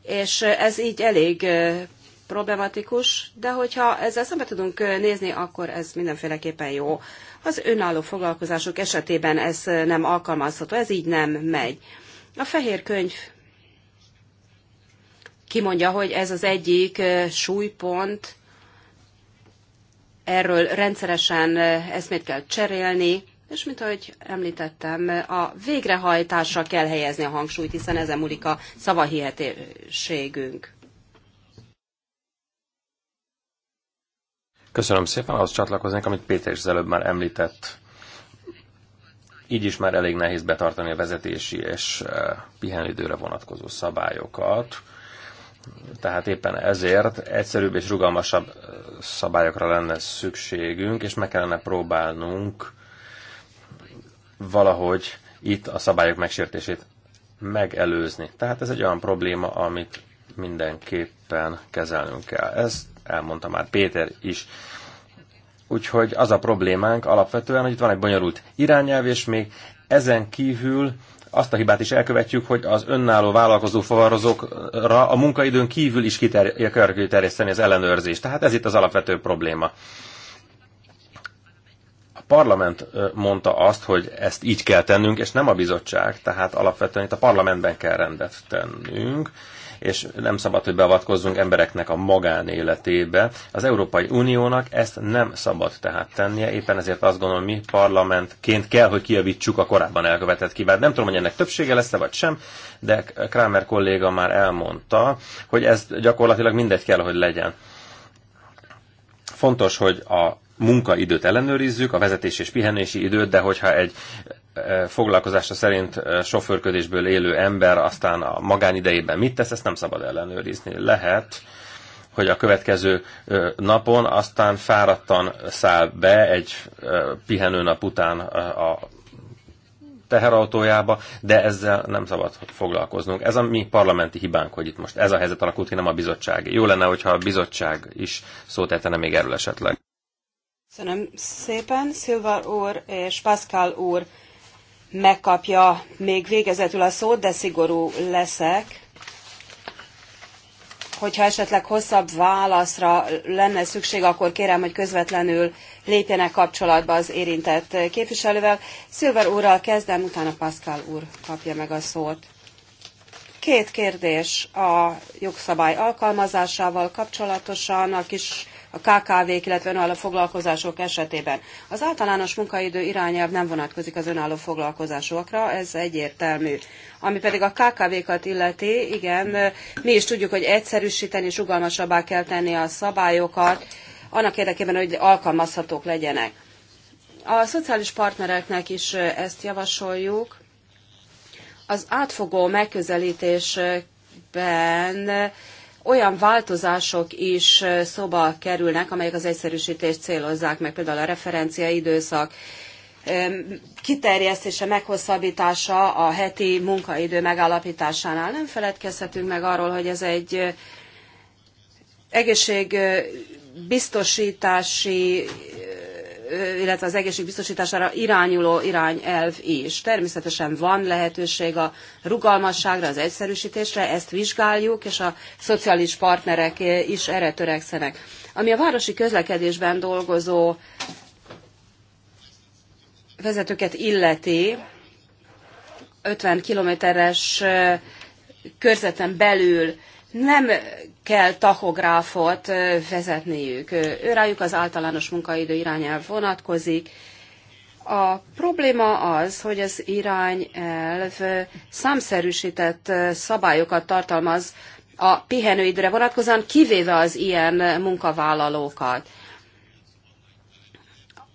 és ez így elég problematikus, de hogyha ezzel szembe tudunk nézni, akkor ez mindenféleképpen jó. Az önálló foglalkozások esetében ez nem alkalmazható, ez így nem megy. A fehér könyv kimondja, hogy ez az egyik súlypont, erről rendszeresen eszmét kell cserélni, és mint ahogy említettem, a végrehajtásra kell helyezni a hangsúlyt, hiszen ezen múlik a szavahihetőségünk. Köszönöm szépen, ahhoz csatlakoznék, amit Péter is az előbb már említett. Így is már elég nehéz betartani a vezetési és eh, pihenőidőre vonatkozó szabályokat. Tehát éppen ezért egyszerűbb és rugalmasabb eh, szabályokra lenne szükségünk, és meg kellene próbálnunk valahogy itt a szabályok megsértését megelőzni. Tehát ez egy olyan probléma, amit mindenképpen kezelnünk kell. Ez elmondta már Péter is. Úgyhogy az a problémánk alapvetően, hogy itt van egy bonyolult irányelv, és még ezen kívül azt a hibát is elkövetjük, hogy az önálló vállalkozó fuvarozókra a munkaidőn kívül is kiterjeszteni kiter az ellenőrzést. Tehát ez itt az alapvető probléma. A parlament mondta azt, hogy ezt így kell tennünk, és nem a bizottság, tehát alapvetően itt a parlamentben kell rendet tennünk, és nem szabad, hogy beavatkozzunk embereknek a magánéletébe. Az Európai Uniónak ezt nem szabad tehát tennie, éppen ezért azt gondolom, mi parlamentként kell, hogy kijavítsuk a korábban elkövetett kibát. Nem tudom, hogy ennek többsége lesz-e vagy sem, de Kramer kolléga már elmondta, hogy ez gyakorlatilag mindegy kell, hogy legyen. Fontos, hogy a munkaidőt ellenőrizzük, a vezetés és pihenési időt, de hogyha egy eh, foglalkozása szerint eh, sofőrködésből élő ember aztán a magánidejében mit tesz, ezt nem szabad ellenőrizni. Lehet, hogy a következő eh, napon aztán fáradtan száll be egy pihenőnap után a teherautójába, de ezzel nem szabad foglalkoznunk. Ez a mi parlamenti hibánk, hogy itt most ez a helyzet alakult ki, nem a bizottság. Jó lenne, hogyha a bizottság is szót értene még erről esetleg. Köszönöm szépen, Szilva úr és Pascal úr megkapja még végezetül a szót, de szigorú leszek. Hogyha esetleg hosszabb válaszra lenne szükség, akkor kérem, hogy közvetlenül lépjenek kapcsolatba az érintett képviselővel. Szilver úrral kezdem, utána Pascal úr kapja meg a szót. Két kérdés a jogszabály alkalmazásával kapcsolatosan, a kis a KKV-k, illetve önálló foglalkozások esetében. Az általános munkaidő irányelv nem vonatkozik az önálló foglalkozásokra, ez egyértelmű. Ami pedig a KKV-kat illeti, igen, mi is tudjuk, hogy egyszerűsíteni és rugalmasabbá kell tenni a szabályokat, annak érdekében, hogy alkalmazhatók legyenek. A szociális partnereknek is ezt javasoljuk. Az átfogó megközelítésben olyan változások is szóba kerülnek, amelyek az egyszerűsítést célozzák meg, például a referenciaidőszak kiterjesztése, meghosszabbítása a heti munkaidő megállapításánál. Nem feledkezhetünk meg arról, hogy ez egy egészségbiztosítási illetve az egészség biztosítására irányuló irányelv is. Természetesen van lehetőség a rugalmasságra, az egyszerűsítésre, ezt vizsgáljuk, és a szociális partnerek is erre törekszenek. Ami a városi közlekedésben dolgozó vezetőket illeti, 50 kilométeres körzeten belül nem kell tachográfot vezetniük. Őrájuk az általános munkaidő irányelv vonatkozik. A probléma az, hogy az irányelv számszerűsített szabályokat tartalmaz a pihenőidőre vonatkozóan, kivéve az ilyen munkavállalókat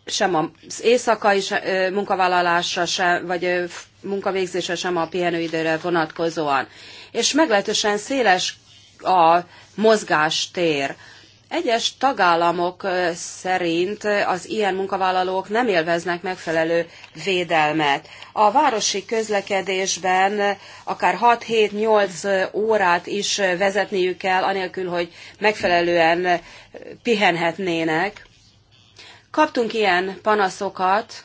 sem az éjszakai munkavállalásra, sem, vagy munkavégzésre, sem a pihenőidőre vonatkozóan. És meglehetősen széles a mozgástér. Egyes tagállamok szerint az ilyen munkavállalók nem élveznek megfelelő védelmet. A városi közlekedésben akár 6-7-8 órát is vezetniük kell, anélkül, hogy megfelelően pihenhetnének. Kaptunk ilyen panaszokat,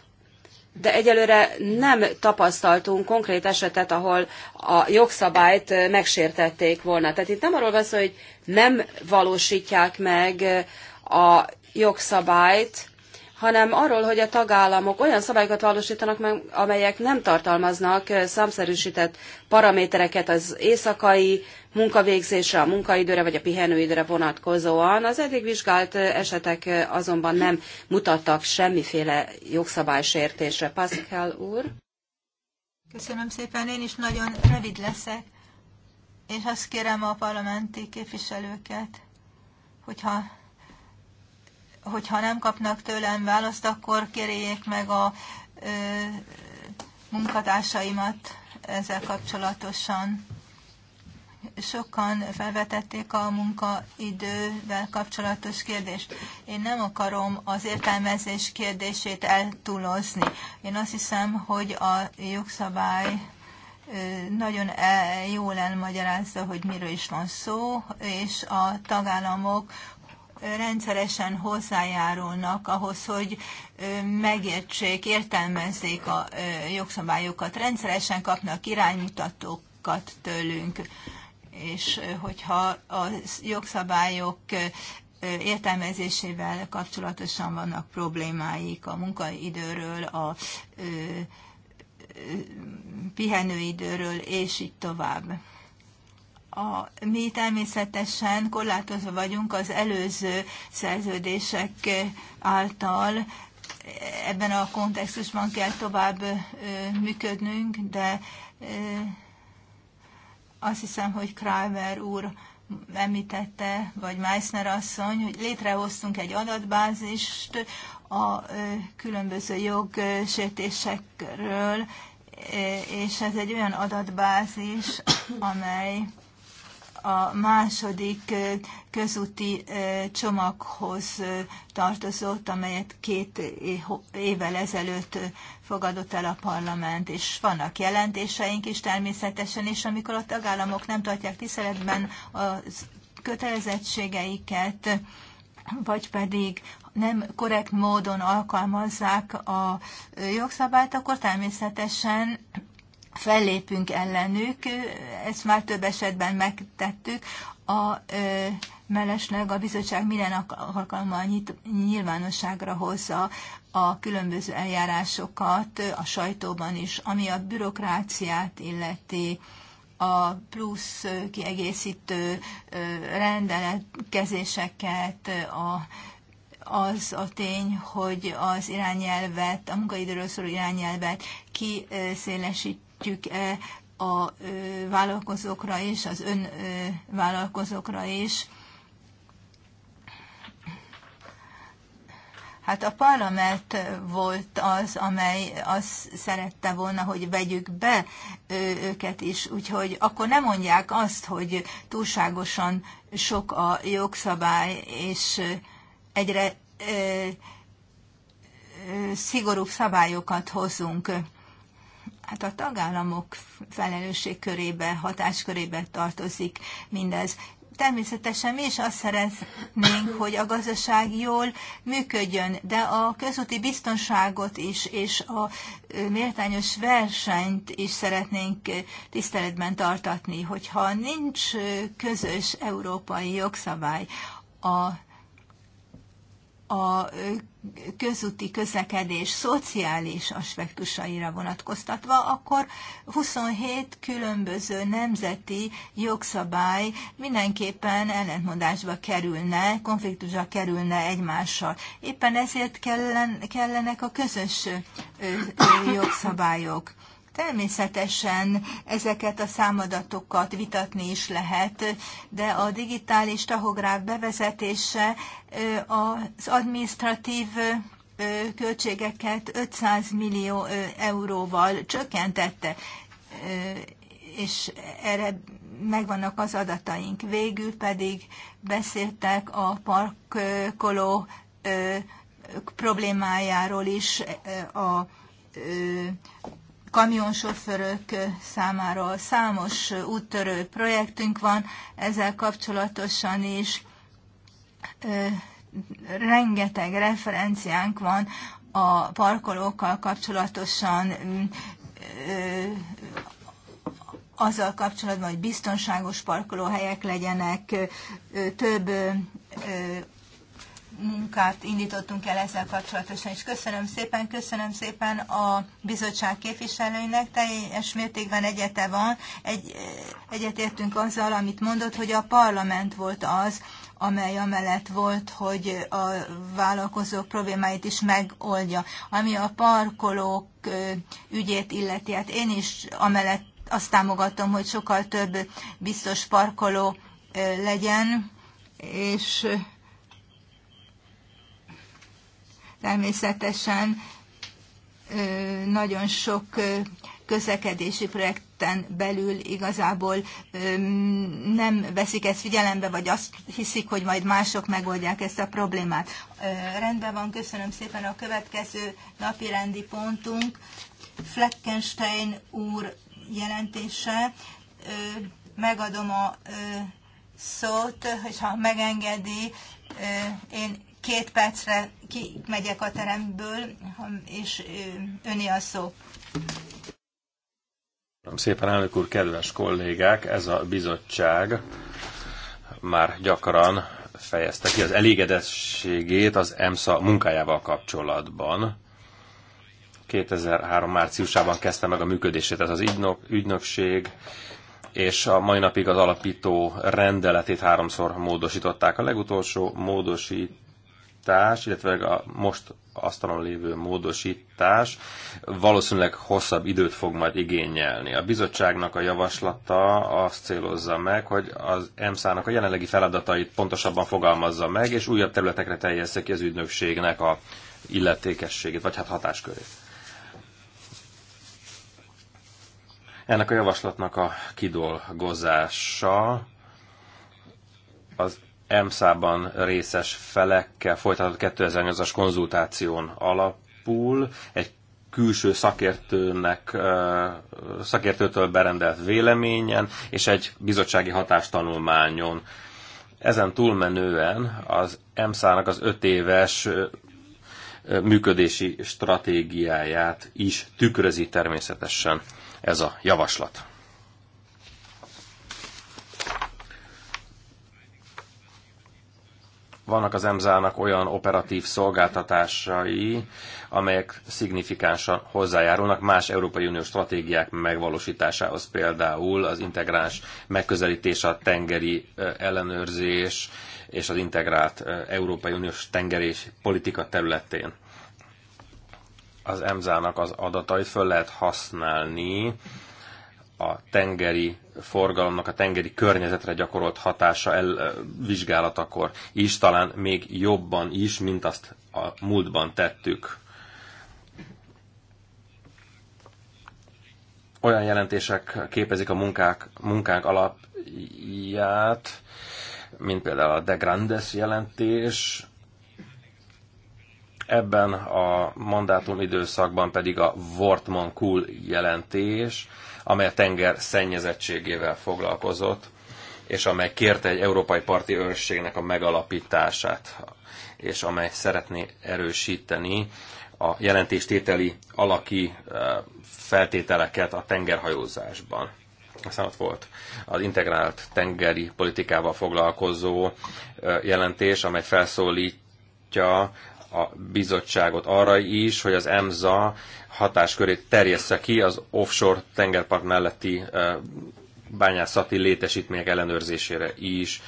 de egyelőre nem tapasztaltunk konkrét esetet, ahol a jogszabályt megsértették volna. Tehát itt nem arról van szó, hogy nem valósítják meg a jogszabályt, hanem arról, hogy a tagállamok olyan szabályokat valósítanak meg, amelyek nem tartalmaznak számszerűsített paramétereket az éjszakai munkavégzésre, a munkaidőre vagy a pihenőidőre vonatkozóan. Az eddig vizsgált esetek azonban nem mutattak semmiféle jogszabálysértésre. Pascal úr. Köszönöm szépen, én is nagyon rövid leszek, és azt kérem a parlamenti képviselőket, hogyha hogyha nem kapnak tőlem választ, akkor kérjék meg a ö, munkatársaimat ezzel kapcsolatosan. Sokan felvetették a munkaidővel kapcsolatos kérdést. Én nem akarom az értelmezés kérdését eltúlozni. Én azt hiszem, hogy a jogszabály nagyon e, jól elmagyarázza, hogy miről is van szó, és a tagállamok rendszeresen hozzájárulnak ahhoz, hogy megértsék, értelmezzék a jogszabályokat. Rendszeresen kapnak iránymutatókat tőlünk, és hogyha a jogszabályok értelmezésével kapcsolatosan vannak problémáik a munkaidőről, a pihenőidőről, és így tovább a, mi természetesen korlátozva vagyunk az előző szerződések által. Ebben a kontextusban kell tovább ö, működnünk, de ö, azt hiszem, hogy Kráver úr említette, vagy Meissner asszony, hogy létrehoztunk egy adatbázist a különböző jogsértésekről, és ez egy olyan adatbázis, amely a második közúti csomaghoz tartozott, amelyet két évvel ezelőtt fogadott el a parlament, és vannak jelentéseink is természetesen, és amikor a tagállamok nem tartják tiszteletben a kötelezettségeiket, vagy pedig nem korrekt módon alkalmazzák a jogszabályt, akkor természetesen fellépünk ellenük, ezt már több esetben megtettük, a ö, mellesleg a bizottság minden alkalommal nyit, nyilvánosságra hozza a különböző eljárásokat a sajtóban is, ami a bürokráciát illeti, a plusz kiegészítő rendelkezéseket, a, az a tény, hogy az irányelvet, a munkaidőről szóló irányelvet kiszélesít vetítjük e a vállalkozókra és az ön vállalkozókra is. Hát a parlament volt az, amely azt szerette volna, hogy vegyük be őket is, úgyhogy akkor nem mondják azt, hogy túlságosan sok a jogszabály, és egyre szigorúbb szabályokat hozunk hát a tagállamok felelősség körébe, hatáskörébe tartozik mindez. Természetesen mi is azt szeretnénk, hogy a gazdaság jól működjön, de a közúti biztonságot is, és a méltányos versenyt is szeretnénk tiszteletben tartatni, hogyha nincs közös európai jogszabály a a közúti közlekedés szociális aspektusaira vonatkoztatva, akkor 27 különböző nemzeti jogszabály mindenképpen ellentmondásba kerülne, konfliktusba kerülne egymással. Éppen ezért kellen, kellenek a közös jogszabályok. Természetesen ezeket a számadatokat vitatni is lehet, de a digitális tahográf bevezetése az administratív költségeket 500 millió euróval csökkentette, és erre megvannak az adataink. Végül pedig beszéltek a parkoló problémájáról is a kamionsofőrök számára. Számos úttörő projektünk van, ezzel kapcsolatosan is rengeteg referenciánk van a parkolókkal kapcsolatosan, azzal kapcsolatban, hogy biztonságos parkolóhelyek legyenek, több munkát indítottunk el ezzel kapcsolatosan, és köszönöm szépen, köszönöm szépen a bizottság képviselőinek, teljes mértékben egyete van, egy, egyetértünk azzal, amit mondott, hogy a parlament volt az, amely amellett volt, hogy a vállalkozók problémáit is megoldja. Ami a parkolók ügyét illeti, hát én is amellett azt támogatom, hogy sokkal több biztos parkoló legyen, és Természetesen nagyon sok közlekedési projekten belül igazából nem veszik ezt figyelembe, vagy azt hiszik, hogy majd mások megoldják ezt a problémát. Rendben van, köszönöm szépen a következő napi rendi pontunk. Fleckenstein úr jelentése. Megadom a szót, hogyha megengedi, én két percre kimegyek a teremből, és öni a szó. Szépen elnök úr, kedves kollégák, ez a bizottság már gyakran fejezte ki az elégedettségét az EMSZA munkájával kapcsolatban. 2003 márciusában kezdte meg a működését ez az ügynök, ügynökség, és a mai napig az alapító rendeletét háromszor módosították. A legutolsó módosít módosítás, illetve a most asztalon lévő módosítás valószínűleg hosszabb időt fog majd igényelni. A bizottságnak a javaslata azt célozza meg, hogy az EMSZ-nak a jelenlegi feladatait pontosabban fogalmazza meg, és újabb területekre teljeszte ki az ügynökségnek a illetékességét, vagy hát hatáskörét. Ennek a javaslatnak a kidolgozása az EMSZ-ban részes felekkel folytatott 2008-as konzultáción alapul egy külső szakértőnek, szakértőtől berendelt véleményen és egy bizottsági hatástanulmányon. Ezen túlmenően az EMSZ-nak az öt éves működési stratégiáját is tükrözi természetesen ez a javaslat. vannak az EMSZ-nak olyan operatív szolgáltatásai, amelyek szignifikánsan hozzájárulnak más Európai Unió stratégiák megvalósításához, például az integráns megközelítés, a tengeri ellenőrzés és az integrált Európai Uniós tengerés politika területén. Az EMSZ-nak az adatait föl lehet használni a tengeri forgalomnak, a tengeri környezetre gyakorolt hatása el, vizsgálatakor is, talán még jobban is, mint azt a múltban tettük. Olyan jelentések képezik a munkák, munkánk alapját, mint például a De Grandes jelentés, ebben a mandátum időszakban pedig a Wortmann-Kuhl jelentés, amely a tenger szennyezettségével foglalkozott, és amely kérte egy európai parti őrségnek a megalapítását, és amely szeretné erősíteni a jelentéstételi alaki eh, feltételeket a tengerhajózásban aztán ott volt az integrált tengeri politikával foglalkozó eh, jelentés, amely felszólítja a bizottságot arra is, hogy az EMSA hatáskörét terjessze ki az offshore tengerpart melletti bányászati létesítmények ellenőrzésére is.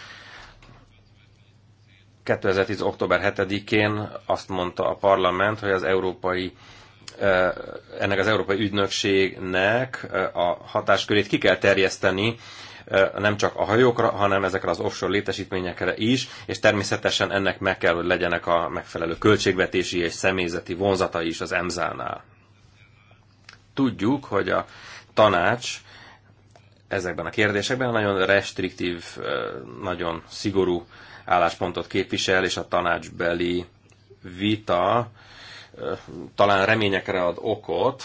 2010. október 7-én azt mondta a parlament, hogy az európai ennek az európai ügynökségnek a hatáskörét ki kell terjeszteni nem csak a hajókra, hanem ezekre az offshore létesítményekre is, és természetesen ennek meg kell, hogy legyenek a megfelelő költségvetési és személyzeti vonzata is az EMSZ-nál. Tudjuk, hogy a tanács ezekben a kérdésekben nagyon restriktív, nagyon szigorú álláspontot képvisel, és a tanácsbeli vita talán reményekre ad okot,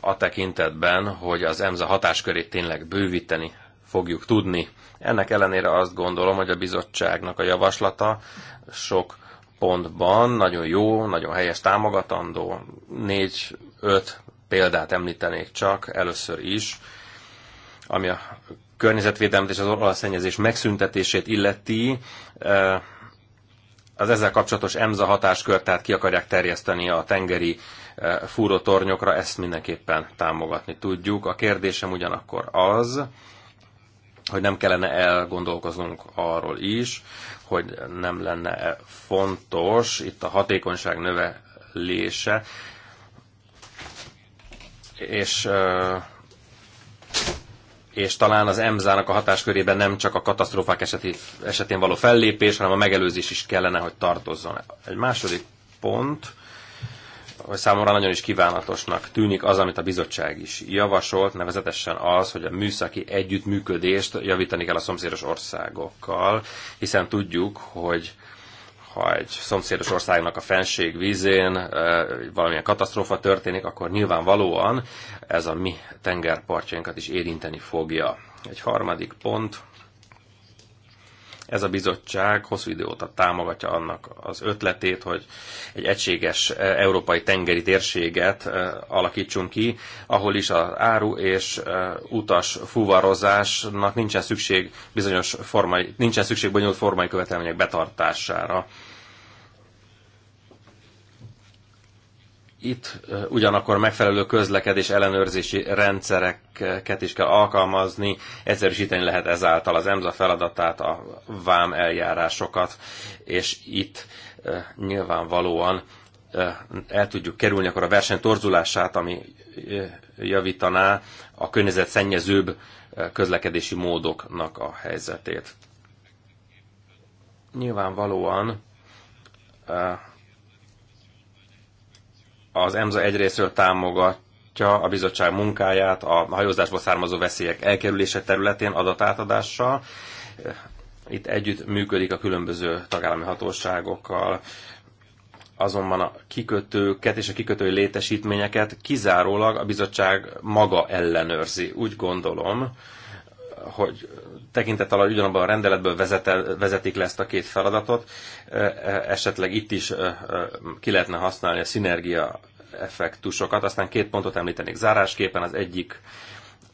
a tekintetben, hogy az EMSA hatáskörét tényleg bővíteni fogjuk tudni. Ennek ellenére azt gondolom, hogy a bizottságnak a javaslata sok pontban nagyon jó, nagyon helyes támogatandó. Négy-öt példát említenék csak először is, ami a környezetvédelmet és az olajszennyezés megszüntetését illeti az ezzel kapcsolatos EMSA hatáskört, tehát ki akarják terjeszteni a tengeri E, fúrótornyokra, ezt mindenképpen támogatni tudjuk. A kérdésem ugyanakkor az, hogy nem kellene elgondolkoznunk arról is, hogy nem lenne fontos itt a hatékonyság növelése, és e, és talán az EMZA-nak a hatáskörében nem csak a katasztrófák eseti, esetén való fellépés, hanem a megelőzés is kellene, hogy tartozzon. Egy második pont, hogy számomra nagyon is kívánatosnak tűnik az, amit a bizottság is javasolt, nevezetesen az, hogy a műszaki együttműködést javítani kell a szomszédos országokkal, hiszen tudjuk, hogy ha egy szomszédos országnak a fenség vízén valamilyen katasztrófa történik, akkor nyilvánvalóan ez a mi tengerpartjainkat is érinteni fogja. Egy harmadik pont, ez a bizottság hosszú idő óta támogatja annak az ötletét, hogy egy egységes e, európai tengeri térséget e, alakítsunk ki, ahol is az áru és e, utas fuvarozásnak nincsen szükség bizonyos formai, nincsen szükség bonyolult formai követelmények betartására Itt ugyanakkor megfelelő közlekedés ellenőrzési rendszereket is kell alkalmazni, egyszerűsíteni lehet ezáltal az EMSA feladatát, a vám eljárásokat, és itt nyilvánvalóan el tudjuk kerülni akkor a verseny torzulását, ami javítaná a környezet szennyezőbb közlekedési módoknak a helyzetét. Nyilvánvalóan az EMSA egyrésztről támogatja a bizottság munkáját a hajózásból származó veszélyek elkerülése területén adatátadással. Itt együtt működik a különböző tagállami hatóságokkal, azonban a kikötőket és a kikötői létesítményeket kizárólag a bizottság maga ellenőrzi. Úgy gondolom, hogy tekintettel ugyanabban a rendeletből vezetel, vezetik le ezt a két feladatot, e, e, esetleg itt is e, ki lehetne használni a szinergia effektusokat. Aztán két pontot említenék zárásképpen. Az egyik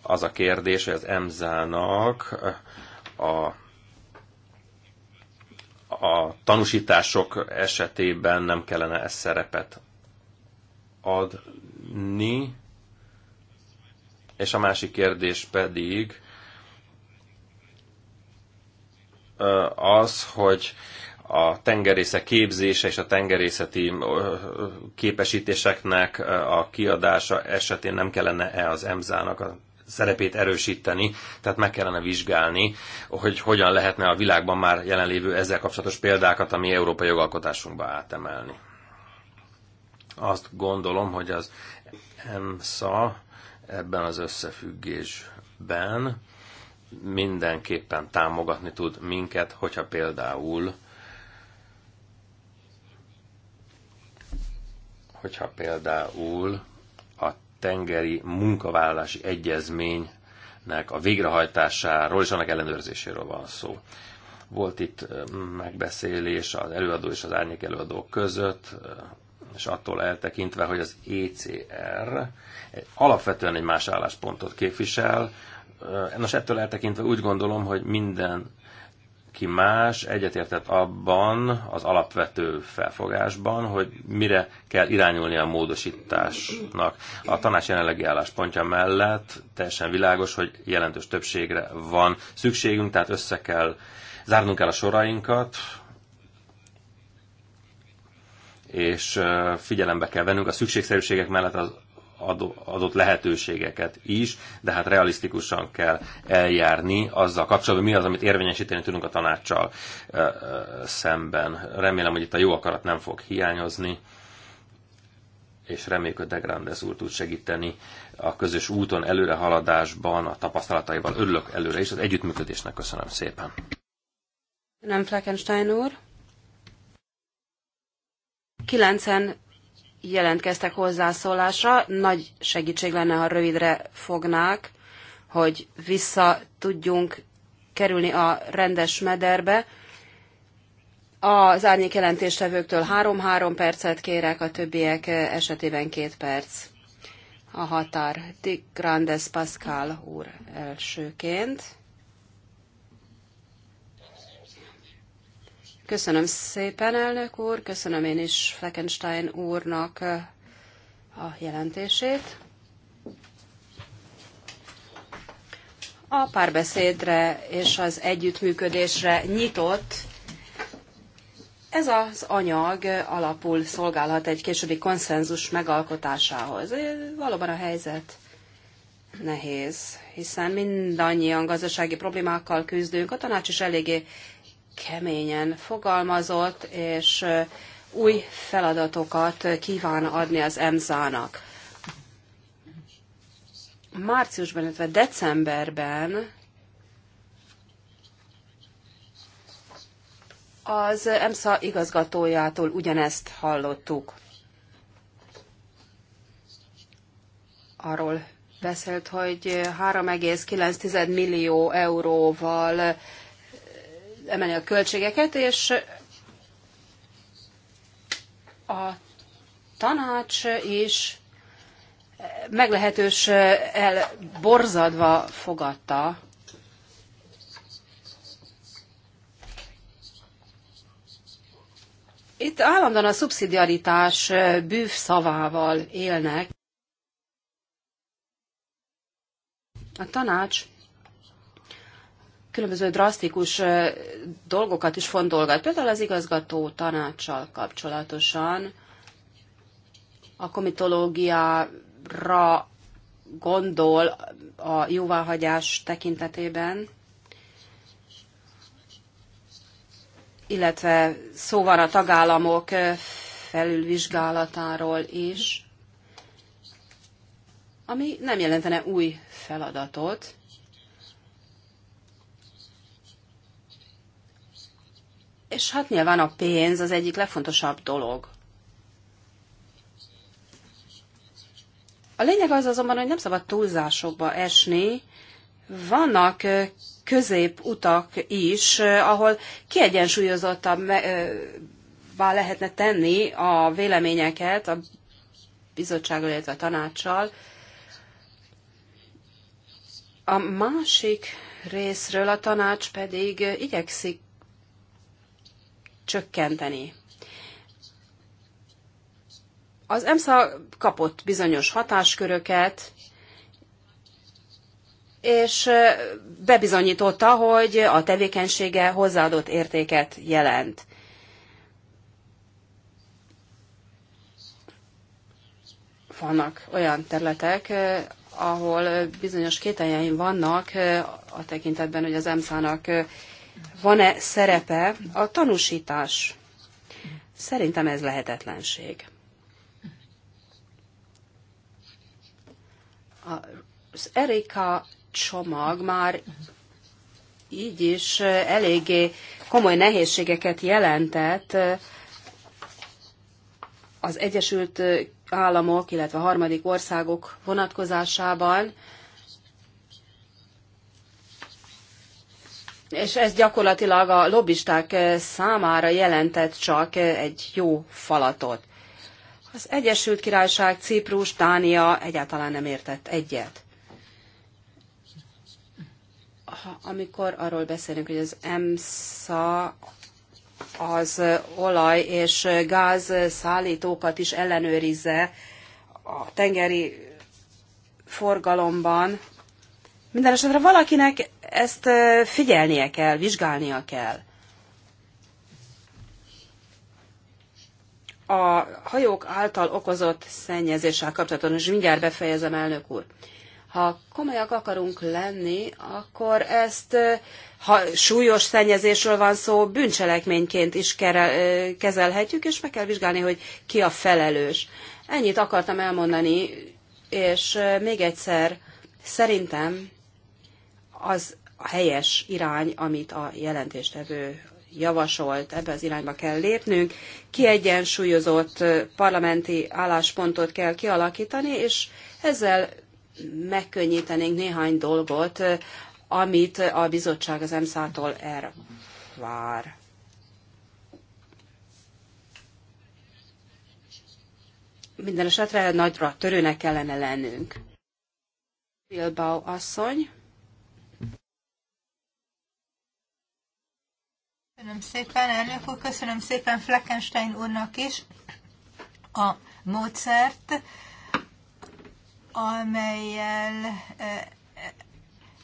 az a kérdés, hogy az EMSZ-nak a a tanúsítások esetében nem kellene ezt szerepet adni. És a másik kérdés pedig az, hogy a tengerészek képzése és a tengerészeti képesítéseknek a kiadása esetén nem kellene-e az EMZÁ-nak a szerepét erősíteni, tehát meg kellene vizsgálni, hogy hogyan lehetne a világban már jelenlévő ezzel kapcsolatos példákat a mi európai jogalkotásunkba átemelni. Azt gondolom, hogy az EMSA ebben az összefüggésben mindenképpen támogatni tud minket, hogyha például hogyha például a tengeri munkavállalási egyezménynek a végrehajtásáról és annak ellenőrzéséről van szó. Volt itt megbeszélés az előadó és az árnyék előadók között, és attól eltekintve, hogy az ECR alapvetően egy más álláspontot képvisel, Nos, ettől eltekintve úgy gondolom, hogy minden ki más egyetértett abban az alapvető felfogásban, hogy mire kell irányulni a módosításnak. A tanács jelenlegi álláspontja mellett teljesen világos, hogy jelentős többségre van szükségünk, tehát össze kell, zárnunk el a sorainkat, és figyelembe kell vennünk a szükségszerűségek mellett az adott lehetőségeket is, de hát realisztikusan kell eljárni azzal kapcsolatban, mi az, amit érvényesíteni tudunk a tanácssal szemben. Remélem, hogy itt a jó akarat nem fog hiányozni és reméljük, hogy Degrandes úr tud segíteni a közös úton, előrehaladásban, a tapasztalataival. Örülök előre is, az együttműködésnek köszönöm szépen. Nem Fleckenstein úr. Kilencen jelentkeztek hozzászólásra. Nagy segítség lenne, ha rövidre fognák, hogy vissza tudjunk kerülni a rendes mederbe. Az árnyék jelentéstevőktől 3-3 percet kérek, a többiek esetében 2 perc a határ. Dick Grandes Pascal úr elsőként. Köszönöm szépen, elnök úr, köszönöm én is Fleckenstein úrnak a jelentését. A párbeszédre és az együttműködésre nyitott ez az anyag alapul szolgálhat egy későbbi konszenzus megalkotásához. Valóban a helyzet nehéz, hiszen mindannyian gazdasági problémákkal küzdünk, a tanács is eléggé keményen fogalmazott, és új feladatokat kíván adni az EMSZ-nak. Márciusban, illetve decemberben az EMSZA igazgatójától ugyanezt hallottuk. Arról beszélt, hogy 3,9 millió euróval emelni a költségeket, és a tanács is meglehetős elborzadva fogadta Itt állandóan a szubszidiaritás bűv szavával élnek. A tanács különböző drasztikus dolgokat is fontolgat, például az igazgató tanácssal kapcsolatosan, a komitológiára gondol a jóváhagyás tekintetében, illetve szó van a tagállamok felülvizsgálatáról is, ami nem jelentene új feladatot, És hát nyilván a pénz az egyik legfontosabb dolog. A lényeg az azonban, hogy nem szabad túlzásokba esni. Vannak középutak is, ahol kiegyensúlyozottabbá lehetne tenni a véleményeket a bizottsággal, illetve a tanácssal. A másik részről a tanács pedig igyekszik csökkenteni. Az EMSZA kapott bizonyos hatásköröket, és bebizonyította, hogy a tevékenysége hozzáadott értéket jelent. Vannak olyan területek, ahol bizonyos kételjeim vannak a tekintetben, hogy az EMSZ-nak van-e szerepe a tanúsítás? Szerintem ez lehetetlenség. Az Erika csomag már így is eléggé komoly nehézségeket jelentett az Egyesült Államok, illetve a harmadik országok vonatkozásában, és ez gyakorlatilag a lobbisták eh, számára jelentett csak eh, egy jó falatot. Az Egyesült Királyság, Ciprus, Dánia egyáltalán nem értett egyet. Ha, amikor arról beszélünk, hogy az EMSA az eh, olaj és gáz szállítókat is ellenőrizze a tengeri forgalomban, minden esetre valakinek ezt figyelnie kell, vizsgálnia kell. A hajók által okozott szennyezéssel kapcsolatban, és mindjárt befejezem, elnök úr. Ha komolyak akarunk lenni, akkor ezt, ha súlyos szennyezésről van szó, bűncselekményként is kezelhetjük, és meg kell vizsgálni, hogy ki a felelős. Ennyit akartam elmondani, és még egyszer, szerintem az a helyes irány, amit a jelentéstevő javasolt, ebbe az irányba kell lépnünk. Kiegyensúlyozott parlamenti álláspontot kell kialakítani, és ezzel megkönnyítenénk néhány dolgot, amit a bizottság az EMSZ-tól elvár. Minden esetre nagyra törőnek kellene lennünk. Bilbao asszony. Köszönöm szépen, elnök úr, köszönöm szépen Fleckenstein úrnak is a módszert, amelyel eh,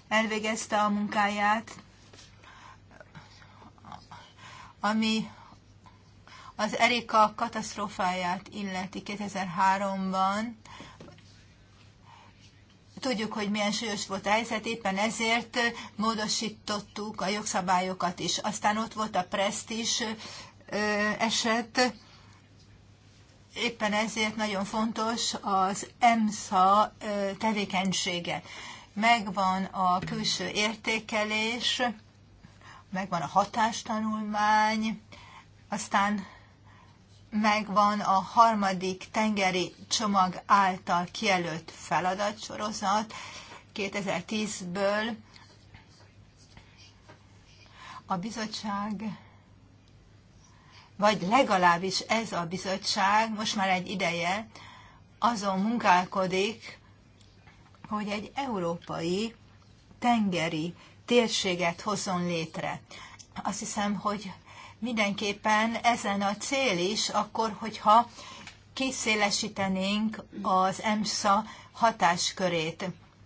elvégezte a munkáját, ami az Erika katasztrófáját illeti 2003-ban. Tudjuk, hogy milyen súlyos volt a helyzet, éppen ezért módosítottuk a jogszabályokat is. Aztán ott volt a presztis eset, éppen ezért nagyon fontos az EMSA tevékenysége. Megvan a külső értékelés, megvan a hatástanulmány, aztán megvan a harmadik tengeri csomag által kijelölt feladatsorozat 2010-ből. A bizottság, vagy legalábbis ez a bizottság most már egy ideje azon munkálkodik, hogy egy európai tengeri térséget hozzon létre. Azt hiszem, hogy Mindenképpen ezen a cél is, akkor, hogyha kiszélesítenénk az EMSZA hatáskörét.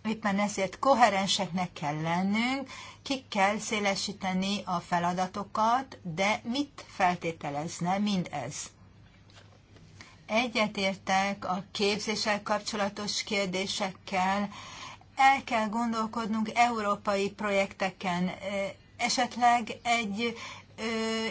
Éppen ezért koherenseknek kell lennünk, ki kell szélesíteni a feladatokat, de mit feltételezne mindez? Egyetértek a képzéssel kapcsolatos kérdésekkel, el kell gondolkodnunk európai projekteken, esetleg egy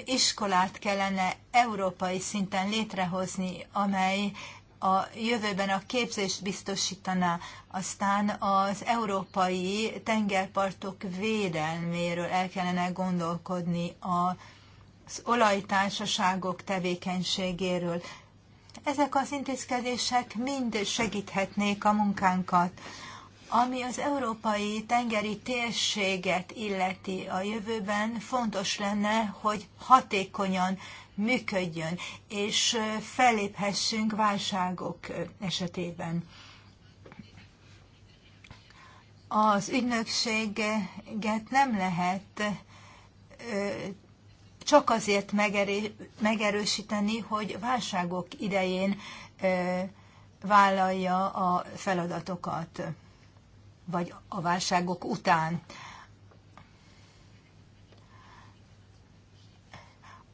iskolát kellene európai szinten létrehozni, amely a jövőben a képzést biztosítaná, aztán az európai tengerpartok védelméről el kellene gondolkodni, az olajtársaságok tevékenységéről. Ezek az intézkedések mind segíthetnék a munkánkat. Ami az európai tengeri térséget illeti a jövőben, fontos lenne, hogy hatékonyan működjön, és felléphessünk válságok esetében. Az ügynökséget nem lehet csak azért megerősíteni, hogy válságok idején vállalja a feladatokat vagy a válságok után.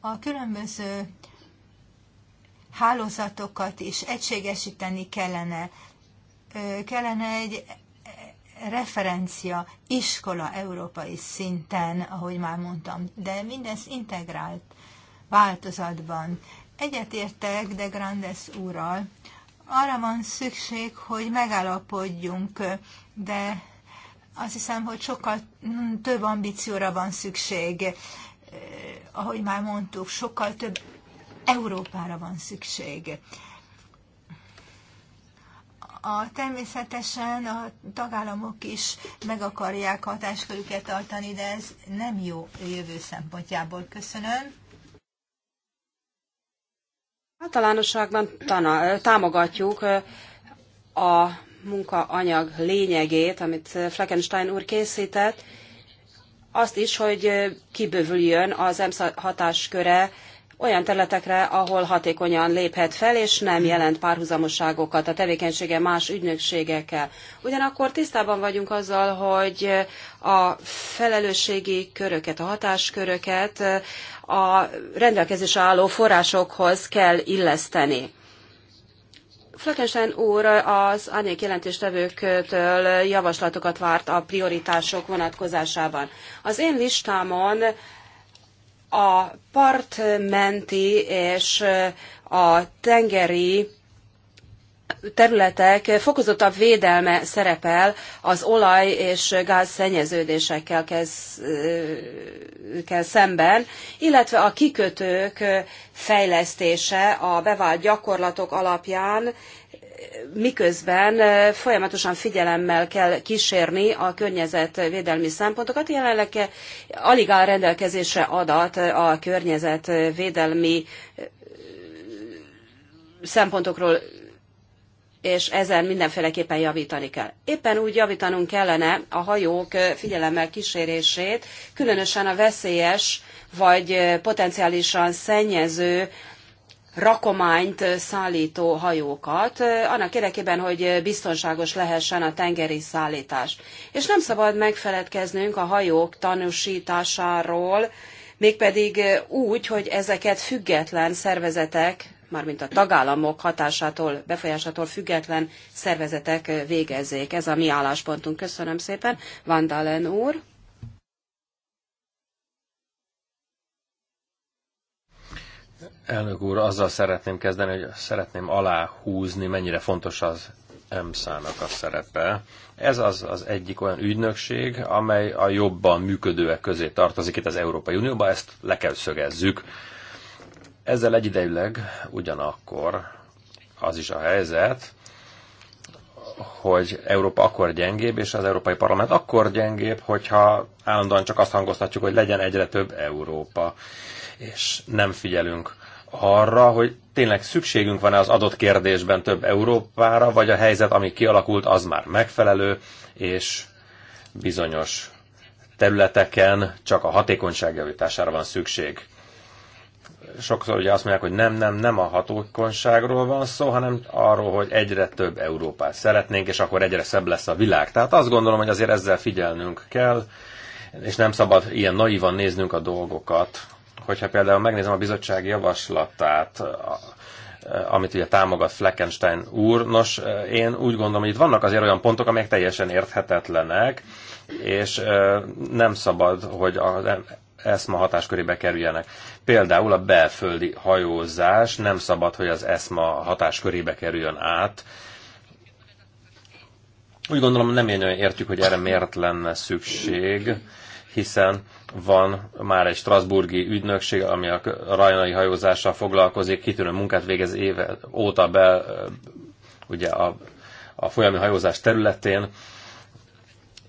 A különböző hálózatokat is egységesíteni kellene. Kellene egy referencia iskola európai szinten, ahogy már mondtam, de mindez integrált változatban. Egyetértek de Grandes úrral, arra van szükség, hogy megállapodjunk de azt hiszem, hogy sokkal mm, több ambícióra van szükség. Ahogy már mondtuk, sokkal több Európára van szükség. A, természetesen a tagállamok is meg akarják hatáskörüket tartani, de ez nem jó jövő szempontjából. Köszönöm. Általánosságban támogatjuk a munkaanyag lényegét, amit Fleckenstein úr készített, azt is, hogy kibővüljön az EMSZ hatásköre olyan területekre, ahol hatékonyan léphet fel, és nem jelent párhuzamoságokat a tevékenysége más ügynökségekkel. Ugyanakkor tisztában vagyunk azzal, hogy a felelősségi köröket, a hatásköröket a rendelkezésre álló forrásokhoz kell illeszteni. Fleckenstein úr az árnyék jelentéstevőktől javaslatokat várt a prioritások vonatkozásában. Az én listámon a part menti és a tengeri területek fokozottabb védelme szerepel az olaj és gáz szennyeződésekkel kell szemben, illetve a kikötők fejlesztése a bevált gyakorlatok alapján, miközben folyamatosan figyelemmel kell kísérni a környezetvédelmi szempontokat. Jelenleg alig áll rendelkezésre adat a környezetvédelmi szempontokról és ezen mindenféleképpen javítani kell. Éppen úgy javítanunk kellene a hajók figyelemmel kísérését, különösen a veszélyes vagy potenciálisan szennyező rakományt szállító hajókat, annak érdekében, hogy biztonságos lehessen a tengeri szállítás. És nem szabad megfeledkeznünk a hajók tanúsításáról, mégpedig úgy, hogy ezeket független szervezetek mármint a tagállamok hatásától, befolyásától független szervezetek végezzék. Ez a mi álláspontunk. Köszönöm szépen. Vandalen úr. Elnök úr, azzal szeretném kezdeni, hogy szeretném aláhúzni, mennyire fontos az EMSZ-nak a szerepe. Ez az az egyik olyan ügynökség, amely a jobban működőek közé tartozik itt az Európai Unióban, ezt le kell szögezzük. Ezzel egyidejűleg ugyanakkor az is a helyzet, hogy Európa akkor gyengébb, és az Európai Parlament akkor gyengébb, hogyha állandóan csak azt hangoztatjuk, hogy legyen egyre több Európa, és nem figyelünk arra, hogy tényleg szükségünk van-e az adott kérdésben több Európára, vagy a helyzet, ami kialakult, az már megfelelő, és bizonyos területeken csak a hatékonyság javítására van szükség sokszor ugye azt mondják, hogy nem, nem, nem a hatókonyságról van szó, hanem arról, hogy egyre több Európát szeretnénk, és akkor egyre szebb lesz a világ. Tehát azt gondolom, hogy azért ezzel figyelnünk kell, és nem szabad ilyen naivan néznünk a dolgokat. Hogyha például megnézem a bizottsági javaslatát, amit ugye támogat Fleckenstein úr, nos, én úgy gondolom, hogy itt vannak azért olyan pontok, amelyek teljesen érthetetlenek, és nem szabad, hogy az ESMA hatáskörébe kerüljenek. Például a belföldi hajózás nem szabad, hogy az ESMA hatáskörébe kerüljön át. Úgy gondolom nem én értjük, hogy erre miért lenne szükség, hiszen van már egy strasburgi ügynökség, ami a rajnai hajózással foglalkozik, kitűnő munkát végez éve óta be ugye a, a folyami hajózás területén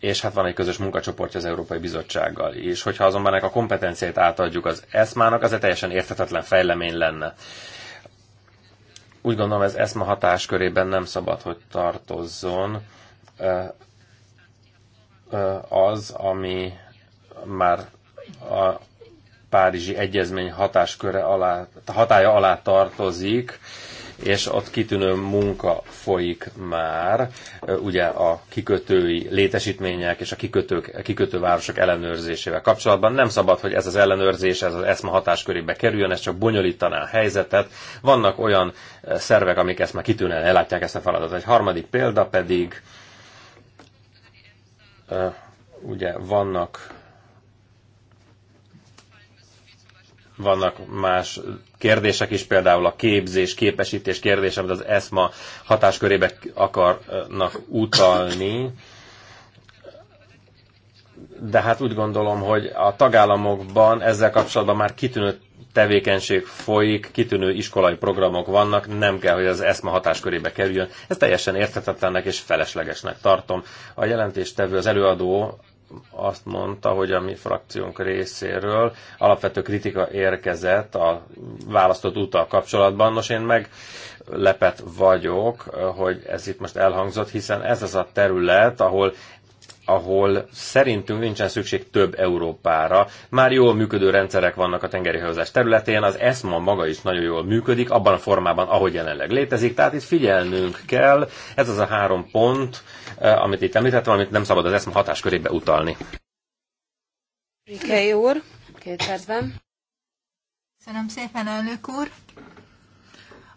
és hát van egy közös munkacsoportja az Európai Bizottsággal is. Hogyha azonban ennek a kompetenciát átadjuk az ESMA-nak, az egy teljesen érthetetlen fejlemény lenne. Úgy gondolom, ez ESMA hatáskörében nem szabad, hogy tartozzon az, ami már a Párizsi Egyezmény hatásköre alá, hatája alá tartozik, és ott kitűnő munka folyik már, ugye a kikötői létesítmények és a kikötők, a kikötővárosok ellenőrzésével kapcsolatban. Nem szabad, hogy ez az ellenőrzés, ez az ESMA hatáskörébe kerüljön, ez csak bonyolítaná a helyzetet. Vannak olyan szervek, amik ezt már kitűnően ellátják ezt a feladatot. Egy harmadik példa pedig, ugye vannak vannak más kérdések is, például a képzés, képesítés kérdése, amit az ESMA hatáskörébe akarnak utalni. De hát úgy gondolom, hogy a tagállamokban ezzel kapcsolatban már kitűnő tevékenység folyik, kitűnő iskolai programok vannak, nem kell, hogy az ESMA hatáskörébe kerüljön. Ez teljesen érthetetlennek és feleslegesnek tartom. A jelentéstevő, az előadó azt mondta, hogy a mi frakciónk részéről alapvető kritika érkezett a választott úttal kapcsolatban. Nos, én meg lepet vagyok, hogy ez itt most elhangzott, hiszen ez az a terület, ahol ahol szerintünk nincsen szükség több Európára. Már jól működő rendszerek vannak a tengeri hajózás területén, az ESMA maga is nagyon jól működik, abban a formában, ahogy jelenleg létezik, tehát itt figyelnünk kell. Ez az a három pont, eh, amit itt említettem, amit nem szabad az ESMA hatáskörébe utalni. Rikei úr, két percben. Köszönöm szépen, elnök úr.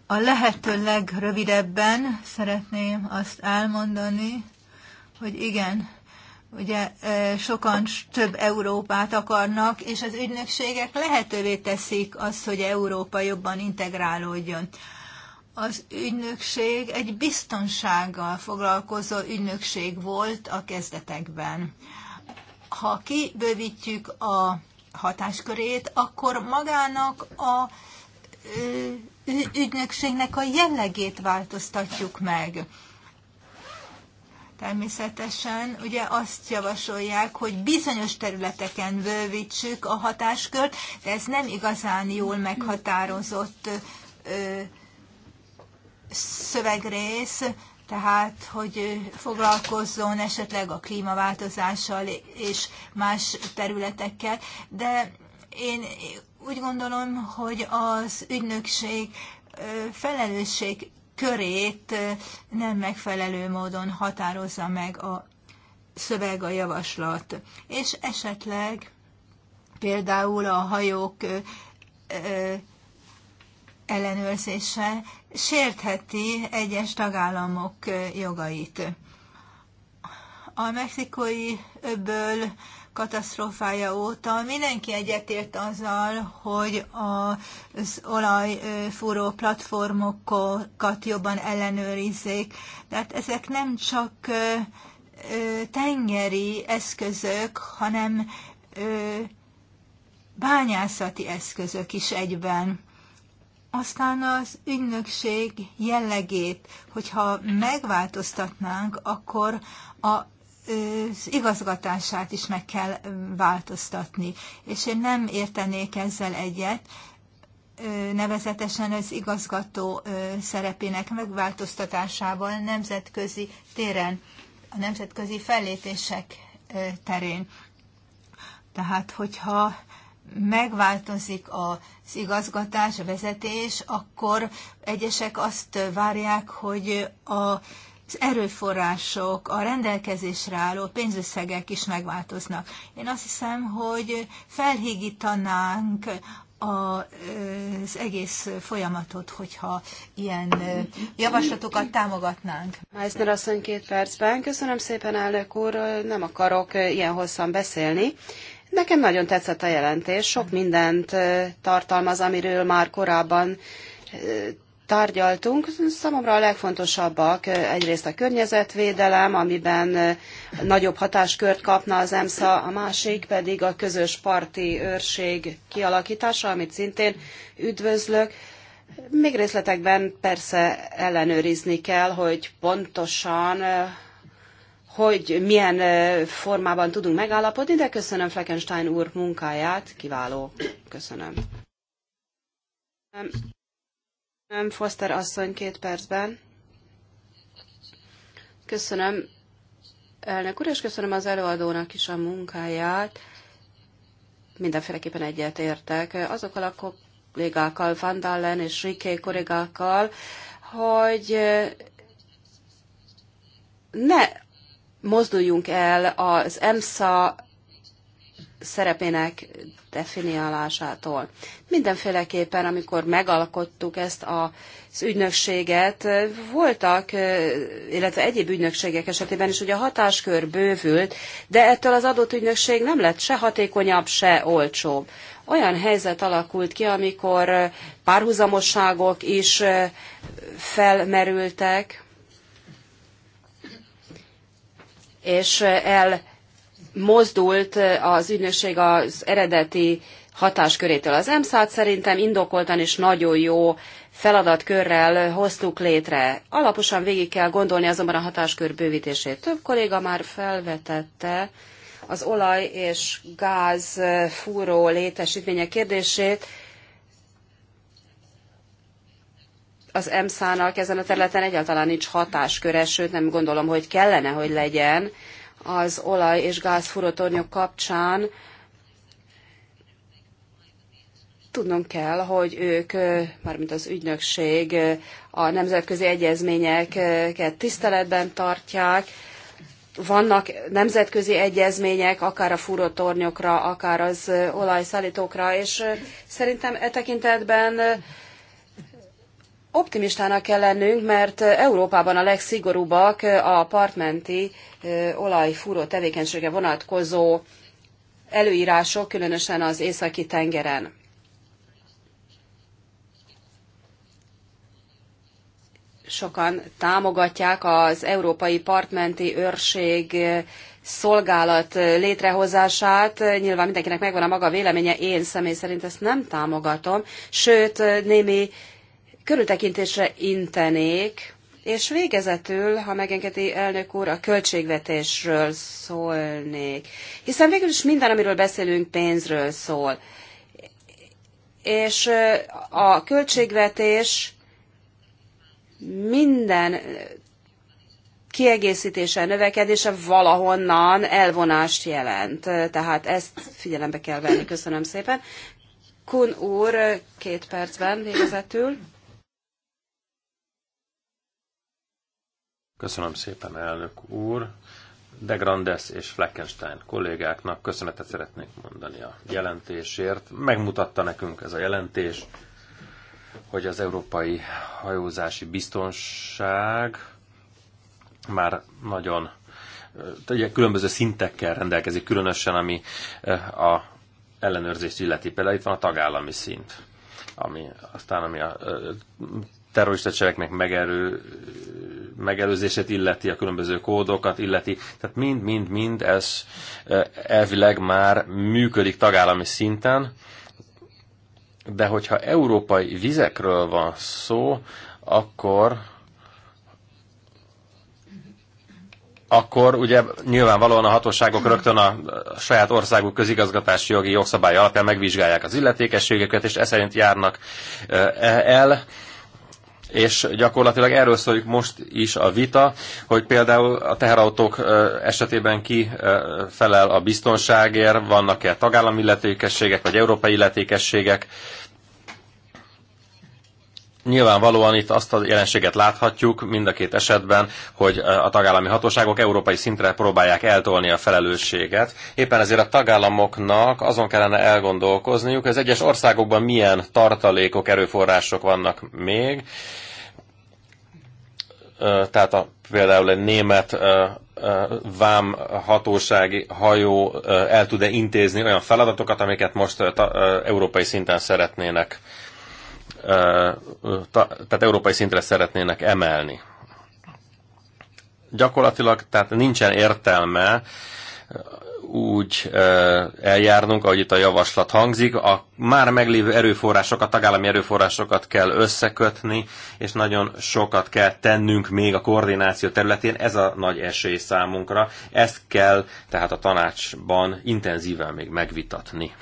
A lehető legrövidebben szeretném azt elmondani, hogy igen, Ugye sokan több Európát akarnak, és az ügynökségek lehetővé teszik azt, hogy Európa jobban integrálódjon. Az ügynökség egy biztonsággal foglalkozó ügynökség volt a kezdetekben. Ha kibővítjük a hatáskörét, akkor magának a ügynökségnek a jellegét változtatjuk meg. Természetesen ugye azt javasolják, hogy bizonyos területeken bővítsük a hatáskört, de ez nem igazán jól meghatározott ö, szövegrész, tehát hogy foglalkozzon esetleg a klímaváltozással és más területekkel, de én úgy gondolom, hogy az ügynökség felelősség körét nem megfelelő módon határozza meg a szöveg, a javaslat. És esetleg például a hajók ellenőrzése sértheti egyes tagállamok jogait. A mexikói öbből katasztrófája óta mindenki egyetért azzal, hogy az olajfúró platformokat jobban ellenőrizzék. Tehát ezek nem csak tengeri eszközök, hanem bányászati eszközök is egyben. Aztán az ügynökség jellegét, hogyha megváltoztatnánk, akkor a igazgatását is meg kell változtatni. És én nem értenék ezzel egyet, nevezetesen az igazgató szerepének megváltoztatásával nemzetközi téren, a nemzetközi fellépések terén. Tehát, hogyha megváltozik az igazgatás, a vezetés, akkor egyesek azt várják, hogy a az erőforrások, a rendelkezésre álló pénzösszegek is megváltoznak. Én azt hiszem, hogy felhígítanánk az egész folyamatot, hogyha ilyen javaslatokat támogatnánk. Meisner asszony két percben. Köszönöm szépen, elnök úr. Nem akarok ilyen hosszan beszélni. Nekem nagyon tetszett a jelentés. Sok mindent tartalmaz, amiről már korábban tárgyaltunk, számomra a legfontosabbak eh, egyrészt a környezetvédelem, amiben eh, nagyobb hatáskört kapna az EMSZA, a másik pedig a közös parti őrség kialakítása, amit szintén üdvözlök. Még részletekben persze ellenőrizni kell, hogy pontosan eh, hogy milyen formában tudunk megállapodni, de köszönöm Fleckenstein úr munkáját, kiváló, köszönöm. Nem, Foster asszony két percben. Köszönöm elnök úr, és köszönöm az előadónak is a munkáját. Mindenféleképpen egyetértek azokkal a kollégákkal, Van Dallen és Riké kollégákkal, hogy ne mozduljunk el az EMSA szerepének definiálásától. Mindenféleképpen, amikor megalkottuk ezt az ügynökséget, voltak, illetve egyéb ügynökségek esetében is, hogy a hatáskör bővült, de ettől az adott ügynökség nem lett se hatékonyabb, se olcsóbb. Olyan helyzet alakult ki, amikor párhuzamosságok is felmerültek, és el mozdult az ügynökség az eredeti hatáskörétől. Az EMSZ-t szerintem indokoltan és nagyon jó feladatkörrel hoztuk létre. Alaposan végig kell gondolni azonban a hatáskör bővítését. Több kolléga már felvetette az olaj és gáz fúró létesítmények kérdését. Az EMSZ-nak ezen a területen egyáltalán nincs hatásköre, sőt nem gondolom, hogy kellene, hogy legyen az olaj- és gázfurotornyok kapcsán tudnunk kell, hogy ők, mármint az ügynökség, a nemzetközi egyezményeket tiszteletben tartják, vannak nemzetközi egyezmények, akár a fúrótornyokra, akár az olajszállítókra, és szerintem e tekintetben Optimistának kell lennünk, mert Európában a legszigorúbbak a partmenti olajfúró tevékenysége vonatkozó előírások, különösen az északi tengeren. Sokan támogatják az Európai Partmenti Őrség szolgálat létrehozását. Nyilván mindenkinek megvan a maga véleménye, én személy szerint ezt nem támogatom, sőt, némi körültekintésre intenék, és végezetül, ha megengedi elnök úr, a költségvetésről szólnék. Hiszen végül is minden, amiről beszélünk, pénzről szól. És a költségvetés minden kiegészítése, növekedése valahonnan elvonást jelent. Tehát ezt figyelembe kell venni. Köszönöm szépen. Kun úr, két percben végezetül. Köszönöm szépen, elnök úr. De Grandes és Fleckenstein kollégáknak köszönetet szeretnék mondani a jelentésért. Megmutatta nekünk ez a jelentés, hogy az európai hajózási biztonság már nagyon ugye, különböző szintekkel rendelkezik, különösen ami a ellenőrzést illeti. Például itt van a tagállami szint, ami aztán ami a terrorista cselekmények megerő megelőzését illeti, a különböző kódokat illeti, tehát mind-mind-mind ez e, elvileg már működik tagállami szinten, de hogyha európai vizekről van szó, akkor akkor ugye nyilvánvalóan a hatóságok rögtön a saját országuk közigazgatási jogi jogszabály alapján megvizsgálják az illetékességeket, és e szerint járnak e, el és gyakorlatilag erről szóljuk most is a vita, hogy például a teherautók esetében ki felel a biztonságért, vannak-e tagállami illetékességek, vagy európai illetékességek, Nyilvánvalóan itt azt a jelenséget láthatjuk mind a két esetben, hogy a tagállami hatóságok európai szintre próbálják eltolni a felelősséget. Éppen ezért a tagállamoknak azon kellene elgondolkozniuk, hogy az egyes országokban milyen tartalékok, erőforrások vannak még. Tehát a, például egy német vám hatósági hajó el tud-e intézni olyan feladatokat, amiket most európai szinten szeretnének tehát európai szintre szeretnének emelni. Gyakorlatilag, tehát nincsen értelme úgy eljárnunk, ahogy itt a javaslat hangzik, a már meglévő erőforrásokat, tagállami erőforrásokat kell összekötni, és nagyon sokat kell tennünk még a koordináció területén, ez a nagy esély számunkra. Ezt kell tehát a tanácsban intenzíven még megvitatni.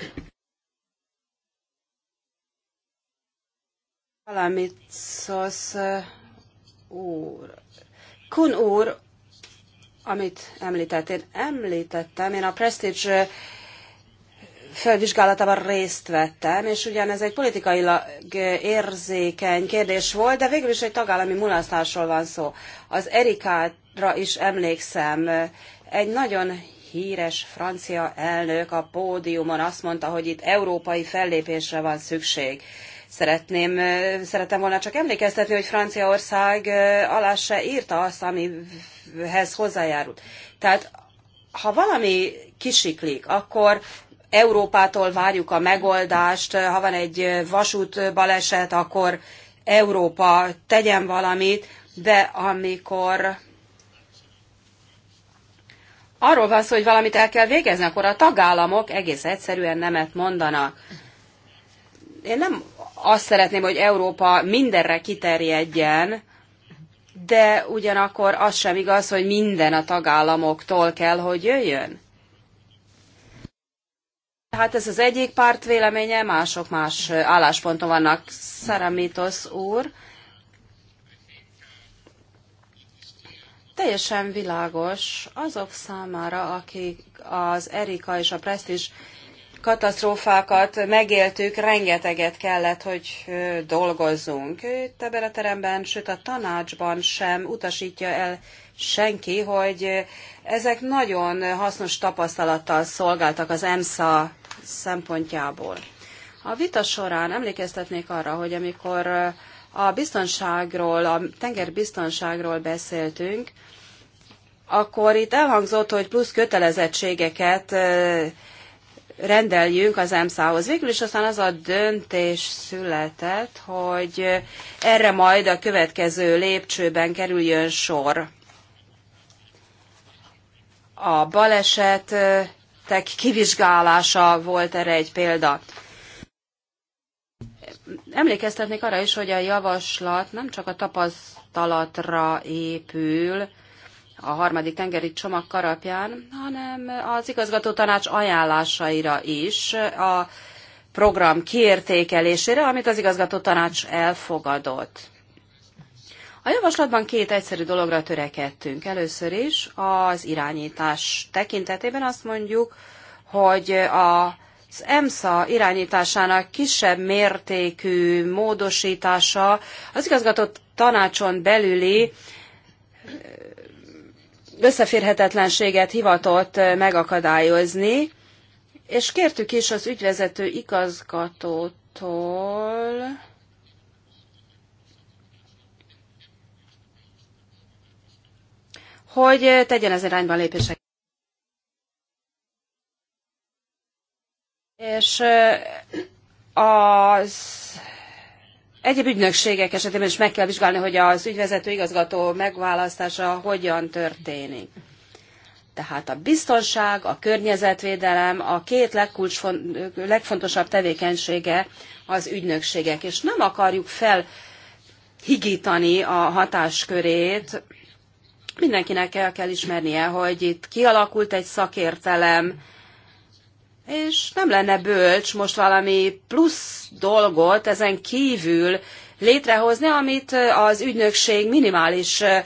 Valamit eh, úr. Kun úr, amit említett, én említettem, én a Prestige eh, felvizsgálatában részt vettem, és ugyan ez egy politikailag eh, érzékeny kérdés volt, de végül is egy tagállami mulasztásról van szó. Az Erikára is emlékszem, egy nagyon híres francia elnök a pódiumon azt mondta, hogy itt európai fellépésre van szükség. Szeretném, szeretem volna csak emlékeztetni, hogy Franciaország alá se írta azt, amihez hozzájárult. Tehát ha valami kisiklik, akkor Európától várjuk a megoldást, ha van egy vasút baleset, akkor Európa tegyen valamit, de amikor arról van szó, hogy valamit el kell végezni, akkor a tagállamok egész egyszerűen nemet mondanak. Én nem azt szeretném, hogy Európa mindenre kiterjedjen, de ugyanakkor az sem igaz, hogy minden a tagállamoktól kell, hogy jöjjön. Hát ez az egyik párt véleménye, mások más állásponton vannak. Szeramitos úr, teljesen világos azok számára, akik az Erika és a Prestige katasztrófákat megéltük, rengeteget kellett, hogy dolgozzunk. Itt ebben a teremben, sőt a tanácsban sem utasítja el senki, hogy ezek nagyon hasznos tapasztalattal szolgáltak az EMSA szempontjából. A vita során emlékeztetnék arra, hogy amikor a biztonságról, a tengerbiztonságról beszéltünk, akkor itt elhangzott, hogy plusz kötelezettségeket rendeljünk az EMSZ-hoz. Végül is aztán az a döntés született, hogy erre majd a következő lépcsőben kerüljön sor. A balesetek kivizsgálása volt erre egy példa. Emlékeztetnék arra is, hogy a javaslat nem csak a tapasztalatra épül, a harmadik tengeri csomag karapján, hanem az igazgató tanács ajánlásaira is, a program kiértékelésére, amit az igazgató tanács elfogadott. A javaslatban két egyszerű dologra törekedtünk. Először is az irányítás tekintetében azt mondjuk, hogy a az EMSZA irányításának kisebb mértékű módosítása az igazgatott tanácson belüli összeférhetetlenséget hivatott megakadályozni, és kértük is az ügyvezető igazgatótól, hogy tegyen ez irányban lépéseket. És az Egyéb ügynökségek esetében is meg kell vizsgálni, hogy az ügyvezető igazgató megválasztása hogyan történik. Tehát a biztonság, a környezetvédelem a két legfontosabb tevékenysége az ügynökségek, és nem akarjuk felhigítani a hatáskörét. Mindenkinek el kell ismernie, hogy itt kialakult egy szakértelem, és nem lenne bölcs most valami plusz dolgot ezen kívül létrehozni, amit eh, az ügynökség minimális eh,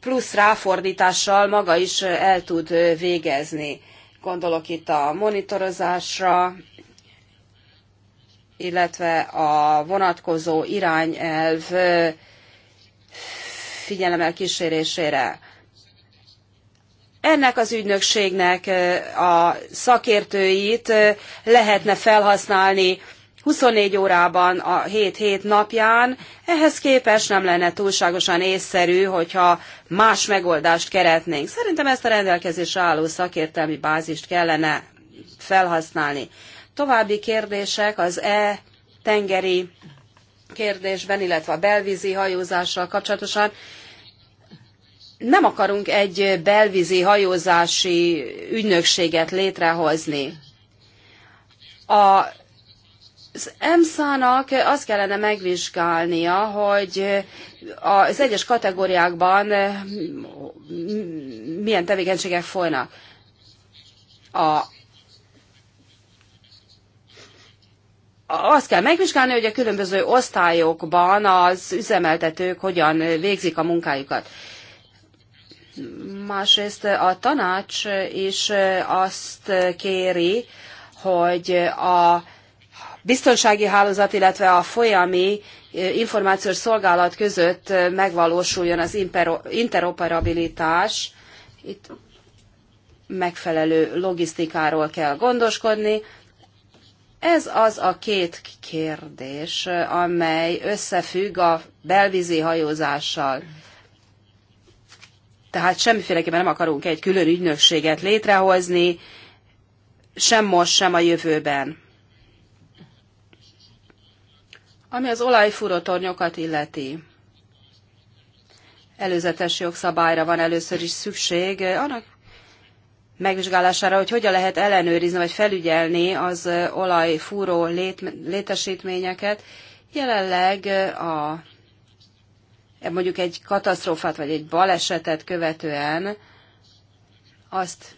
plusz ráfordítással maga is eh, el tud végezni. Gondolok itt a monitorozásra, illetve a vonatkozó irányelv figyelemel kísérésére ennek az ügynökségnek a szakértőit lehetne felhasználni 24 órában a 7-7 napján, ehhez képest nem lenne túlságosan észszerű, hogyha más megoldást keretnénk. Szerintem ezt a rendelkezésre álló szakértelmi bázist kellene felhasználni. További kérdések az e-tengeri kérdésben, illetve a belvízi hajózással kapcsolatosan nem akarunk egy belvízi hajózási ügynökséget létrehozni. A az EMSZ-nak azt kellene megvizsgálnia, hogy az egyes kategóriákban milyen tevékenységek folynak. A azt kell megvizsgálni, hogy a különböző osztályokban az üzemeltetők hogyan végzik a munkájukat. Másrészt a tanács is azt kéri, hogy a biztonsági hálózat, illetve a folyami információs szolgálat között megvalósuljon az interoperabilitás. Itt megfelelő logisztikáról kell gondoskodni. Ez az a két kérdés, amely összefügg a belvízi hajózással. Tehát semmiféleképpen nem akarunk egy külön ügynökséget létrehozni, sem most, sem a jövőben. Ami az olajfúrótornyokat illeti, előzetes jogszabályra van először is szükség, annak megvizsgálására, hogy hogyan lehet ellenőrizni vagy felügyelni az olajfúró lét, létesítményeket. Jelenleg a mondjuk egy katasztrófát vagy egy balesetet követően azt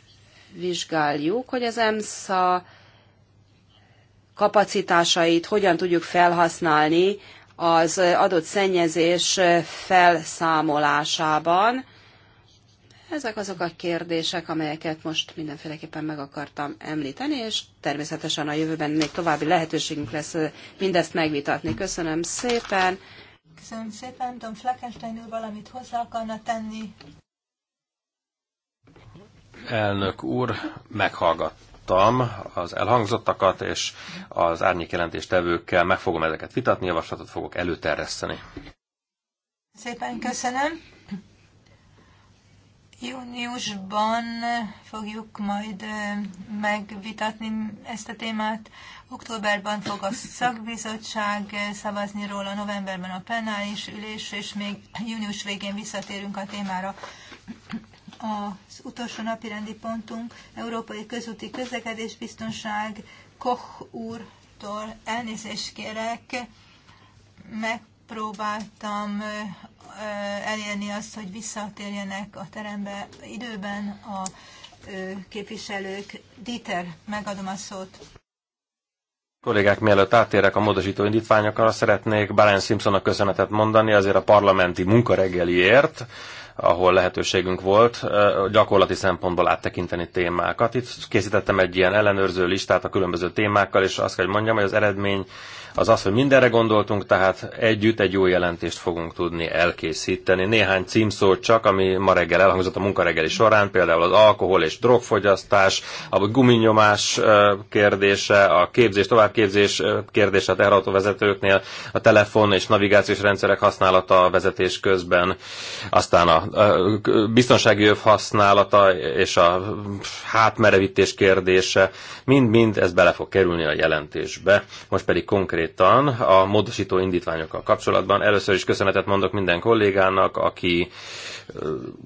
vizsgáljuk, hogy az EMSZA kapacitásait hogyan tudjuk felhasználni az adott szennyezés felszámolásában. Ezek azok a kérdések, amelyeket most mindenféleképpen meg akartam említeni, és természetesen a jövőben még további lehetőségünk lesz mindezt megvitatni. Köszönöm szépen! Köszönöm szépen, nem tudom, Fleckenstein úr valamit hozzá akarna tenni. Elnök úr, meghallgattam az elhangzottakat, és az árnyékjelentéstevőkkel meg fogom ezeket vitatni, javaslatot fogok előterjeszteni. Szépen köszönöm. Júniusban fogjuk majd megvitatni ezt a témát. Októberben fog a szakbizottság szavazni róla, novemberben a penális ülés, és még június végén visszatérünk a témára. Az utolsó napi rendi pontunk Európai Közúti Közlekedés Biztonság Koch úrtól elnézést kérek, meg próbáltam elérni azt, hogy visszatérjenek a terembe időben a képviselők. Dieter, megadom a szót. Kollégák, mielőtt átérek a módosító indítványokra, szeretnék Baren Simpsonnak köszönetet mondani azért a parlamenti munkareggeliért, ahol lehetőségünk volt gyakorlati szempontból áttekinteni témákat. Itt készítettem egy ilyen ellenőrző listát a különböző témákkal, és azt kell, hogy mondjam, hogy az eredmény az az, hogy mindenre gondoltunk, tehát együtt egy jó jelentést fogunk tudni elkészíteni. Néhány címszó csak, ami ma reggel elhangzott a munkareggeli során, például az alkohol és drogfogyasztás, a guminyomás kérdése, a képzés, továbbképzés kérdése a teherautóvezetőknél, a telefon és navigációs rendszerek használata a vezetés közben, aztán a biztonsági öv használata és a hátmerevítés kérdése, mind-mind ez bele fog kerülni a jelentésbe. Most pedig konkrét konkrétan a módosító indítványokkal kapcsolatban. Először is köszönetet mondok minden kollégának, aki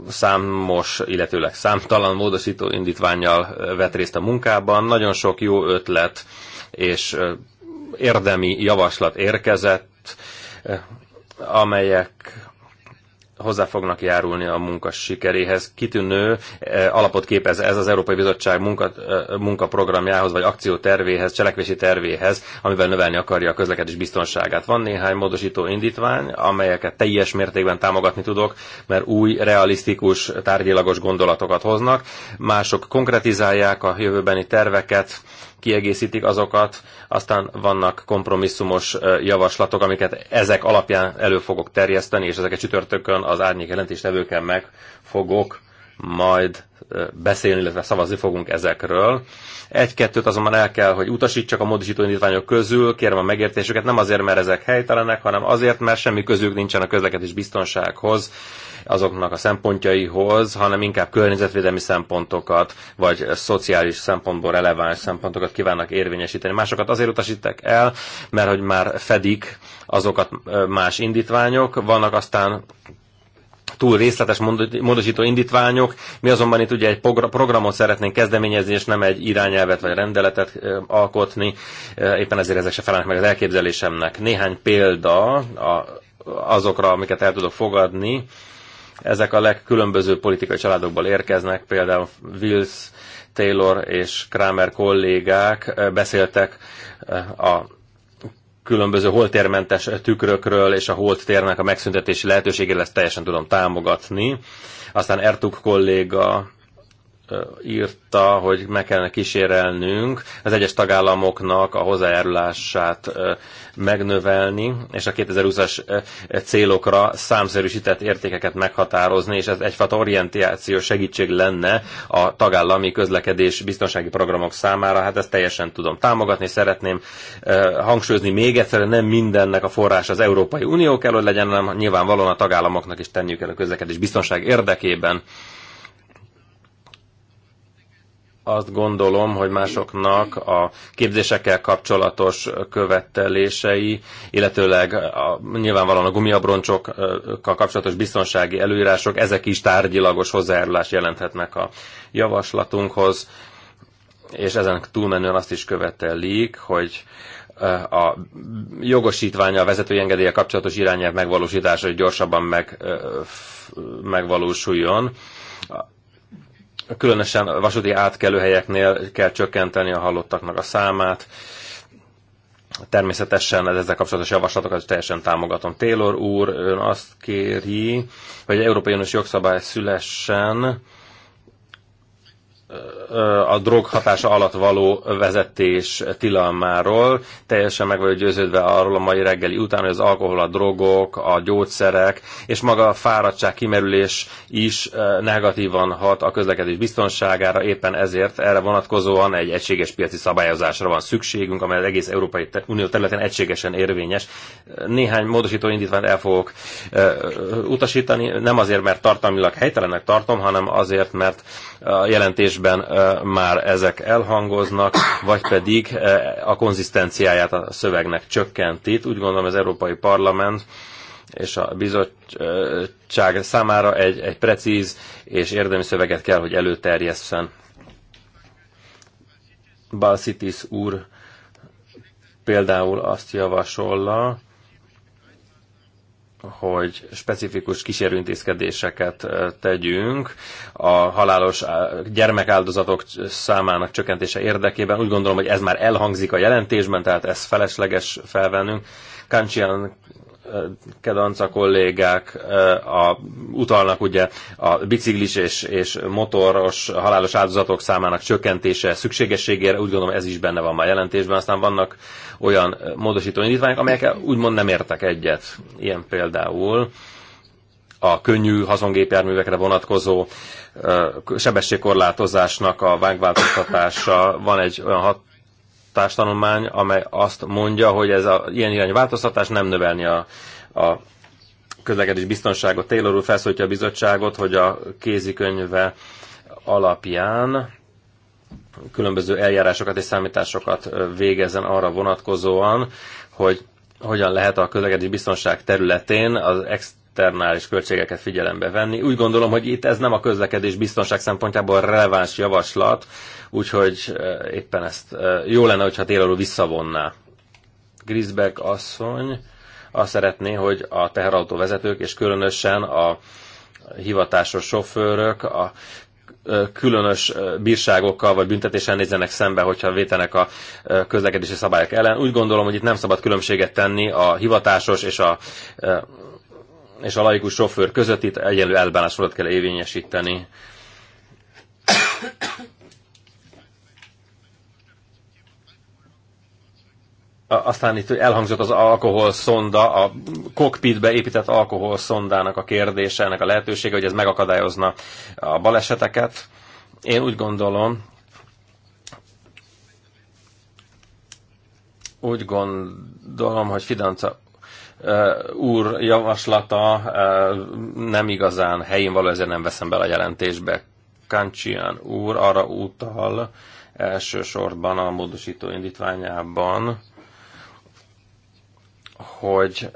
számos, illetőleg számtalan módosító indítványjal vett részt a munkában. Nagyon sok jó ötlet és érdemi javaslat érkezett, amelyek hozzá fognak járulni a munka sikeréhez. Kitűnő eh, alapot képez ez az Európai Bizottság munka, eh, munkaprogramjához, vagy akciótervéhez, cselekvési tervéhez, amivel növelni akarja a közlekedés biztonságát. Van néhány módosító indítvány, amelyeket teljes mértékben támogatni tudok, mert új, realisztikus, tárgyilagos gondolatokat hoznak. Mások konkretizálják a jövőbeni terveket, kiegészítik azokat, aztán vannak kompromisszumos javaslatok, amiket ezek alapján elő fogok terjeszteni, és ezeket csütörtökön az árnyék jelentéstevőkkel meg fogok majd beszélni, illetve szavazni fogunk ezekről. Egy-kettőt azonban el kell, hogy utasítsak a módosító indítványok közül, kérem a megértésüket, nem azért, mert ezek helytelenek, hanem azért, mert semmi közük nincsen a közlekedés biztonsághoz, azoknak a szempontjaihoz, hanem inkább környezetvédelmi szempontokat, vagy szociális szempontból releváns szempontokat kívánnak érvényesíteni. Másokat azért utasítek el, mert hogy már fedik azokat más indítványok, vannak aztán túl részletes módosító indítványok. Mi azonban itt ugye egy programot szeretnénk kezdeményezni, és nem egy irányelvet vagy rendeletet alkotni. Éppen ezért ezek se felelnek meg az elképzelésemnek. Néhány példa azokra, amiket el tudok fogadni ezek a legkülönböző politikai családokból érkeznek, például Wills, Taylor és Kramer kollégák beszéltek a különböző holtérmentes tükrökről és a holttérnek a megszüntetési lehetőségéről, ezt teljesen tudom támogatni. Aztán Ertug kolléga írta, hogy meg kellene kísérelnünk az egyes tagállamoknak a hozzájárulását megnövelni, és a 2020-as célokra számszerűsített értékeket meghatározni, és ez egyfajta orientáció segítség lenne a tagállami közlekedés biztonsági programok számára. Hát ezt teljesen tudom támogatni, szeretném hangsúlyozni még egyszer, nem mindennek a forrás az Európai Unió kell, hogy legyen, hanem nyilvánvalóan a tagállamoknak is tenniük el a közlekedés biztonság érdekében azt gondolom, hogy másoknak a képzésekkel kapcsolatos követelései, illetőleg a, nyilvánvalóan a gumiabroncsokkal kapcsolatos biztonsági előírások, ezek is tárgyilagos hozzájárulást jelenthetnek a javaslatunkhoz, és ezen túlmenően azt is követelik, hogy a jogosítványa a vezetői engedélye kapcsolatos irányelv megvalósítása, hogy gyorsabban meg, megvalósuljon Különösen a vasúti átkelőhelyeknél kell csökkenteni a halottaknak a számát. Természetesen ez ezzel kapcsolatos javaslatokat teljesen támogatom. Taylor úr ön azt kéri, hogy Európai Uniós jogszabály szülessen a drog hatása alatt való vezetés tilalmáról. Teljesen meg vagyok győződve arról a mai reggeli után, hogy az alkohol, a drogok, a gyógyszerek és maga a fáradtság, kimerülés is negatívan hat a közlekedés biztonságára. Éppen ezért erre vonatkozóan egy egységes piaci szabályozásra van szükségünk, amely az egész Európai Unió területén egységesen érvényes. Néhány módosító indítványt el fogok utasítani, nem azért, mert tartalmilag helytelennek tartom, hanem azért, mert a jelentésben részben már ezek elhangoznak, vagy pedig a konzisztenciáját a szövegnek csökkentít. Úgy gondolom az Európai Parlament és a bizottság számára egy, egy precíz és érdemi szöveget kell, hogy előterjesszen. Balsitis úr például azt javasolja, hogy specifikus kísérőintézkedéseket tegyünk a halálos gyermekáldozatok számának csökkentése érdekében. Úgy gondolom, hogy ez már elhangzik a jelentésben, tehát ez felesleges felvennünk. Kancsian Kedanca kollégák a, utalnak ugye a biciklis és, és motoros halálos áldozatok számának csökkentése szükségességére, úgy gondolom ez is benne van már jelentésben, aztán vannak olyan módosító indítványok, amelyek úgymond nem értek egyet. Ilyen például a könnyű hazongépjárművekre vonatkozó sebességkorlátozásnak a vágváltoztatása. Van egy olyan hat, hatástanulmány, amely azt mondja, hogy ez a ilyen irányú változtatás nem növelni a, a közlekedés biztonságot. Taylor úr felszólítja a bizottságot, hogy a kézikönyve alapján különböző eljárásokat és számításokat végezzen arra vonatkozóan, hogy hogyan lehet a közlekedés biztonság területén az extra externális költségeket figyelembe venni. Úgy gondolom, hogy itt ez nem a közlekedés biztonság szempontjából releváns javaslat, úgyhogy eh, éppen ezt eh, jó lenne, hogyha télalul visszavonná. Grisbeck asszony azt szeretné, hogy a teherautó vezetők, és különösen a hivatásos sofőrök a eh, különös bírságokkal vagy büntetéssel nézzenek szembe, hogyha vétenek a közlekedési szabályok ellen. Úgy gondolom, hogy itt nem szabad különbséget tenni a hivatásos és a és a laikus sofőr között itt egyenlő elbánásmódot kell évényesíteni. Aztán itt elhangzott az alkohol szonda, a kokpitbe épített alkohol szondának a kérdése, ennek a lehetősége, hogy ez megakadályozna a baleseteket. Én úgy gondolom, úgy gondolom, hogy Fidanca úr javaslata nem igazán helyén való, ezért nem veszem bele a jelentésbe. Kancsian úr arra utal elsősorban a módosító indítványában, hogy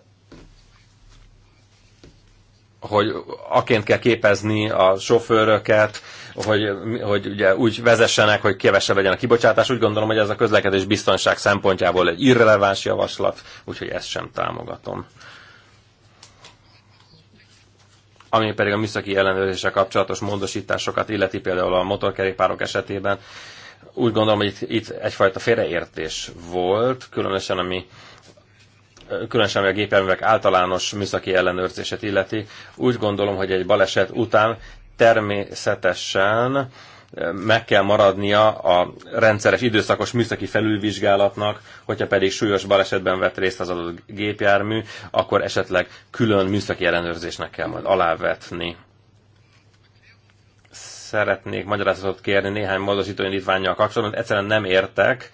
hogy aként kell képezni a sofőröket, hogy, hogy ugye úgy vezessenek, hogy kevesebb legyen a kibocsátás. Úgy gondolom, hogy ez a közlekedés biztonság szempontjából egy irreleváns javaslat, úgyhogy ezt sem támogatom. Ami pedig a műszaki ellenőrzéssel kapcsolatos módosításokat illeti például a motorkerékpárok esetében, úgy gondolom, hogy itt, itt egyfajta félreértés volt, különösen ami különösen ami a gépjárművek általános műszaki ellenőrzését illeti, úgy gondolom, hogy egy baleset után természetesen meg kell maradnia a rendszeres időszakos műszaki felülvizsgálatnak, hogyha pedig súlyos balesetben vett részt az adott gépjármű, akkor esetleg külön műszaki ellenőrzésnek kell majd alávetni. Szeretnék magyarázatot kérni néhány módosító indítványjal kapcsolatban, egyszerűen nem értek,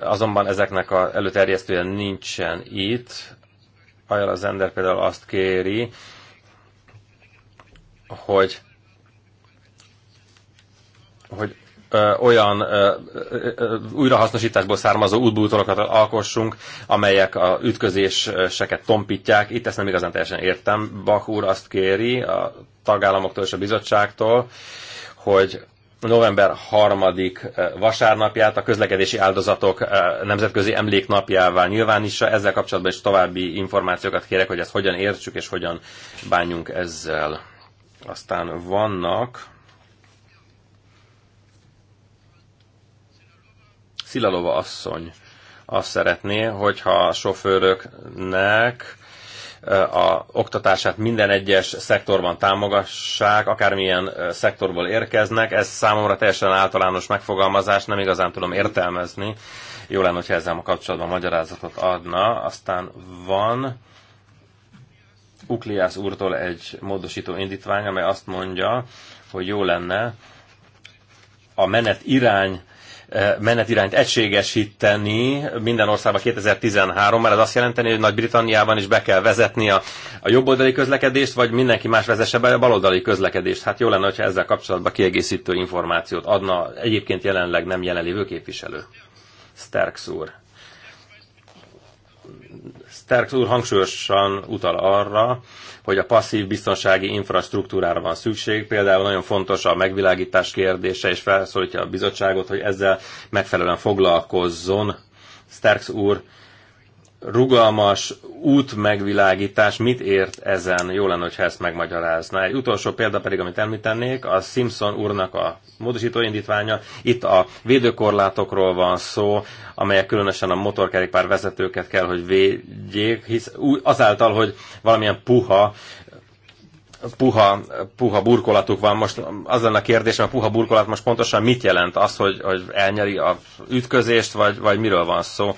azonban ezeknek a előterjesztője nincsen itt. Ajala az például azt kéri, hogy hogy ö, olyan ö, ö, újrahasznosításból származó útbútorokat alkossunk, amelyek a ütközéseket tompítják. Itt ezt nem igazán teljesen értem. Bach úr azt kéri a tagállamoktól és a bizottságtól, hogy november 3. vasárnapját a közlekedési áldozatok nemzetközi emléknapjává nyilvánítsa. Ezzel kapcsolatban is további információkat kérek, hogy ezt hogyan értsük és hogyan bánjunk ezzel. Aztán vannak Szilalova asszony azt szeretné, hogyha a sofőröknek a oktatását minden egyes szektorban támogassák, akármilyen szektorból érkeznek. Ez számomra teljesen általános megfogalmazás, nem igazán tudom értelmezni. Jó lenne, hogyha ezzel a kapcsolatban magyarázatot adna. Aztán van Ukliász úrtól egy módosító indítvány, amely azt mondja, hogy jó lenne a menet irány eh, menetirányt egységesíteni minden országban 2013 mert ez azt jelenteni, hogy Nagy-Britanniában is be kell vezetni a, a jobboldali közlekedést, vagy mindenki más vezesse be a baloldali közlekedést. Hát jó lenne, hogyha ezzel kapcsolatban kiegészítő információt adna egyébként jelenleg nem jelenlévő képviselő. Sterks úr. Sterks úr hangsúlyosan utal arra, hogy a passzív biztonsági infrastruktúrára van szükség, például nagyon fontos a megvilágítás kérdése, és felszólítja a bizottságot, hogy ezzel megfelelően foglalkozzon. Sterks úr rugalmas út megvilágítás mit ért ezen? Jó lenne, hogyha ezt megmagyarázná. Egy utolsó példa pedig, amit említenék, a Simpson úrnak a módosító indítványa. Itt a védőkorlátokról van szó, amelyek különösen a motorkerékpár vezetőket kell, hogy védjék, hisz azáltal, hogy valamilyen puha puha, puha burkolatuk van. Most az lenne a kérdésem, a puha burkolat most pontosan mit jelent? Az, hogy, hogy elnyeri a ütközést, vagy, vagy miről van szó?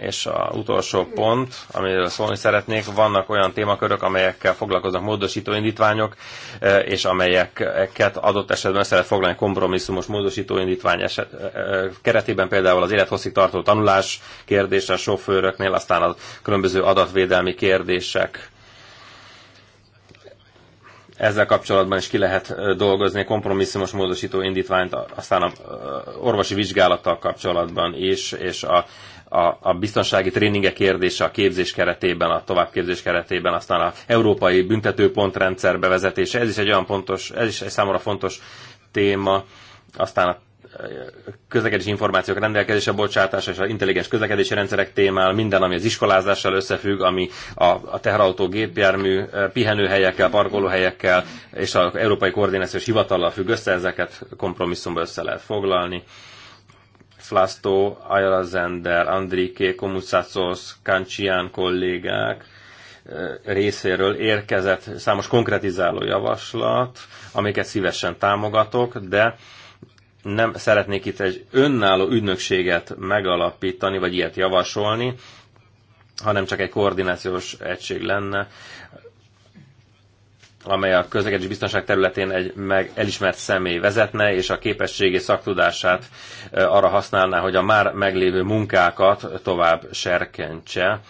És a utolsó pont, amiről szólni szeretnék, vannak olyan témakörök, amelyekkel foglalkoznak módosító indítványok, e, és amelyeket adott esetben össze lehet foglalni kompromisszumos módosító indítvány eset, e, e, keretében, például az élethosszig tartó tanulás kérdése a sofőröknél, aztán a különböző adatvédelmi kérdések, ezzel kapcsolatban is ki lehet dolgozni kompromisszumos módosító indítványt, aztán a orvosi vizsgálattal kapcsolatban is, és a a, a biztonsági tréningek kérdése a képzés keretében, a továbbképzés keretében, aztán a európai büntetőpontrendszer bevezetése, ez is egy olyan pontos, ez is egy számomra fontos téma, aztán a közlekedési információk rendelkezése, bocsátása és az intelligens közlekedési rendszerek témál, minden, ami az iskolázással összefügg, ami a, a teherautó, gépjármű, pihenőhelyekkel, parkolóhelyekkel és az Európai Koordinációs Hivatallal függ össze, ezeket kompromisszumba össze lehet foglalni. Flasztó, Ayala Zender, Andrike, Komutsacos, Kancsián kollégák eh, részéről érkezett számos konkretizáló javaslat, amiket szívesen támogatok, de nem szeretnék itt egy önálló ügynökséget megalapítani, vagy ilyet javasolni, hanem csak egy koordinációs egység lenne, amely a közlekedés biztonság területén egy meg elismert személy vezetne, és a képességi szaktudását arra használná, hogy a már meglévő munkákat tovább serkentse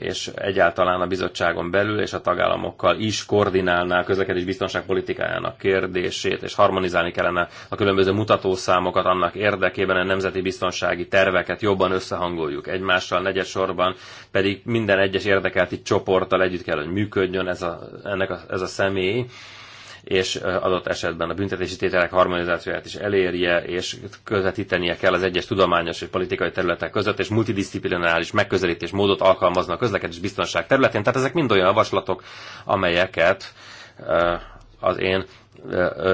és egyáltalán a bizottságon belül és a tagállamokkal is koordinálná a közlekedés biztonságpolitikájának kérdését, és harmonizálni kellene a különböző mutatószámokat annak érdekében, a nemzeti biztonsági terveket jobban összehangoljuk egymással, negyed sorban pedig minden egyes érdekelti csoporttal együtt kell, hogy működjön ez a, ennek a, ez a személy, és adott esetben a büntetési tételek harmonizációját is elérje, és közvetítenie kell az egyes tudományos és politikai területek között, és multidisziplinális megközelítés módot alkalmaznak a közlekedés biztonság területén. Tehát ezek mind olyan javaslatok, amelyeket az én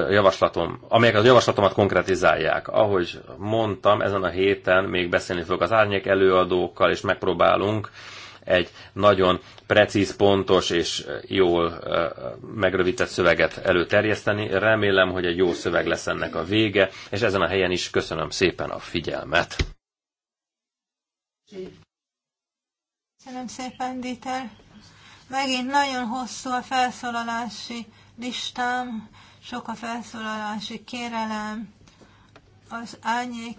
javaslatom, amelyek az javaslatomat konkretizálják. Ahogy mondtam, ezen a héten még beszélni fogok az árnyék előadókkal, és megpróbálunk egy nagyon precíz, pontos és jól megrövített szöveget előterjeszteni. Remélem, hogy egy jó szöveg lesz ennek a vége, és ezen a helyen is köszönöm szépen a figyelmet. Köszönöm szépen, Dieter. Megint nagyon hosszú a felszólalási listám, sok a felszólalási kérelem, az ányék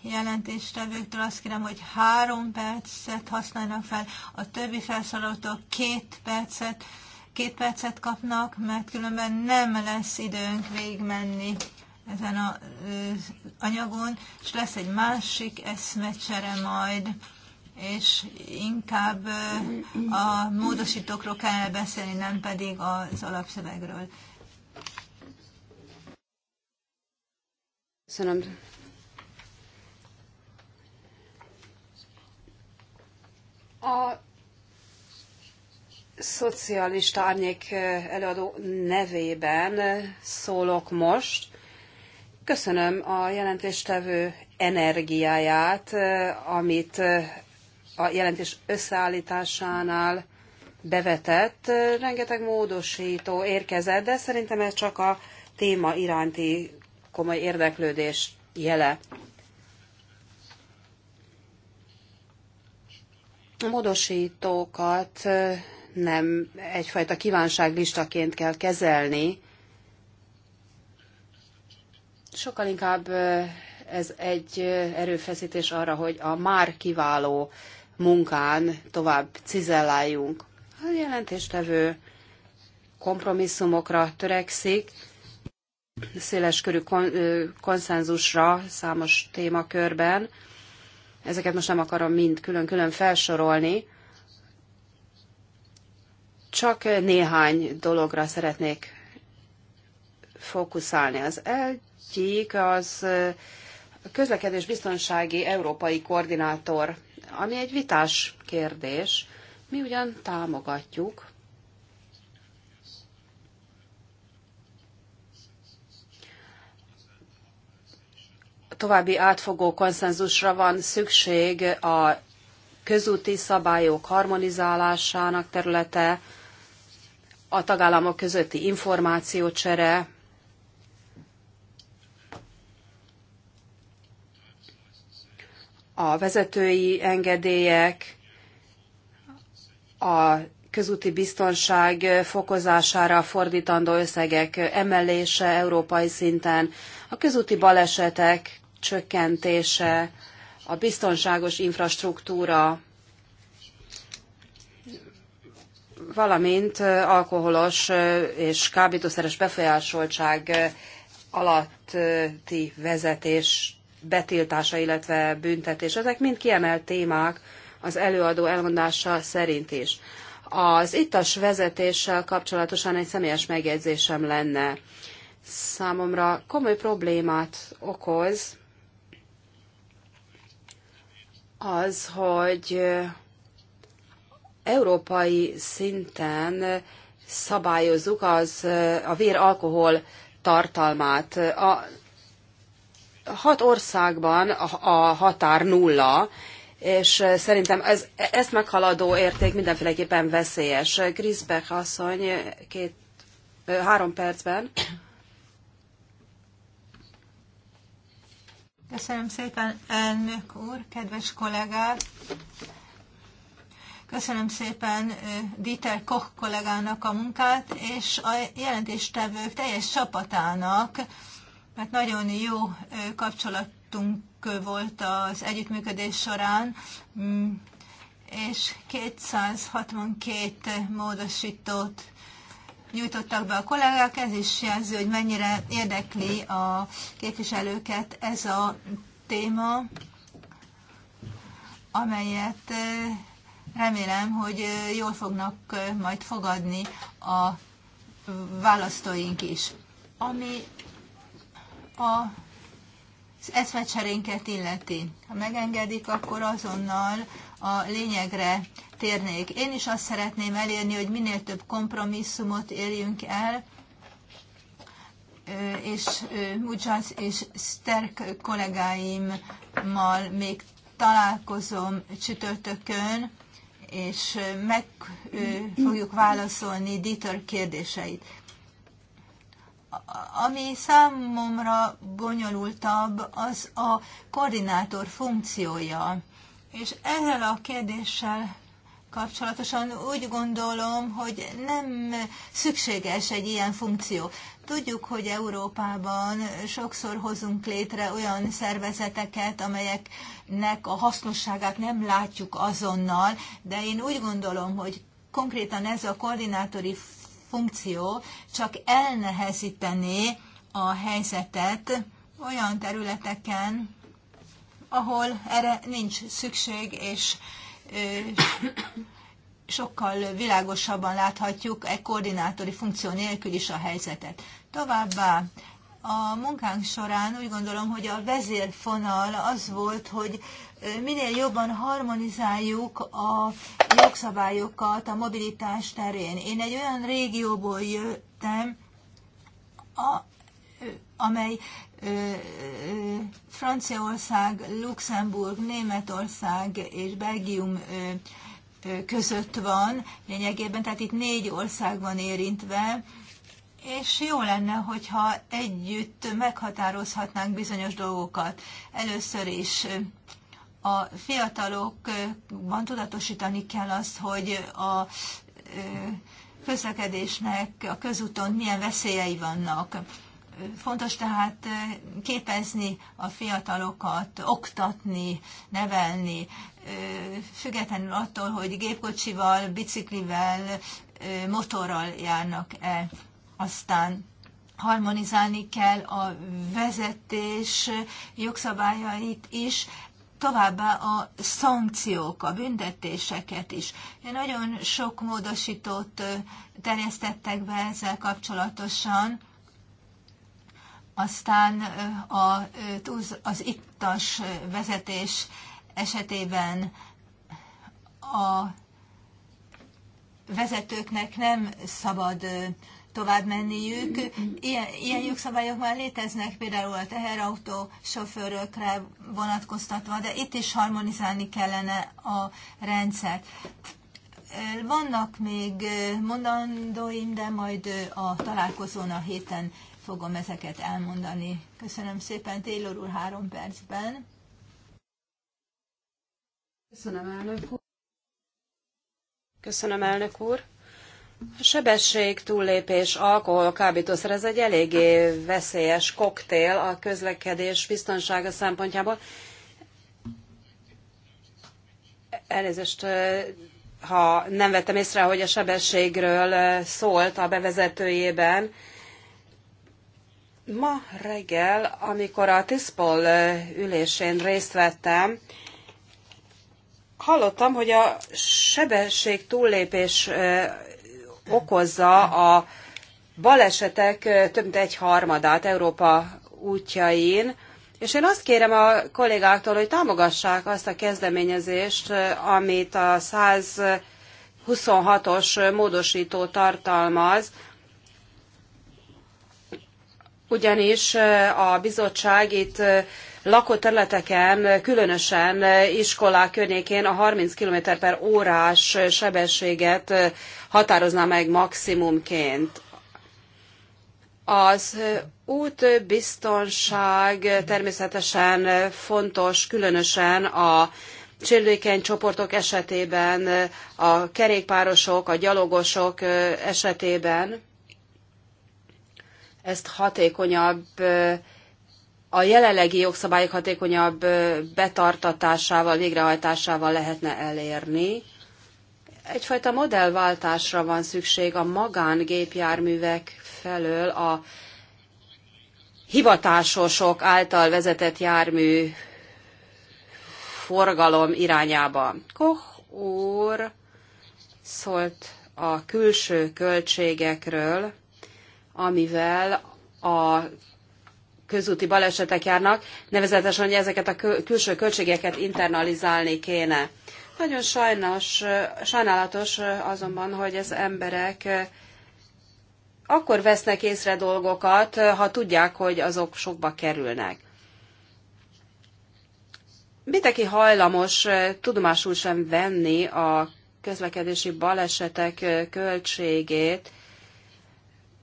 jelentéstevőktől azt kérem, hogy három percet használnak fel, a többi felszólalótól két percet, két percet kapnak, mert különben nem lesz időnk végigmenni ezen az anyagon, és lesz egy másik eszmecsere majd, és inkább a módosítókról kell beszélni, nem pedig az alapszövegről. Köszönöm A szocialista árnyék előadó nevében szólok most. Köszönöm a jelentéstevő energiáját, amit a jelentés összeállításánál bevetett. Rengeteg módosító érkezett, de szerintem ez csak a téma iránti komoly érdeklődés jele. módosítókat nem egyfajta kívánságlistaként kell kezelni, sokkal inkább ez egy erőfeszítés arra, hogy a már kiváló munkán tovább cizelláljunk. A jelentéstevő kompromisszumokra törekszik, széleskörű kon- konszenzusra számos témakörben, Ezeket most nem akarom mind külön-külön felsorolni, csak néhány dologra szeretnék fókuszálni. Az egyik az közlekedés biztonsági európai koordinátor, ami egy vitás kérdés. Mi ugyan támogatjuk további átfogó konszenzusra van szükség a közúti szabályok harmonizálásának területe, a tagállamok közötti információcsere, a vezetői engedélyek, a közúti biztonság fokozására fordítandó összegek emelése európai szinten, a közúti balesetek csökkentése, a biztonságos infrastruktúra, valamint alkoholos és kábítószeres befolyásoltság alatti vezetés betiltása, illetve büntetés. Ezek mind kiemelt témák az előadó elmondása szerint is. Az ittas vezetéssel kapcsolatosan egy személyes megjegyzésem lenne. Számomra komoly problémát okoz, az, hogy európai szinten szabályozzuk az, a véralkohol tartalmát. A hat országban a határ nulla, és szerintem ez, ezt meghaladó érték mindenféleképpen veszélyes. Griszbek asszony két, három percben. Köszönöm szépen, elnök úr, kedves kollégák! Köszönöm szépen Dieter Koch kollégának a munkát, és a jelentéstevők teljes csapatának, mert nagyon jó kapcsolatunk volt az együttműködés során, mm, és 262 módosítót nyújtottak be a kollégák, ez is jelzi, hogy mennyire érdekli a képviselőket ez a téma, amelyet remélem, hogy jól fognak majd fogadni a választóink is. Ami a az eszmecserénket illeti. Ha megengedik, akkor azonnal a lényegre térnék. Én is azt szeretném elérni, hogy minél több kompromisszumot érjünk el, és Mujaz és Sterk kollégáimmal még találkozom csütörtökön, és meg fogjuk válaszolni Dieter kérdéseit ami számomra bonyolultabb, az a koordinátor funkciója. És ezzel a kérdéssel kapcsolatosan úgy gondolom, hogy nem szükséges egy ilyen funkció. Tudjuk, hogy Európában sokszor hozunk létre olyan szervezeteket, amelyeknek a hasznosságát nem látjuk azonnal, de én úgy gondolom, hogy konkrétan ez a koordinátori funkció csak elnehezítené a helyzetet olyan területeken, ahol erre nincs szükség, és sokkal világosabban láthatjuk egy koordinátori funkció nélkül is a helyzetet. Továbbá a munkánk során úgy gondolom, hogy a vezérfonal az volt, hogy minél jobban harmonizáljuk a jogszabályokat a mobilitás terén. Én egy olyan régióból jöttem, a, amely Franciaország, Luxemburg, Németország és Belgium között van lényegében, tehát itt négy ország van érintve, és jó lenne, hogyha együtt meghatározhatnánk bizonyos dolgokat. Először is a fiatalokban tudatosítani kell azt, hogy a közlekedésnek a közúton milyen veszélyei vannak. Fontos tehát képezni a fiatalokat, oktatni, nevelni, függetlenül attól, hogy gépkocsival, biciklivel, motorral járnak-e. Aztán harmonizálni kell a vezetés jogszabályait is, továbbá a szankciók, a büntetéseket is. Nagyon sok módosítót terjesztettek be ezzel kapcsolatosan, aztán az ittas vezetés esetében a vezetőknek nem szabad tovább menniük. Ilyen, ilyen jogszabályok már léteznek, például a teherautó sofőrökre vonatkoztatva, de itt is harmonizálni kellene a rendszert. Vannak még mondandóim, de majd a találkozón a héten fogom ezeket elmondani. Köszönöm szépen, Taylor úr, három percben. Köszönöm, elnök úr. Köszönöm, elnök úr. A sebesség, túllépés, alkohol, kábítószer, ez egy eléggé veszélyes koktél a közlekedés biztonsága szempontjából. Elnézést, ha nem vettem észre, hogy a sebességről szólt a bevezetőjében. Ma reggel, amikor a TISZPOL ülésén részt vettem, hallottam, hogy a sebesség túllépés okozza a balesetek több mint egy harmadát Európa útjain, és én azt kérem a kollégáktól, hogy támogassák azt a kezdeményezést, amit a 126-os módosító tartalmaz, ugyanis a bizottság itt lakott területeken, különösen iskolák környékén a 30 km per órás sebességet határozná meg maximumként. Az útbiztonság természetesen fontos, különösen a sérülékeny csoportok esetében, a kerékpárosok, a gyalogosok esetében ezt hatékonyabb a jelenlegi jogszabályok hatékonyabb betartatásával, végrehajtásával lehetne elérni. Egyfajta modellváltásra van szükség a magángépjárművek felől a hivatásosok által vezetett jármű forgalom irányába. Koch úr szólt a külső költségekről, amivel a közúti balesetek járnak, nevezetesen, hogy ezeket a külső költségeket internalizálni kéne. Nagyon sajnos, sajnálatos azonban, hogy az emberek akkor vesznek észre dolgokat, ha tudják, hogy azok sokba kerülnek. Mindenki hajlamos tudomásul sem venni a közlekedési balesetek költségét.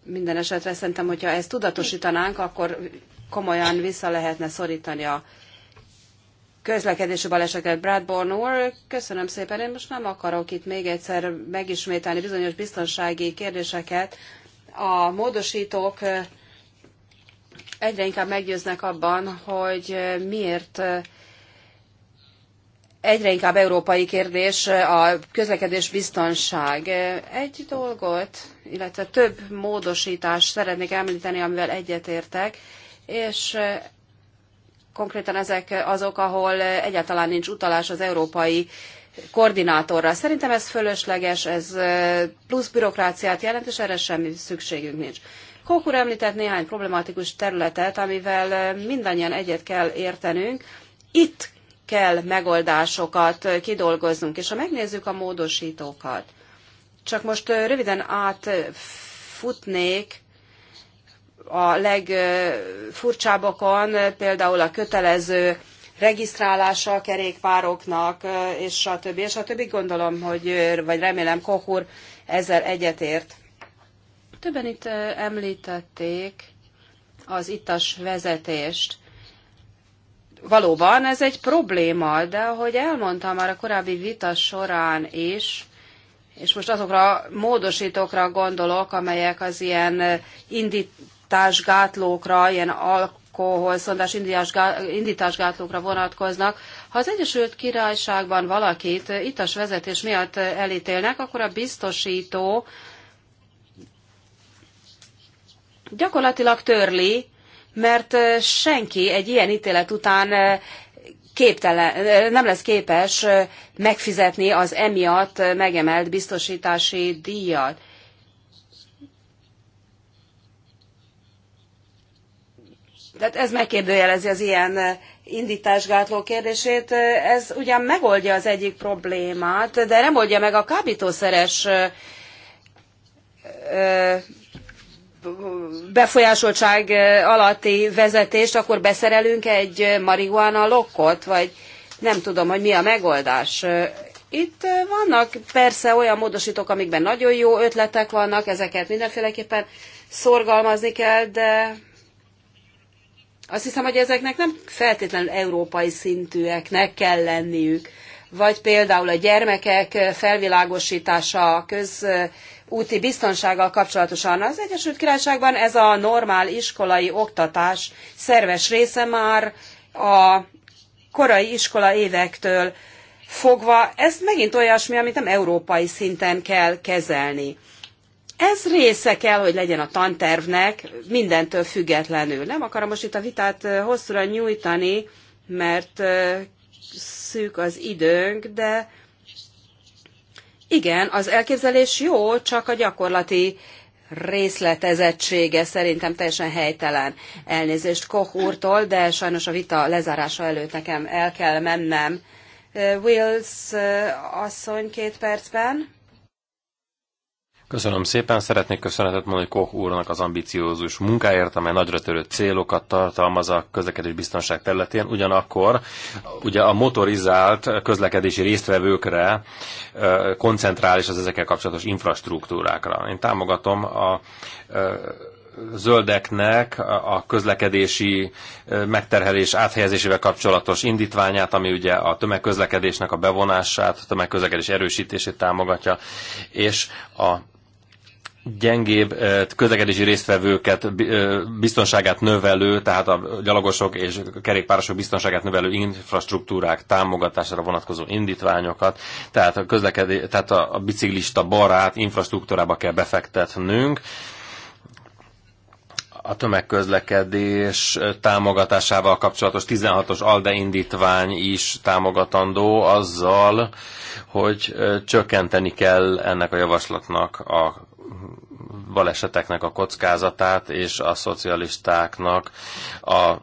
Minden esetre szerintem, hogyha ezt tudatosítanánk, akkor komolyan vissza lehetne szorítani a közlekedési balesetet. Bradborn úr, köszönöm szépen, én most nem akarok itt még egyszer megismételni bizonyos biztonsági kérdéseket. A módosítók eh, egyre inkább meggyőznek abban, hogy eh, miért eh, egyre inkább európai kérdés a közlekedés biztonság. Egy dolgot, illetve több módosítást szeretnék említeni, amivel egyetértek és eh, konkrétan ezek azok, ahol eh, egyáltalán nincs utalás az európai koordinátorra. Szerintem ez fölösleges, ez eh, plusz bürokráciát jelent, és erre semmi szükségünk nincs. Kókur említett néhány problematikus területet, amivel mindannyian egyet kell értenünk. Itt kell megoldásokat kidolgoznunk, és ha megnézzük a módosítókat, csak most röviden átfutnék a legfurcsábbakon, például a kötelező regisztrálása a kerékpároknak, és a többi, és a többi gondolom, hogy, vagy remélem Kohur ezzel egyetért. Többen itt említették az ittas vezetést. Valóban ez egy probléma, de ahogy elmondtam már a korábbi vita során is, és most azokra módosítókra gondolok, amelyek az ilyen indít, indításgátlókra, ilyen alkohol, szondás indításgátlókra vonatkoznak. Ha az Egyesült Királyságban valakit itas vezetés miatt elítélnek, akkor a biztosító gyakorlatilag törli, mert senki egy ilyen ítélet után képtelen, nem lesz képes megfizetni az emiatt megemelt biztosítási díjat. Tehát ez megkérdőjelezi az ilyen eh, indításgátló kérdését. Eh, ez ugyan megoldja az egyik problémát, de nem oldja meg a kábítószeres eh, befolyásoltság alatti vezetést, akkor beszerelünk egy marihuana lokkot, vagy nem tudom, hogy mi a megoldás. Itt vannak persze olyan módosítók, amikben nagyon jó ötletek vannak, ezeket mindenféleképpen szorgalmazni kell, de azt hiszem, hogy ezeknek nem feltétlenül európai szintűeknek kell lenniük. Vagy például a gyermekek felvilágosítása köz közúti biztonsággal kapcsolatosan. Az Egyesült Királyságban ez a normál iskolai oktatás szerves része már a korai iskola évektől fogva, ez megint olyasmi, amit nem európai szinten kell kezelni. Ez része kell, hogy legyen a tantervnek mindentől függetlenül. Nem akarom most itt a vitát hosszúra nyújtani, mert szűk az időnk, de igen, az elképzelés jó, csak a gyakorlati részletezettsége szerintem teljesen helytelen elnézést Koch úrtól, de sajnos a vita lezárása előtt nekem el kell mennem. Wills asszony két percben. Köszönöm szépen, szeretnék köszönetet mondani Koch úrnak az ambiciózus munkáért, amely nagyra törő célokat tartalmaz a közlekedés biztonság területén. Ugyanakkor ugye a motorizált közlekedési résztvevőkre koncentrál is az ezekkel kapcsolatos infrastruktúrákra. Én támogatom a zöldeknek a közlekedési megterhelés áthelyezésével kapcsolatos indítványát, ami ugye a tömegközlekedésnek a bevonását, a tömegközlekedés erősítését támogatja, és a gyengébb közlekedési résztvevőket, biztonságát növelő, tehát a gyalogosok és a kerékpárosok biztonságát növelő infrastruktúrák támogatására vonatkozó indítványokat, tehát a, közlekedés, tehát a biciklista barát infrastruktúrába kell befektetnünk, a tömegközlekedés támogatásával kapcsolatos 16-os ALDE indítvány is támogatandó azzal, hogy csökkenteni kell ennek a javaslatnak a baleseteknek a kockázatát, és a szocialistáknak a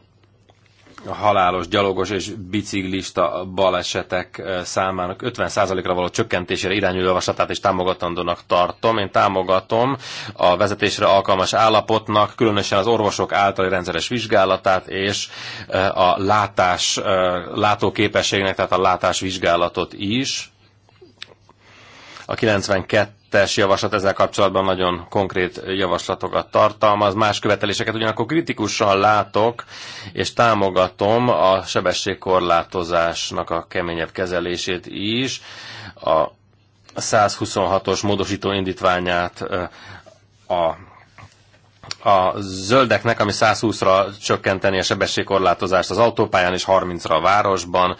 halálos gyalogos és biciklista balesetek számának 50%-ra való csökkentésére irányuló javaslatát is támogatandónak tartom. Én támogatom a vezetésre alkalmas állapotnak, különösen az orvosok általi rendszeres vizsgálatát és a látás, látóképességnek, tehát a látásvizsgálatot is a 92-es javaslat ezzel kapcsolatban nagyon konkrét javaslatokat tartalmaz, más követeléseket ugyanakkor kritikusan látok, és támogatom a sebességkorlátozásnak a keményebb kezelését is. A 126-os módosító indítványát a a zöldeknek, ami 120-ra csökkenteni a sebességkorlátozást az autópályán és 30-ra a városban,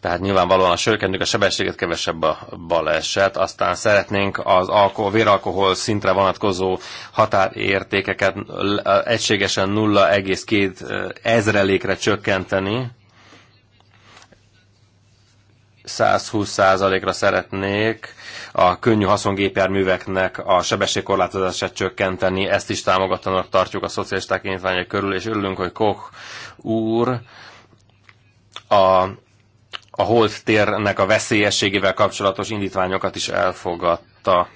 tehát nyilvánvalóan a sörkendők a sebességet, kevesebb a baleset. Aztán szeretnénk az alkohol, véralkohol szintre vonatkozó határértékeket egységesen 0,2 ezrelékre csökkenteni. 120%-ra szeretnék a könnyű haszongépjárműveknek a sebességkorlátozását csökkenteni, ezt is támogatónak tartjuk a szocialisták indítványai körül, és örülünk, hogy Koch úr a a Holt térnek a veszélyességével kapcsolatos indítványokat is elfogadta.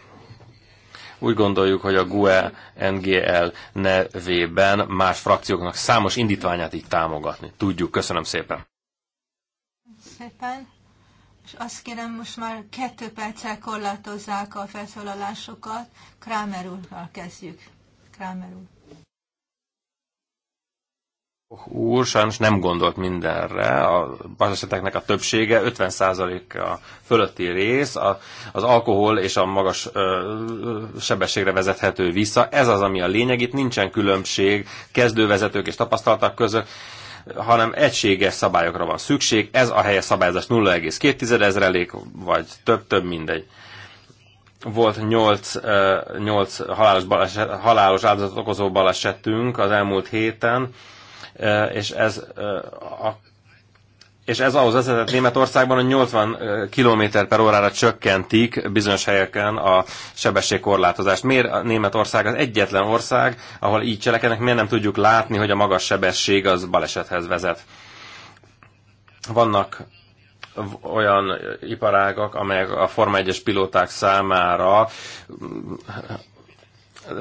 Úgy gondoljuk, hogy a GUE NGL nevében más frakcióknak számos indítványát így támogatni. Tudjuk. Köszönöm szépen. Szépen. És azt kérem, most már kettő perccel korlátozzák a felszólalásokat. Krámer úrral kezdjük. Krámer úr úr sajnos nem gondolt mindenre, a baleseteknek a többsége, 50%-a fölötti rész, a, az alkohol és a magas ö, sebességre vezethető vissza. Ez az, ami a lényeg, itt nincsen különbség kezdővezetők és tapasztaltak között, hanem egységes szabályokra van szükség, ez a helyes szabályozás 0,2 ezrelék, vagy több-több mindegy volt 8, 8 halálos, baleset, halálos áldozatot okozó balesetünk az elmúlt héten, és ez a és ez ahhoz vezetett Németországban, hogy 80 km per órára csökkentik bizonyos helyeken a sebességkorlátozást. Miért a Németország az egyetlen ország, ahol így cselekednek, miért nem tudjuk látni, hogy a magas sebesség az balesethez vezet? Vannak olyan iparágak, amelyek a Forma 1-es pilóták számára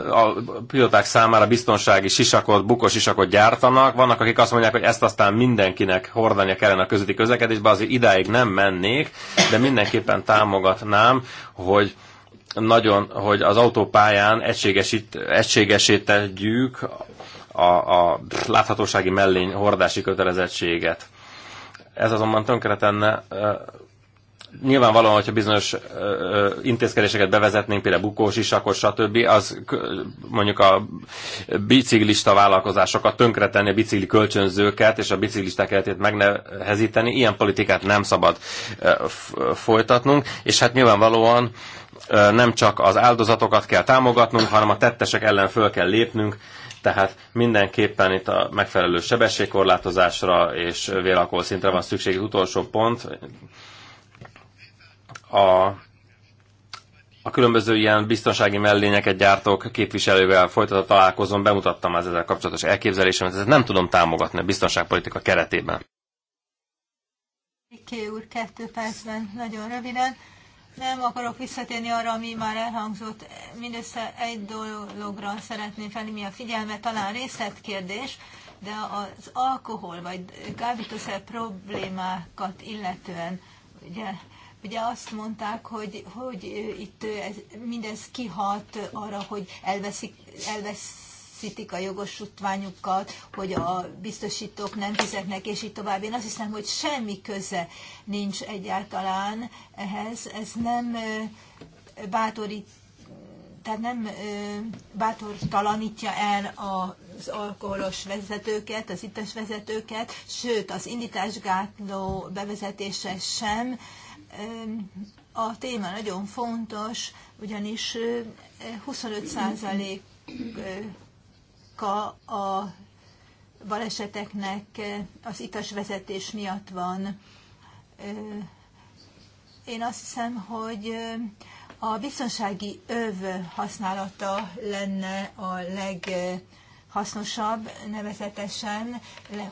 a pilóták számára biztonsági sisakot, bukos sisakot gyártanak. Vannak, akik azt mondják, hogy ezt aztán mindenkinek hordania kellene a közötti közlekedésbe, azért idáig nem mennék, de mindenképpen támogatnám, hogy nagyon, hogy az autópályán egységesít, tegyük a, a láthatósági mellény hordási kötelezettséget. Ez azonban tönkretenne nyilvánvalóan, hogyha bizonyos intézkedéseket bevezetnénk, például bukós is akkor stb., az mondjuk a biciklista vállalkozásokat tönkretenni, a bicikli kölcsönzőket és a biciklisták életét megnehezíteni, ilyen politikát nem szabad folytatnunk, és hát nyilvánvalóan nem csak az áldozatokat kell támogatnunk, hanem a tettesek ellen föl kell lépnünk, tehát mindenképpen itt a megfelelő sebességkorlátozásra és szintre van szükség. Utolsó pont, a, a különböző ilyen biztonsági mellényeket gyártók képviselővel folytatott találkozón bemutattam az ezzel kapcsolatos elképzelésemet, ezt nem tudom támogatni a biztonságpolitika keretében. Ké úr, kettő percben, nagyon röviden. Nem akarok visszatérni arra, ami már elhangzott. Mindössze egy dologra szeretném mi a figyelmet, talán részletkérdés, de az alkohol vagy kábítószer problémákat illetően ugye Ugye azt mondták, hogy, hogy itt ez, mindez kihat arra, hogy elveszik, elveszítik a jogosítványukat, hogy a biztosítók nem fizetnek, és így tovább. Én azt hiszem, hogy semmi köze nincs egyáltalán ehhez. Ez nem bátorít tehát nem bátortalanítja el az alkoholos vezetőket, az ittes vezetőket, sőt az indításgátló bevezetése sem a téma nagyon fontos, ugyanis 25%-a a baleseteknek az itas vezetés miatt van. Én azt hiszem, hogy a biztonsági öv használata lenne a leg hasznosabb, nevezetesen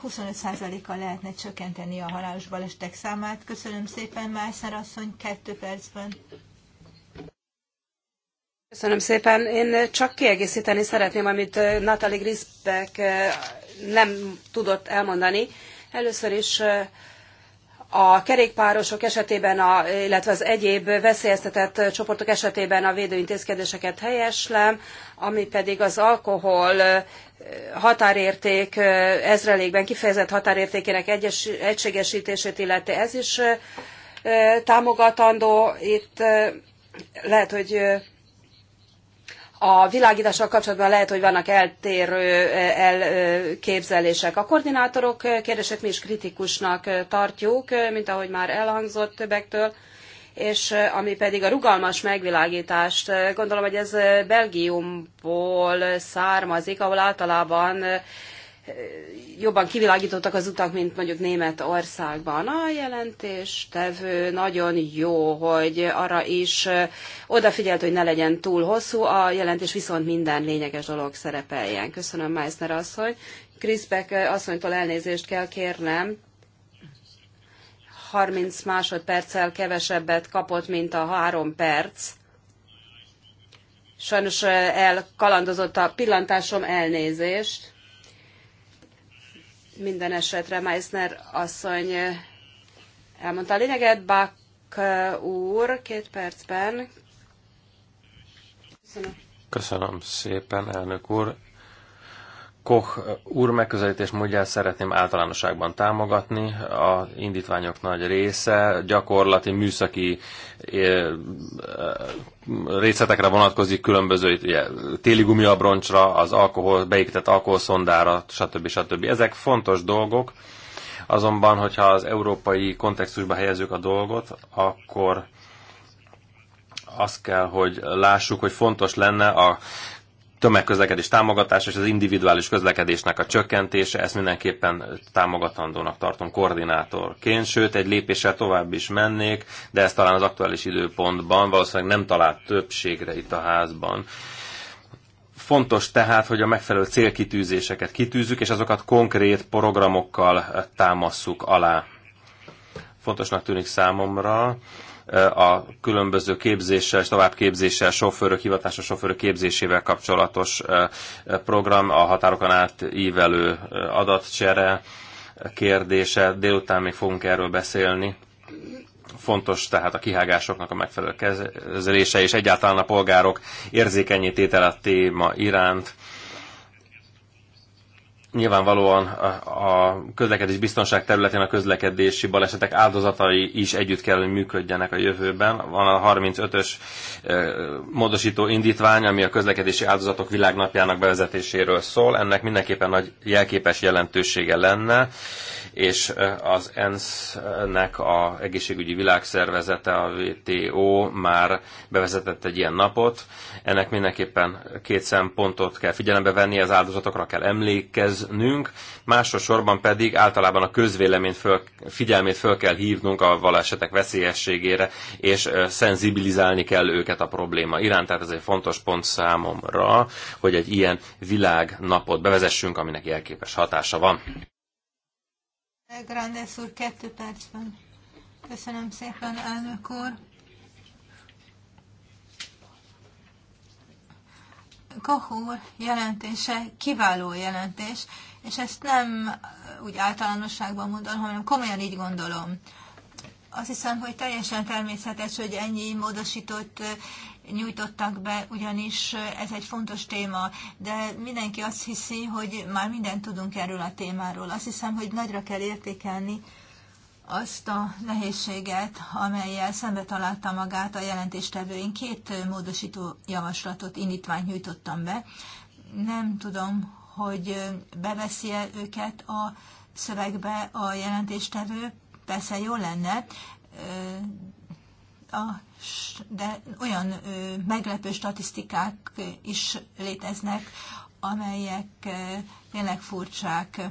25%-kal lehetne csökkenteni a halálos balesetek számát. Köszönöm szépen, Mászár asszony, kettő percben. Köszönöm szépen. Én csak kiegészíteni szeretném, amit eh, Natalie Grisbeck eh, nem tudott elmondani. Először is eh, a kerékpárosok esetében, a, illetve az egyéb veszélyeztetett csoportok esetében a védőintézkedéseket helyeslem, ami pedig az alkohol határérték ezrelékben kifejezett határértékének egyes, egységesítését illeti. Ez is támogatandó. Itt lehet, hogy a világítással kapcsolatban lehet, hogy vannak eltérő elképzelések. A koordinátorok kérdését mi is kritikusnak tartjuk, mint ahogy már elhangzott többektől és ami pedig a rugalmas megvilágítást, gondolom, hogy ez Belgiumból származik, ahol általában jobban kivilágítottak az utak, mint mondjuk Németországban. A jelentés tevő nagyon jó, hogy arra is odafigyelt, hogy ne legyen túl hosszú, a jelentés viszont minden lényeges dolog szerepeljen. Köszönöm Meissner asszony. Kriszbek asszonytól elnézést kell kérnem 30 másodperccel kevesebbet kapott, mint a három perc. Sajnos elkalandozott a pillantásom elnézést. Minden esetre Meissner asszony elmondta a lényeget. Bak úr, két percben. Köszönöm. Köszönöm szépen, elnök úr. Koch úr megközelítés módját szeretném általánosságban támogatni. A indítványok nagy része gyakorlati műszaki eh, eh, részletekre vonatkozik, különböző ugye, téligumiabroncsra, az alkohol, beiktett alkoholszondára, stb. stb. Ezek fontos dolgok, azonban, hogyha az európai kontextusba helyezzük a dolgot, akkor azt kell, hogy lássuk, hogy fontos lenne a tömegközlekedés támogatása és az individuális közlekedésnek a csökkentése, ezt mindenképpen támogatandónak tartom koordinátorként, sőt egy lépéssel tovább is mennék, de ez talán az aktuális időpontban valószínűleg nem talált többségre itt a házban. Fontos tehát, hogy a megfelelő célkitűzéseket kitűzzük, és azokat konkrét programokkal támasszuk alá. Fontosnak tűnik számomra, a különböző képzéssel, továbbképzéssel, sofőrök, hivatásos sofőrök képzésével kapcsolatos program, a határokon átívelő adatcsere kérdése. Délután még fogunk erről beszélni. Fontos tehát a kihágásoknak a megfelelő kezelése, és egyáltalán a polgárok érzékenyítétele a téma iránt Nyilvánvalóan a közlekedés biztonság területén a közlekedési balesetek áldozatai is együtt kell, hogy működjenek a jövőben. Van a 35-ös módosító indítvány, ami a közlekedési áldozatok világnapjának bevezetéséről szól. Ennek mindenképpen nagy jelképes jelentősége lenne és az ENSZ-nek a egészségügyi világszervezete, a WTO már bevezetett egy ilyen napot. Ennek mindenképpen két szempontot kell figyelembe venni, az áldozatokra kell emlékeznünk, másosorban pedig általában a közvélemény föl, figyelmét föl kell hívnunk a balesetek veszélyességére, és szenzibilizálni kell őket a probléma iránt. Tehát ez egy fontos pont számomra, hogy egy ilyen világnapot bevezessünk, aminek jelképes hatása van. Grandes úr, kettő van. Köszönöm szépen, elnök úr. Koch úr jelentése kiváló jelentés, és ezt nem úgy általánosságban mondom, hanem komolyan így gondolom. Azt hiszem, hogy teljesen természetes, hogy ennyi módosított nyújtottak be, ugyanis ez egy fontos téma, de mindenki azt hiszi, hogy már mindent tudunk erről a témáról. Azt hiszem, hogy nagyra kell értékelni azt a nehézséget, amelyel szembe találta magát a jelentéstevő. Én két módosító javaslatot, indítványt nyújtottam be. Nem tudom, hogy beveszi -e őket a szövegbe a jelentéstevő. Persze jó lenne. A de olyan meglepő statisztikák is léteznek, amelyek tényleg furcsák,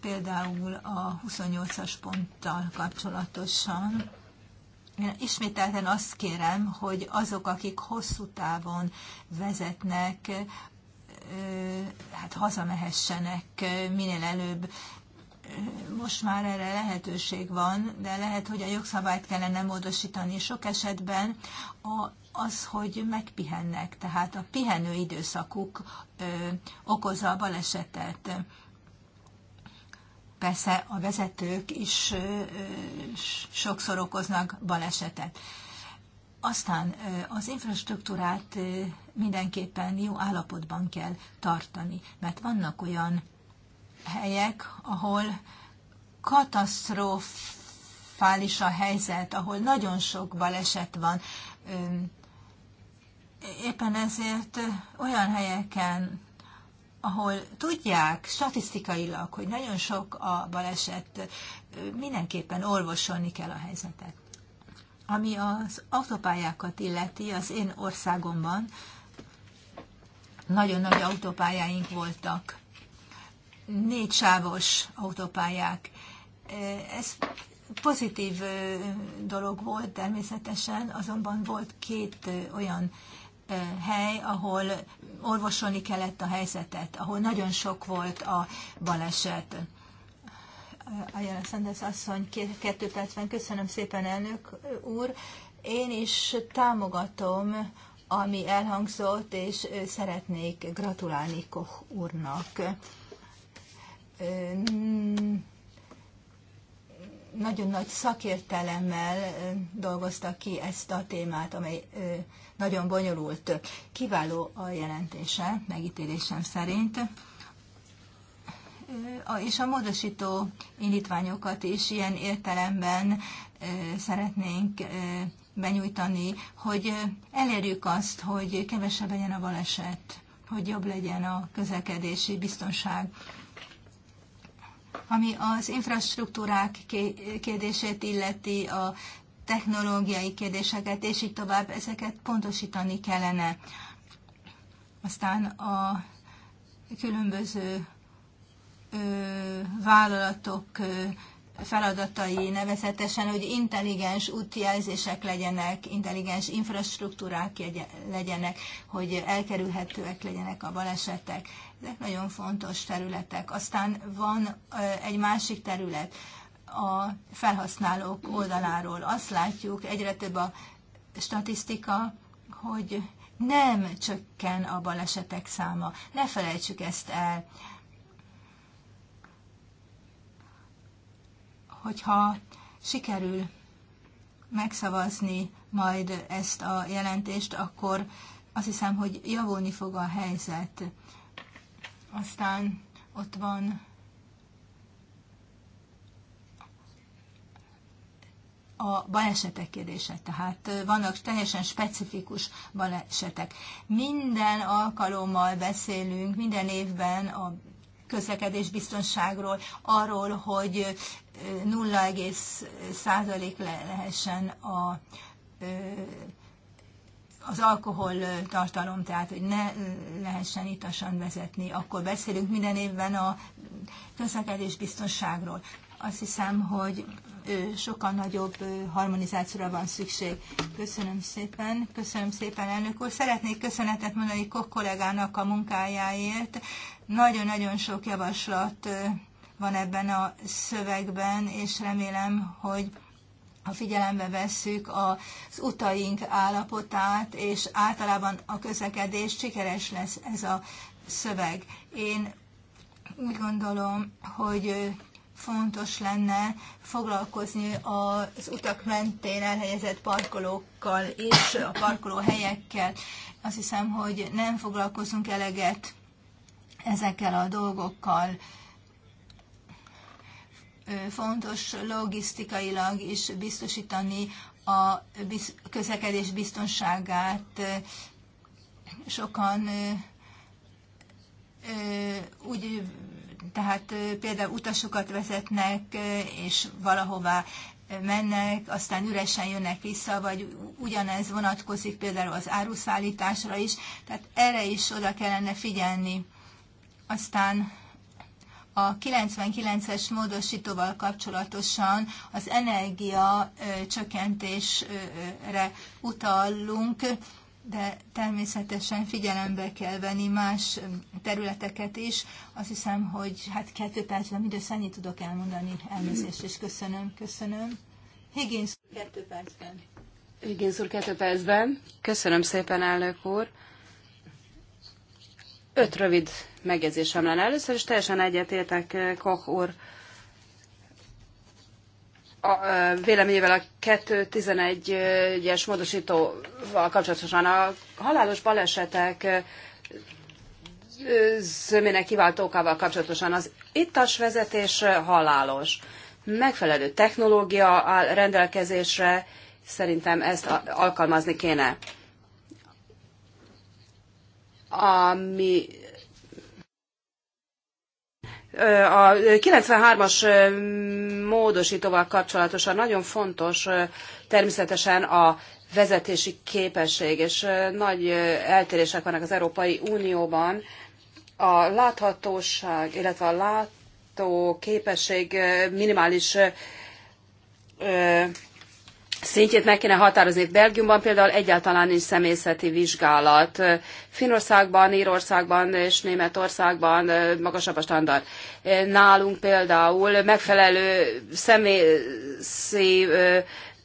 például a 28-as ponttal kapcsolatosan. Én ismételten azt kérem, hogy azok, akik hosszú távon vezetnek, hát hazamehessenek minél előbb, most már erre lehetőség van, de lehet, hogy a jogszabályt kellene módosítani. Sok esetben a, az, hogy megpihennek, tehát a pihenő időszakuk ö, okozza a balesetet. Persze a vezetők is ö, ö, sokszor okoznak balesetet. Aztán az infrastruktúrát mindenképpen jó állapotban kell tartani, mert vannak olyan helyek, ahol katasztrofális a helyzet, ahol nagyon sok baleset van. Éppen ezért olyan helyeken, ahol tudják statisztikailag, hogy nagyon sok a baleset, mindenképpen orvosolni kell a helyzetet. Ami az autópályákat illeti, az én országomban nagyon nagy autópályáink voltak négy sávos autópályák. Ez pozitív dolog volt természetesen, azonban volt két olyan hely, ahol orvosolni kellett a helyzetet, ahol nagyon sok volt a baleset. Ajala Sanders asszony, kettő percben köszönöm szépen, elnök úr. Én is támogatom, ami elhangzott, és szeretnék gratulálni Koch úrnak nagyon nagy szakértelemmel dolgoztak ki ezt a témát, amely nagyon bonyolult. Kiváló a jelentése, megítélésem szerint. És a módosító indítványokat is ilyen értelemben szeretnénk benyújtani, hogy elérjük azt, hogy kevesebb legyen a baleset, hogy jobb legyen a közlekedési biztonság. Ami az infrastruktúrák kérdését illeti, a technológiai kérdéseket, és így tovább, ezeket pontosítani kellene. Aztán a különböző vállalatok feladatai nevezetesen, hogy intelligens útjelzések legyenek, intelligens infrastruktúrák legyenek, hogy elkerülhetőek legyenek a balesetek. Ezek nagyon fontos területek. Aztán van egy másik terület a felhasználók oldaláról. Azt látjuk, egyre több a statisztika, hogy nem csökken a balesetek száma. Ne felejtsük ezt el hogyha sikerül megszavazni majd ezt a jelentést, akkor azt hiszem, hogy javulni fog a helyzet. Aztán ott van a balesetek kérdése. Tehát vannak teljesen specifikus balesetek. Minden alkalommal beszélünk, minden évben a közlekedésbiztonságról, arról, hogy 0,1% le lehessen a, az alkohol tartalom, tehát hogy ne lehessen itasan vezetni, akkor beszélünk minden évben a közlekedésbiztonságról. Azt hiszem, hogy sokkal nagyobb harmonizációra van szükség. Köszönöm szépen, köszönöm szépen elnök úr. Szeretnék köszönetet mondani Kok kollégának a munkájáért. Nagyon-nagyon sok javaslat van ebben a szövegben, és remélem, hogy ha figyelembe vesszük az utaink állapotát, és általában a közlekedés sikeres lesz ez a szöveg. Én úgy gondolom, hogy fontos lenne foglalkozni az utak mentén elhelyezett parkolókkal és a parkolóhelyekkel. Azt hiszem, hogy nem foglalkozunk eleget ezekkel a dolgokkal. Fontos logisztikailag is biztosítani a közlekedés biztonságát. Sokan úgy, tehát például utasokat vezetnek, és valahová mennek, aztán üresen jönnek vissza, vagy ugyanez vonatkozik például az áruszállításra is, tehát erre is oda kellene figyelni. Aztán a 99-es módosítóval kapcsolatosan az energia csökkentésre utalunk, de természetesen figyelembe kell venni más területeket is. Azt hiszem, hogy hát kettő percben mindössze ennyit tudok elmondani. Elnézést és köszönöm, köszönöm. Higgins kettő percben. Higgins úr, kettő percben. Köszönöm szépen, elnök úr. Öt rövid megjegyzésem lenne. Először is teljesen egyetértek eh, Koch úr a eh, véleményével a 211-es módosítóval kapcsolatosan a halálos balesetek eh, zömének kiváltókával kapcsolatosan az ittas vezetés halálos. Megfelelő technológia áll rendelkezésre, szerintem ezt alkalmazni kéne. Ami a 93-as módosítóval kapcsolatosan nagyon fontos természetesen a vezetési képesség, és nagy eltérések vannak az Európai Unióban. A láthatóság, illetve a látó képesség minimális szintjét meg kéne határozni. Belgiumban például egyáltalán nincs személyzeti vizsgálat. Finországban, Írországban és Németországban magasabb a standard. Nálunk például megfelelő személyi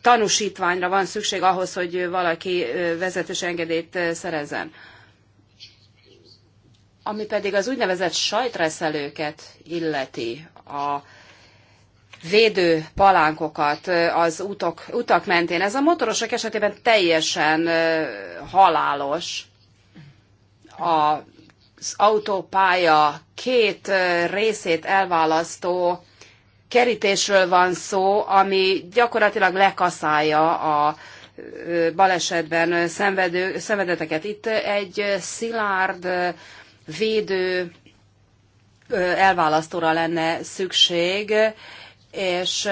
tanúsítványra van szükség ahhoz, hogy valaki vezetős engedélyt szerezzen. Ami pedig az úgynevezett sajtreszelőket illeti a védő palánkokat az utok, utak mentén. Ez a motorosok esetében teljesen halálos. Az autópálya két részét elválasztó kerítésről van szó, ami gyakorlatilag lekaszálja a balesetben szenvedő, szenvedeteket. Itt egy szilárd védő elválasztóra lenne szükség, és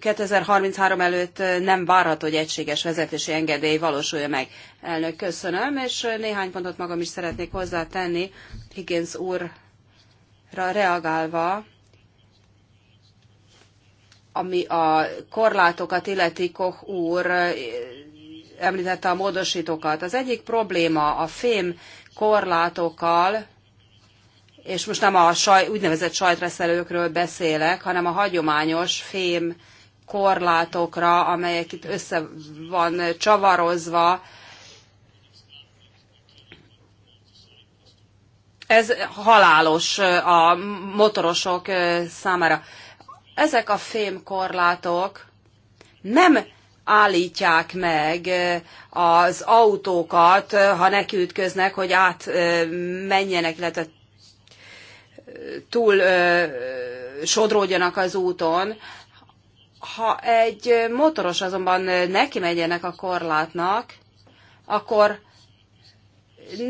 2033 előtt nem várható, hogy egységes vezetési engedély valósulja meg. Elnök, köszönöm, és néhány pontot magam is szeretnék hozzátenni Higgins úrra reagálva, ami a korlátokat illeti Koch úr említette a módosítókat. Az egyik probléma a fém korlátokkal, és most nem a saj, úgynevezett sajtreszelőkről beszélek, hanem a hagyományos fém korlátokra, amelyek itt össze van csavarozva. Ez halálos a motorosok számára. Ezek a fémkorlátok nem állítják meg az autókat, ha nekiütköznek, hogy átmenjenek, illetve túl sodródjanak az úton. Ha egy motoros azonban neki megy ennek a korlátnak, akkor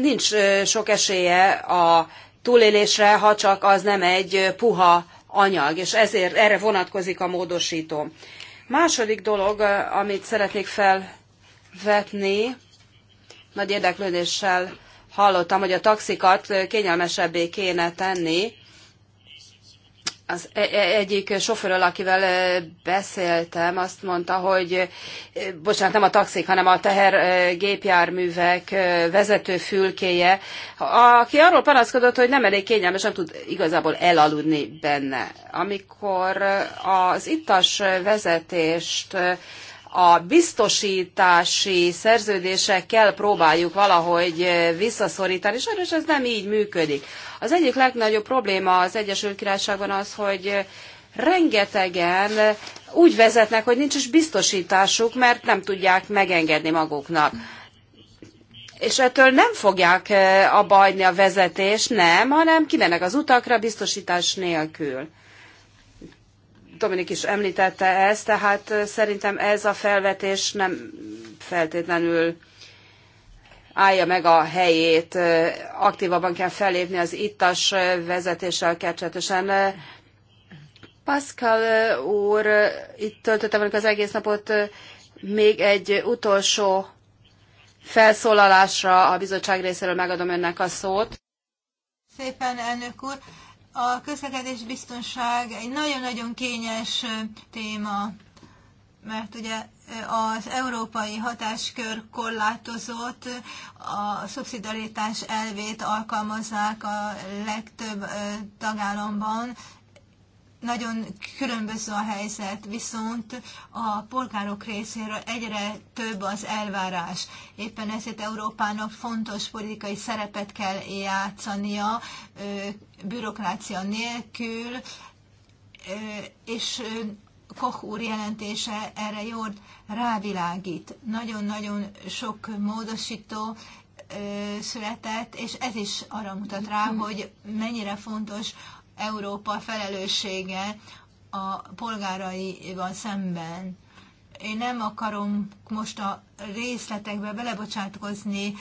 nincs sok esélye a túlélésre, ha csak az nem egy puha anyag, és ezért erre vonatkozik a módosító. Második dolog, amit szeretnék felvetni, nagy érdeklődéssel hallottam, hogy a taxikat kényelmesebbé kéne tenni, az e-, e-, egyik sofőről, akivel e, beszéltem, azt mondta, hogy bocsánat, nem a taxik, hanem a tehergépjárművek vezető fülkéje, aki arról panaszkodott, hogy nem elég kényelmes, nem tud igazából elaludni benne. Amikor az ittas vezetést a biztosítási szerződésekkel próbáljuk valahogy eh, visszaszorítani. Sajnos ez nem így működik. Az egyik legnagyobb probléma az Egyesült Királyságban az, hogy eh, rengetegen eh, úgy vezetnek, hogy nincs is biztosításuk, mert nem tudják megengedni maguknak. És ettől nem fogják abba hagyni a vezetés, nem, hanem kimennek az utakra biztosítás nélkül. Dominik is említette ezt, tehát szerintem ez a felvetés nem feltétlenül állja meg a helyét, aktívabban kell felépni az ittas vezetéssel kecsetesen. Pascal úr, itt töltöttem az egész napot, még egy utolsó felszólalásra a bizottság részéről megadom önnek a szót. Szépen, elnök úr. A közlekedés biztonság egy nagyon-nagyon kényes téma, mert ugye az európai hatáskör korlátozott, a szubszidaritás elvét alkalmazzák a legtöbb tagállamban, nagyon különböző a helyzet, viszont a polgárok részéről egyre több az elvárás. Éppen ezért Európának fontos politikai szerepet kell játszania, bürokrácia nélkül, és Koch úr jelentése erre jól rávilágít. Nagyon-nagyon sok módosító született, és ez is arra mutat rá, mhm. hogy mennyire fontos Európa felelőssége a polgáraival szemben. Én nem akarom most a részletekbe belebocsátkozni,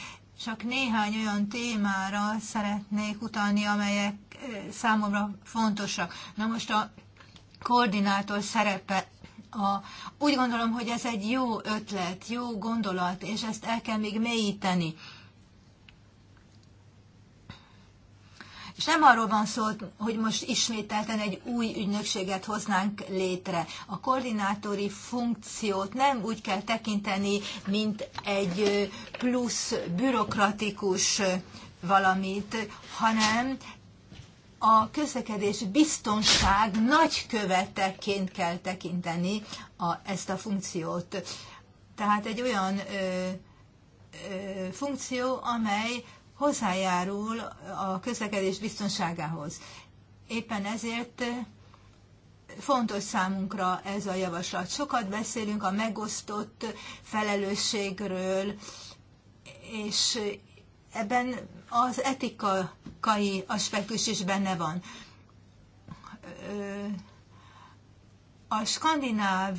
csak néhány olyan témára szeretnék utalni, amelyek eh, számomra fontosak. Na most a koordinátor szerepe a, úgy gondolom, hogy ez egy jó ötlet, jó gondolat, és ezt el kell még mélyíteni. És nem arról van szó, hogy most ismételten egy új ügynökséget hoznánk létre. A koordinátori funkciót nem úgy kell tekinteni, mint egy plusz bürokratikus valamit, hanem a közlekedés biztonság nagyköveteként kell tekinteni a, ezt a funkciót. Tehát egy olyan ö, ö, funkció, amely hozzájárul a közlekedés biztonságához. Éppen ezért fontos számunkra ez a javaslat. Sokat beszélünk a megosztott felelősségről, és ebben az etikai aspektus is benne van. A skandináv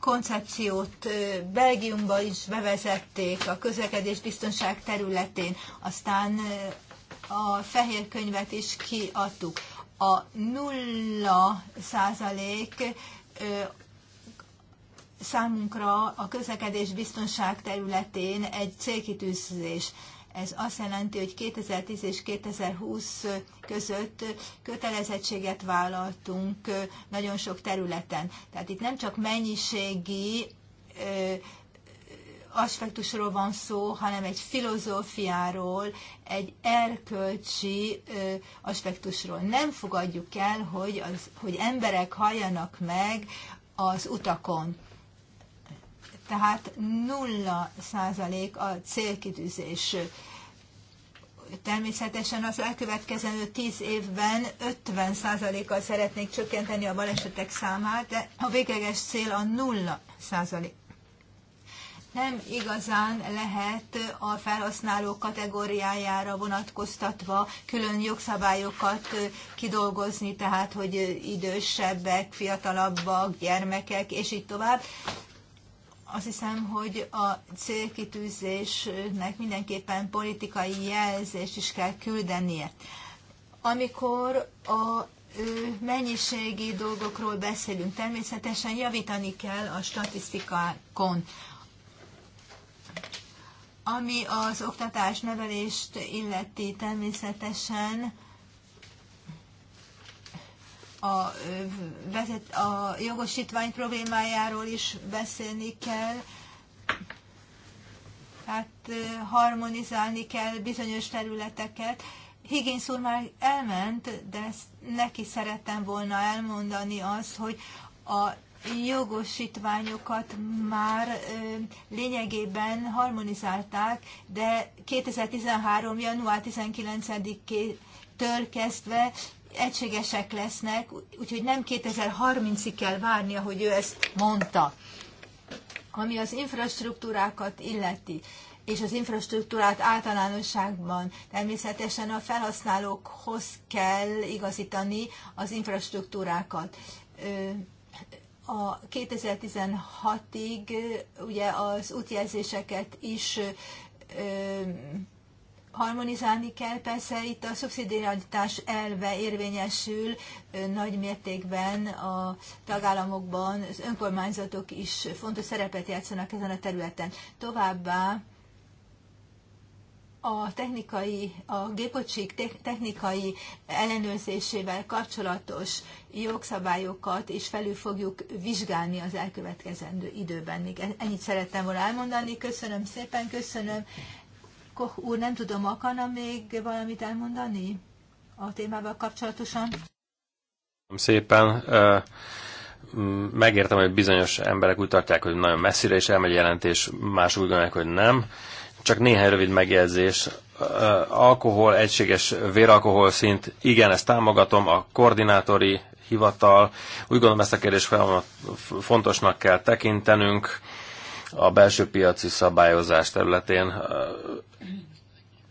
koncepciót Belgiumba is bevezették a közlekedés biztonság területén, aztán a fehér könyvet is kiadtuk. A nulla százalék számunkra a közlekedés biztonság területén egy célkitűzés. Ez azt jelenti, hogy 2010 és 2020 között kötelezettséget vállaltunk nagyon sok területen. Tehát itt nem csak mennyiségi aspektusról van szó, hanem egy filozófiáról, egy erkölcsi ö, aspektusról. Nem fogadjuk el, hogy, az, hogy emberek halljanak meg az utakon. Tehát nulla százalék a célkitűzés. Természetesen az elkövetkezendő 10 évben 50%-kal szeretnék csökkenteni a balesetek számát, de a végleges cél a 0%. Nem igazán lehet a felhasználók kategóriájára vonatkoztatva külön jogszabályokat kidolgozni, tehát hogy idősebbek, fiatalabbak, gyermekek, és így tovább azt hiszem, hogy a célkitűzésnek mindenképpen politikai jelzést is kell küldenie. Amikor a mennyiségi dolgokról beszélünk, természetesen javítani kell a statisztikákon. Ami az oktatás nevelést illeti természetesen, a, vezet, a jogosítvány problémájáról is beszélni kell, hát harmonizálni kell bizonyos területeket. Higgins úr már elment, de neki szerettem volna elmondani az, hogy a jogosítványokat már ö, lényegében harmonizálták, de 2013. január 19-től kezdve egységesek lesznek, úgyhogy nem 2030-ig kell várni, hogy ő ezt mondta. Ami az infrastruktúrákat illeti, és az infrastruktúrát általánosságban természetesen a felhasználókhoz kell igazítani az infrastruktúrákat. A 2016-ig ugye az útjelzéseket is harmonizálni kell, persze itt a szubszidiaritás elve érvényesül nagy mértékben a tagállamokban, az önkormányzatok is fontos szerepet játszanak ezen a területen. Továbbá a technikai, a gépocsik technikai ellenőrzésével kapcsolatos jogszabályokat is felül fogjuk vizsgálni az elkövetkezendő időben. Még ennyit szerettem volna elmondani. Köszönöm szépen, köszönöm Koch úr, nem tudom, akarna még valamit elmondani a témával kapcsolatosan? Szépen megértem, hogy bizonyos emberek úgy tartják, hogy nagyon messzire is elmegy jelentés, más úgy gondolják, hogy nem. Csak néhány rövid megjegyzés. Alkohol, egységes szint igen, ezt támogatom, a koordinátori hivatal. Úgy gondolom, ezt a kérdést fontosnak kell tekintenünk a belső piaci szabályozás területén.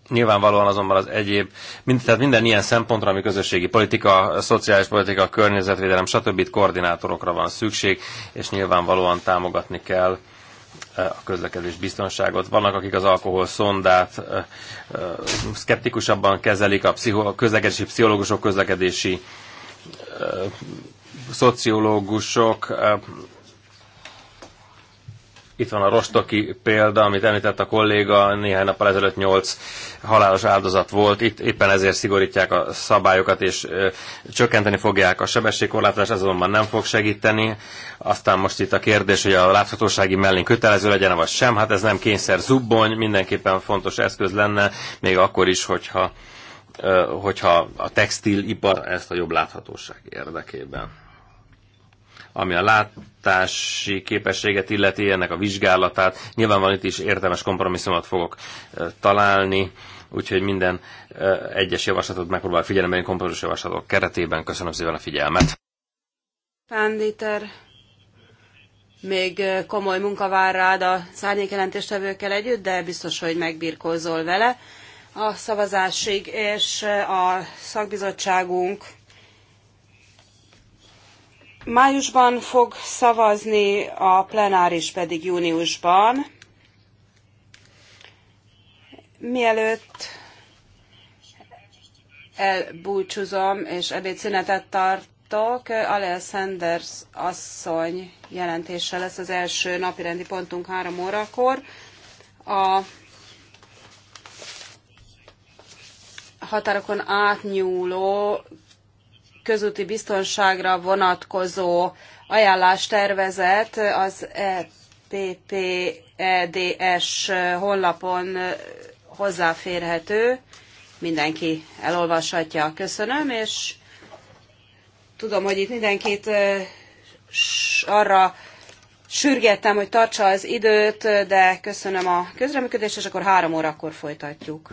Nyilvánvalóan azonban az egyéb, mind, tehát minden ilyen szempontra, ami közösségi politika, szociális politika, környezetvédelem, stb. koordinátorokra van szükség, és nyilvánvalóan támogatni kell a közlekedés biztonságot. Vannak, akik az alkohol szondát szkeptikusabban kezelik, a, pszicho, a közlekedési pszichológusok, közlekedési szociológusok, itt van a rostoki példa, amit említett a kolléga, néhány nap ezelőtt nyolc halálos áldozat volt. Itt éppen ezért szigorítják a szabályokat, és ö, csökkenteni fogják a sebességkorlátozást, ez azonban nem fog segíteni. Aztán most itt a kérdés, hogy a láthatósági mellén kötelező legyen, vagy sem. Hát ez nem kényszer zubbony, mindenképpen fontos eszköz lenne, még akkor is, hogyha, ö, hogyha a textilipar ezt a jobb láthatóság érdekében ami a látási képességet illeti, ennek a vizsgálatát. nyilván van itt is értelmes kompromisszumot fogok találni, úgyhogy minden egyes javaslatot megpróbál figyelembe kompromisszum javaslatok keretében. Köszönöm szépen a figyelmet. Pánditer, még komoly munka vár rád a szárnyékelentéstevőkkel együtt, de biztos, hogy megbirkózol vele a szavazásig, és a szakbizottságunk Májusban fog szavazni, a plenáris pedig júniusban. Mielőtt elbúcsúzom és ebédszünetet tartok, Alea Sanders asszony jelentése lesz az első napirendi pontunk három órakor. A határokon átnyúló közúti biztonságra vonatkozó ajánlástervezet az EPPEDS honlapon hozzáférhető. Mindenki elolvashatja. Köszönöm, és tudom, hogy itt mindenkit arra sürgettem, hogy tartsa az időt, de köszönöm a közreműködést, és akkor három órakor folytatjuk.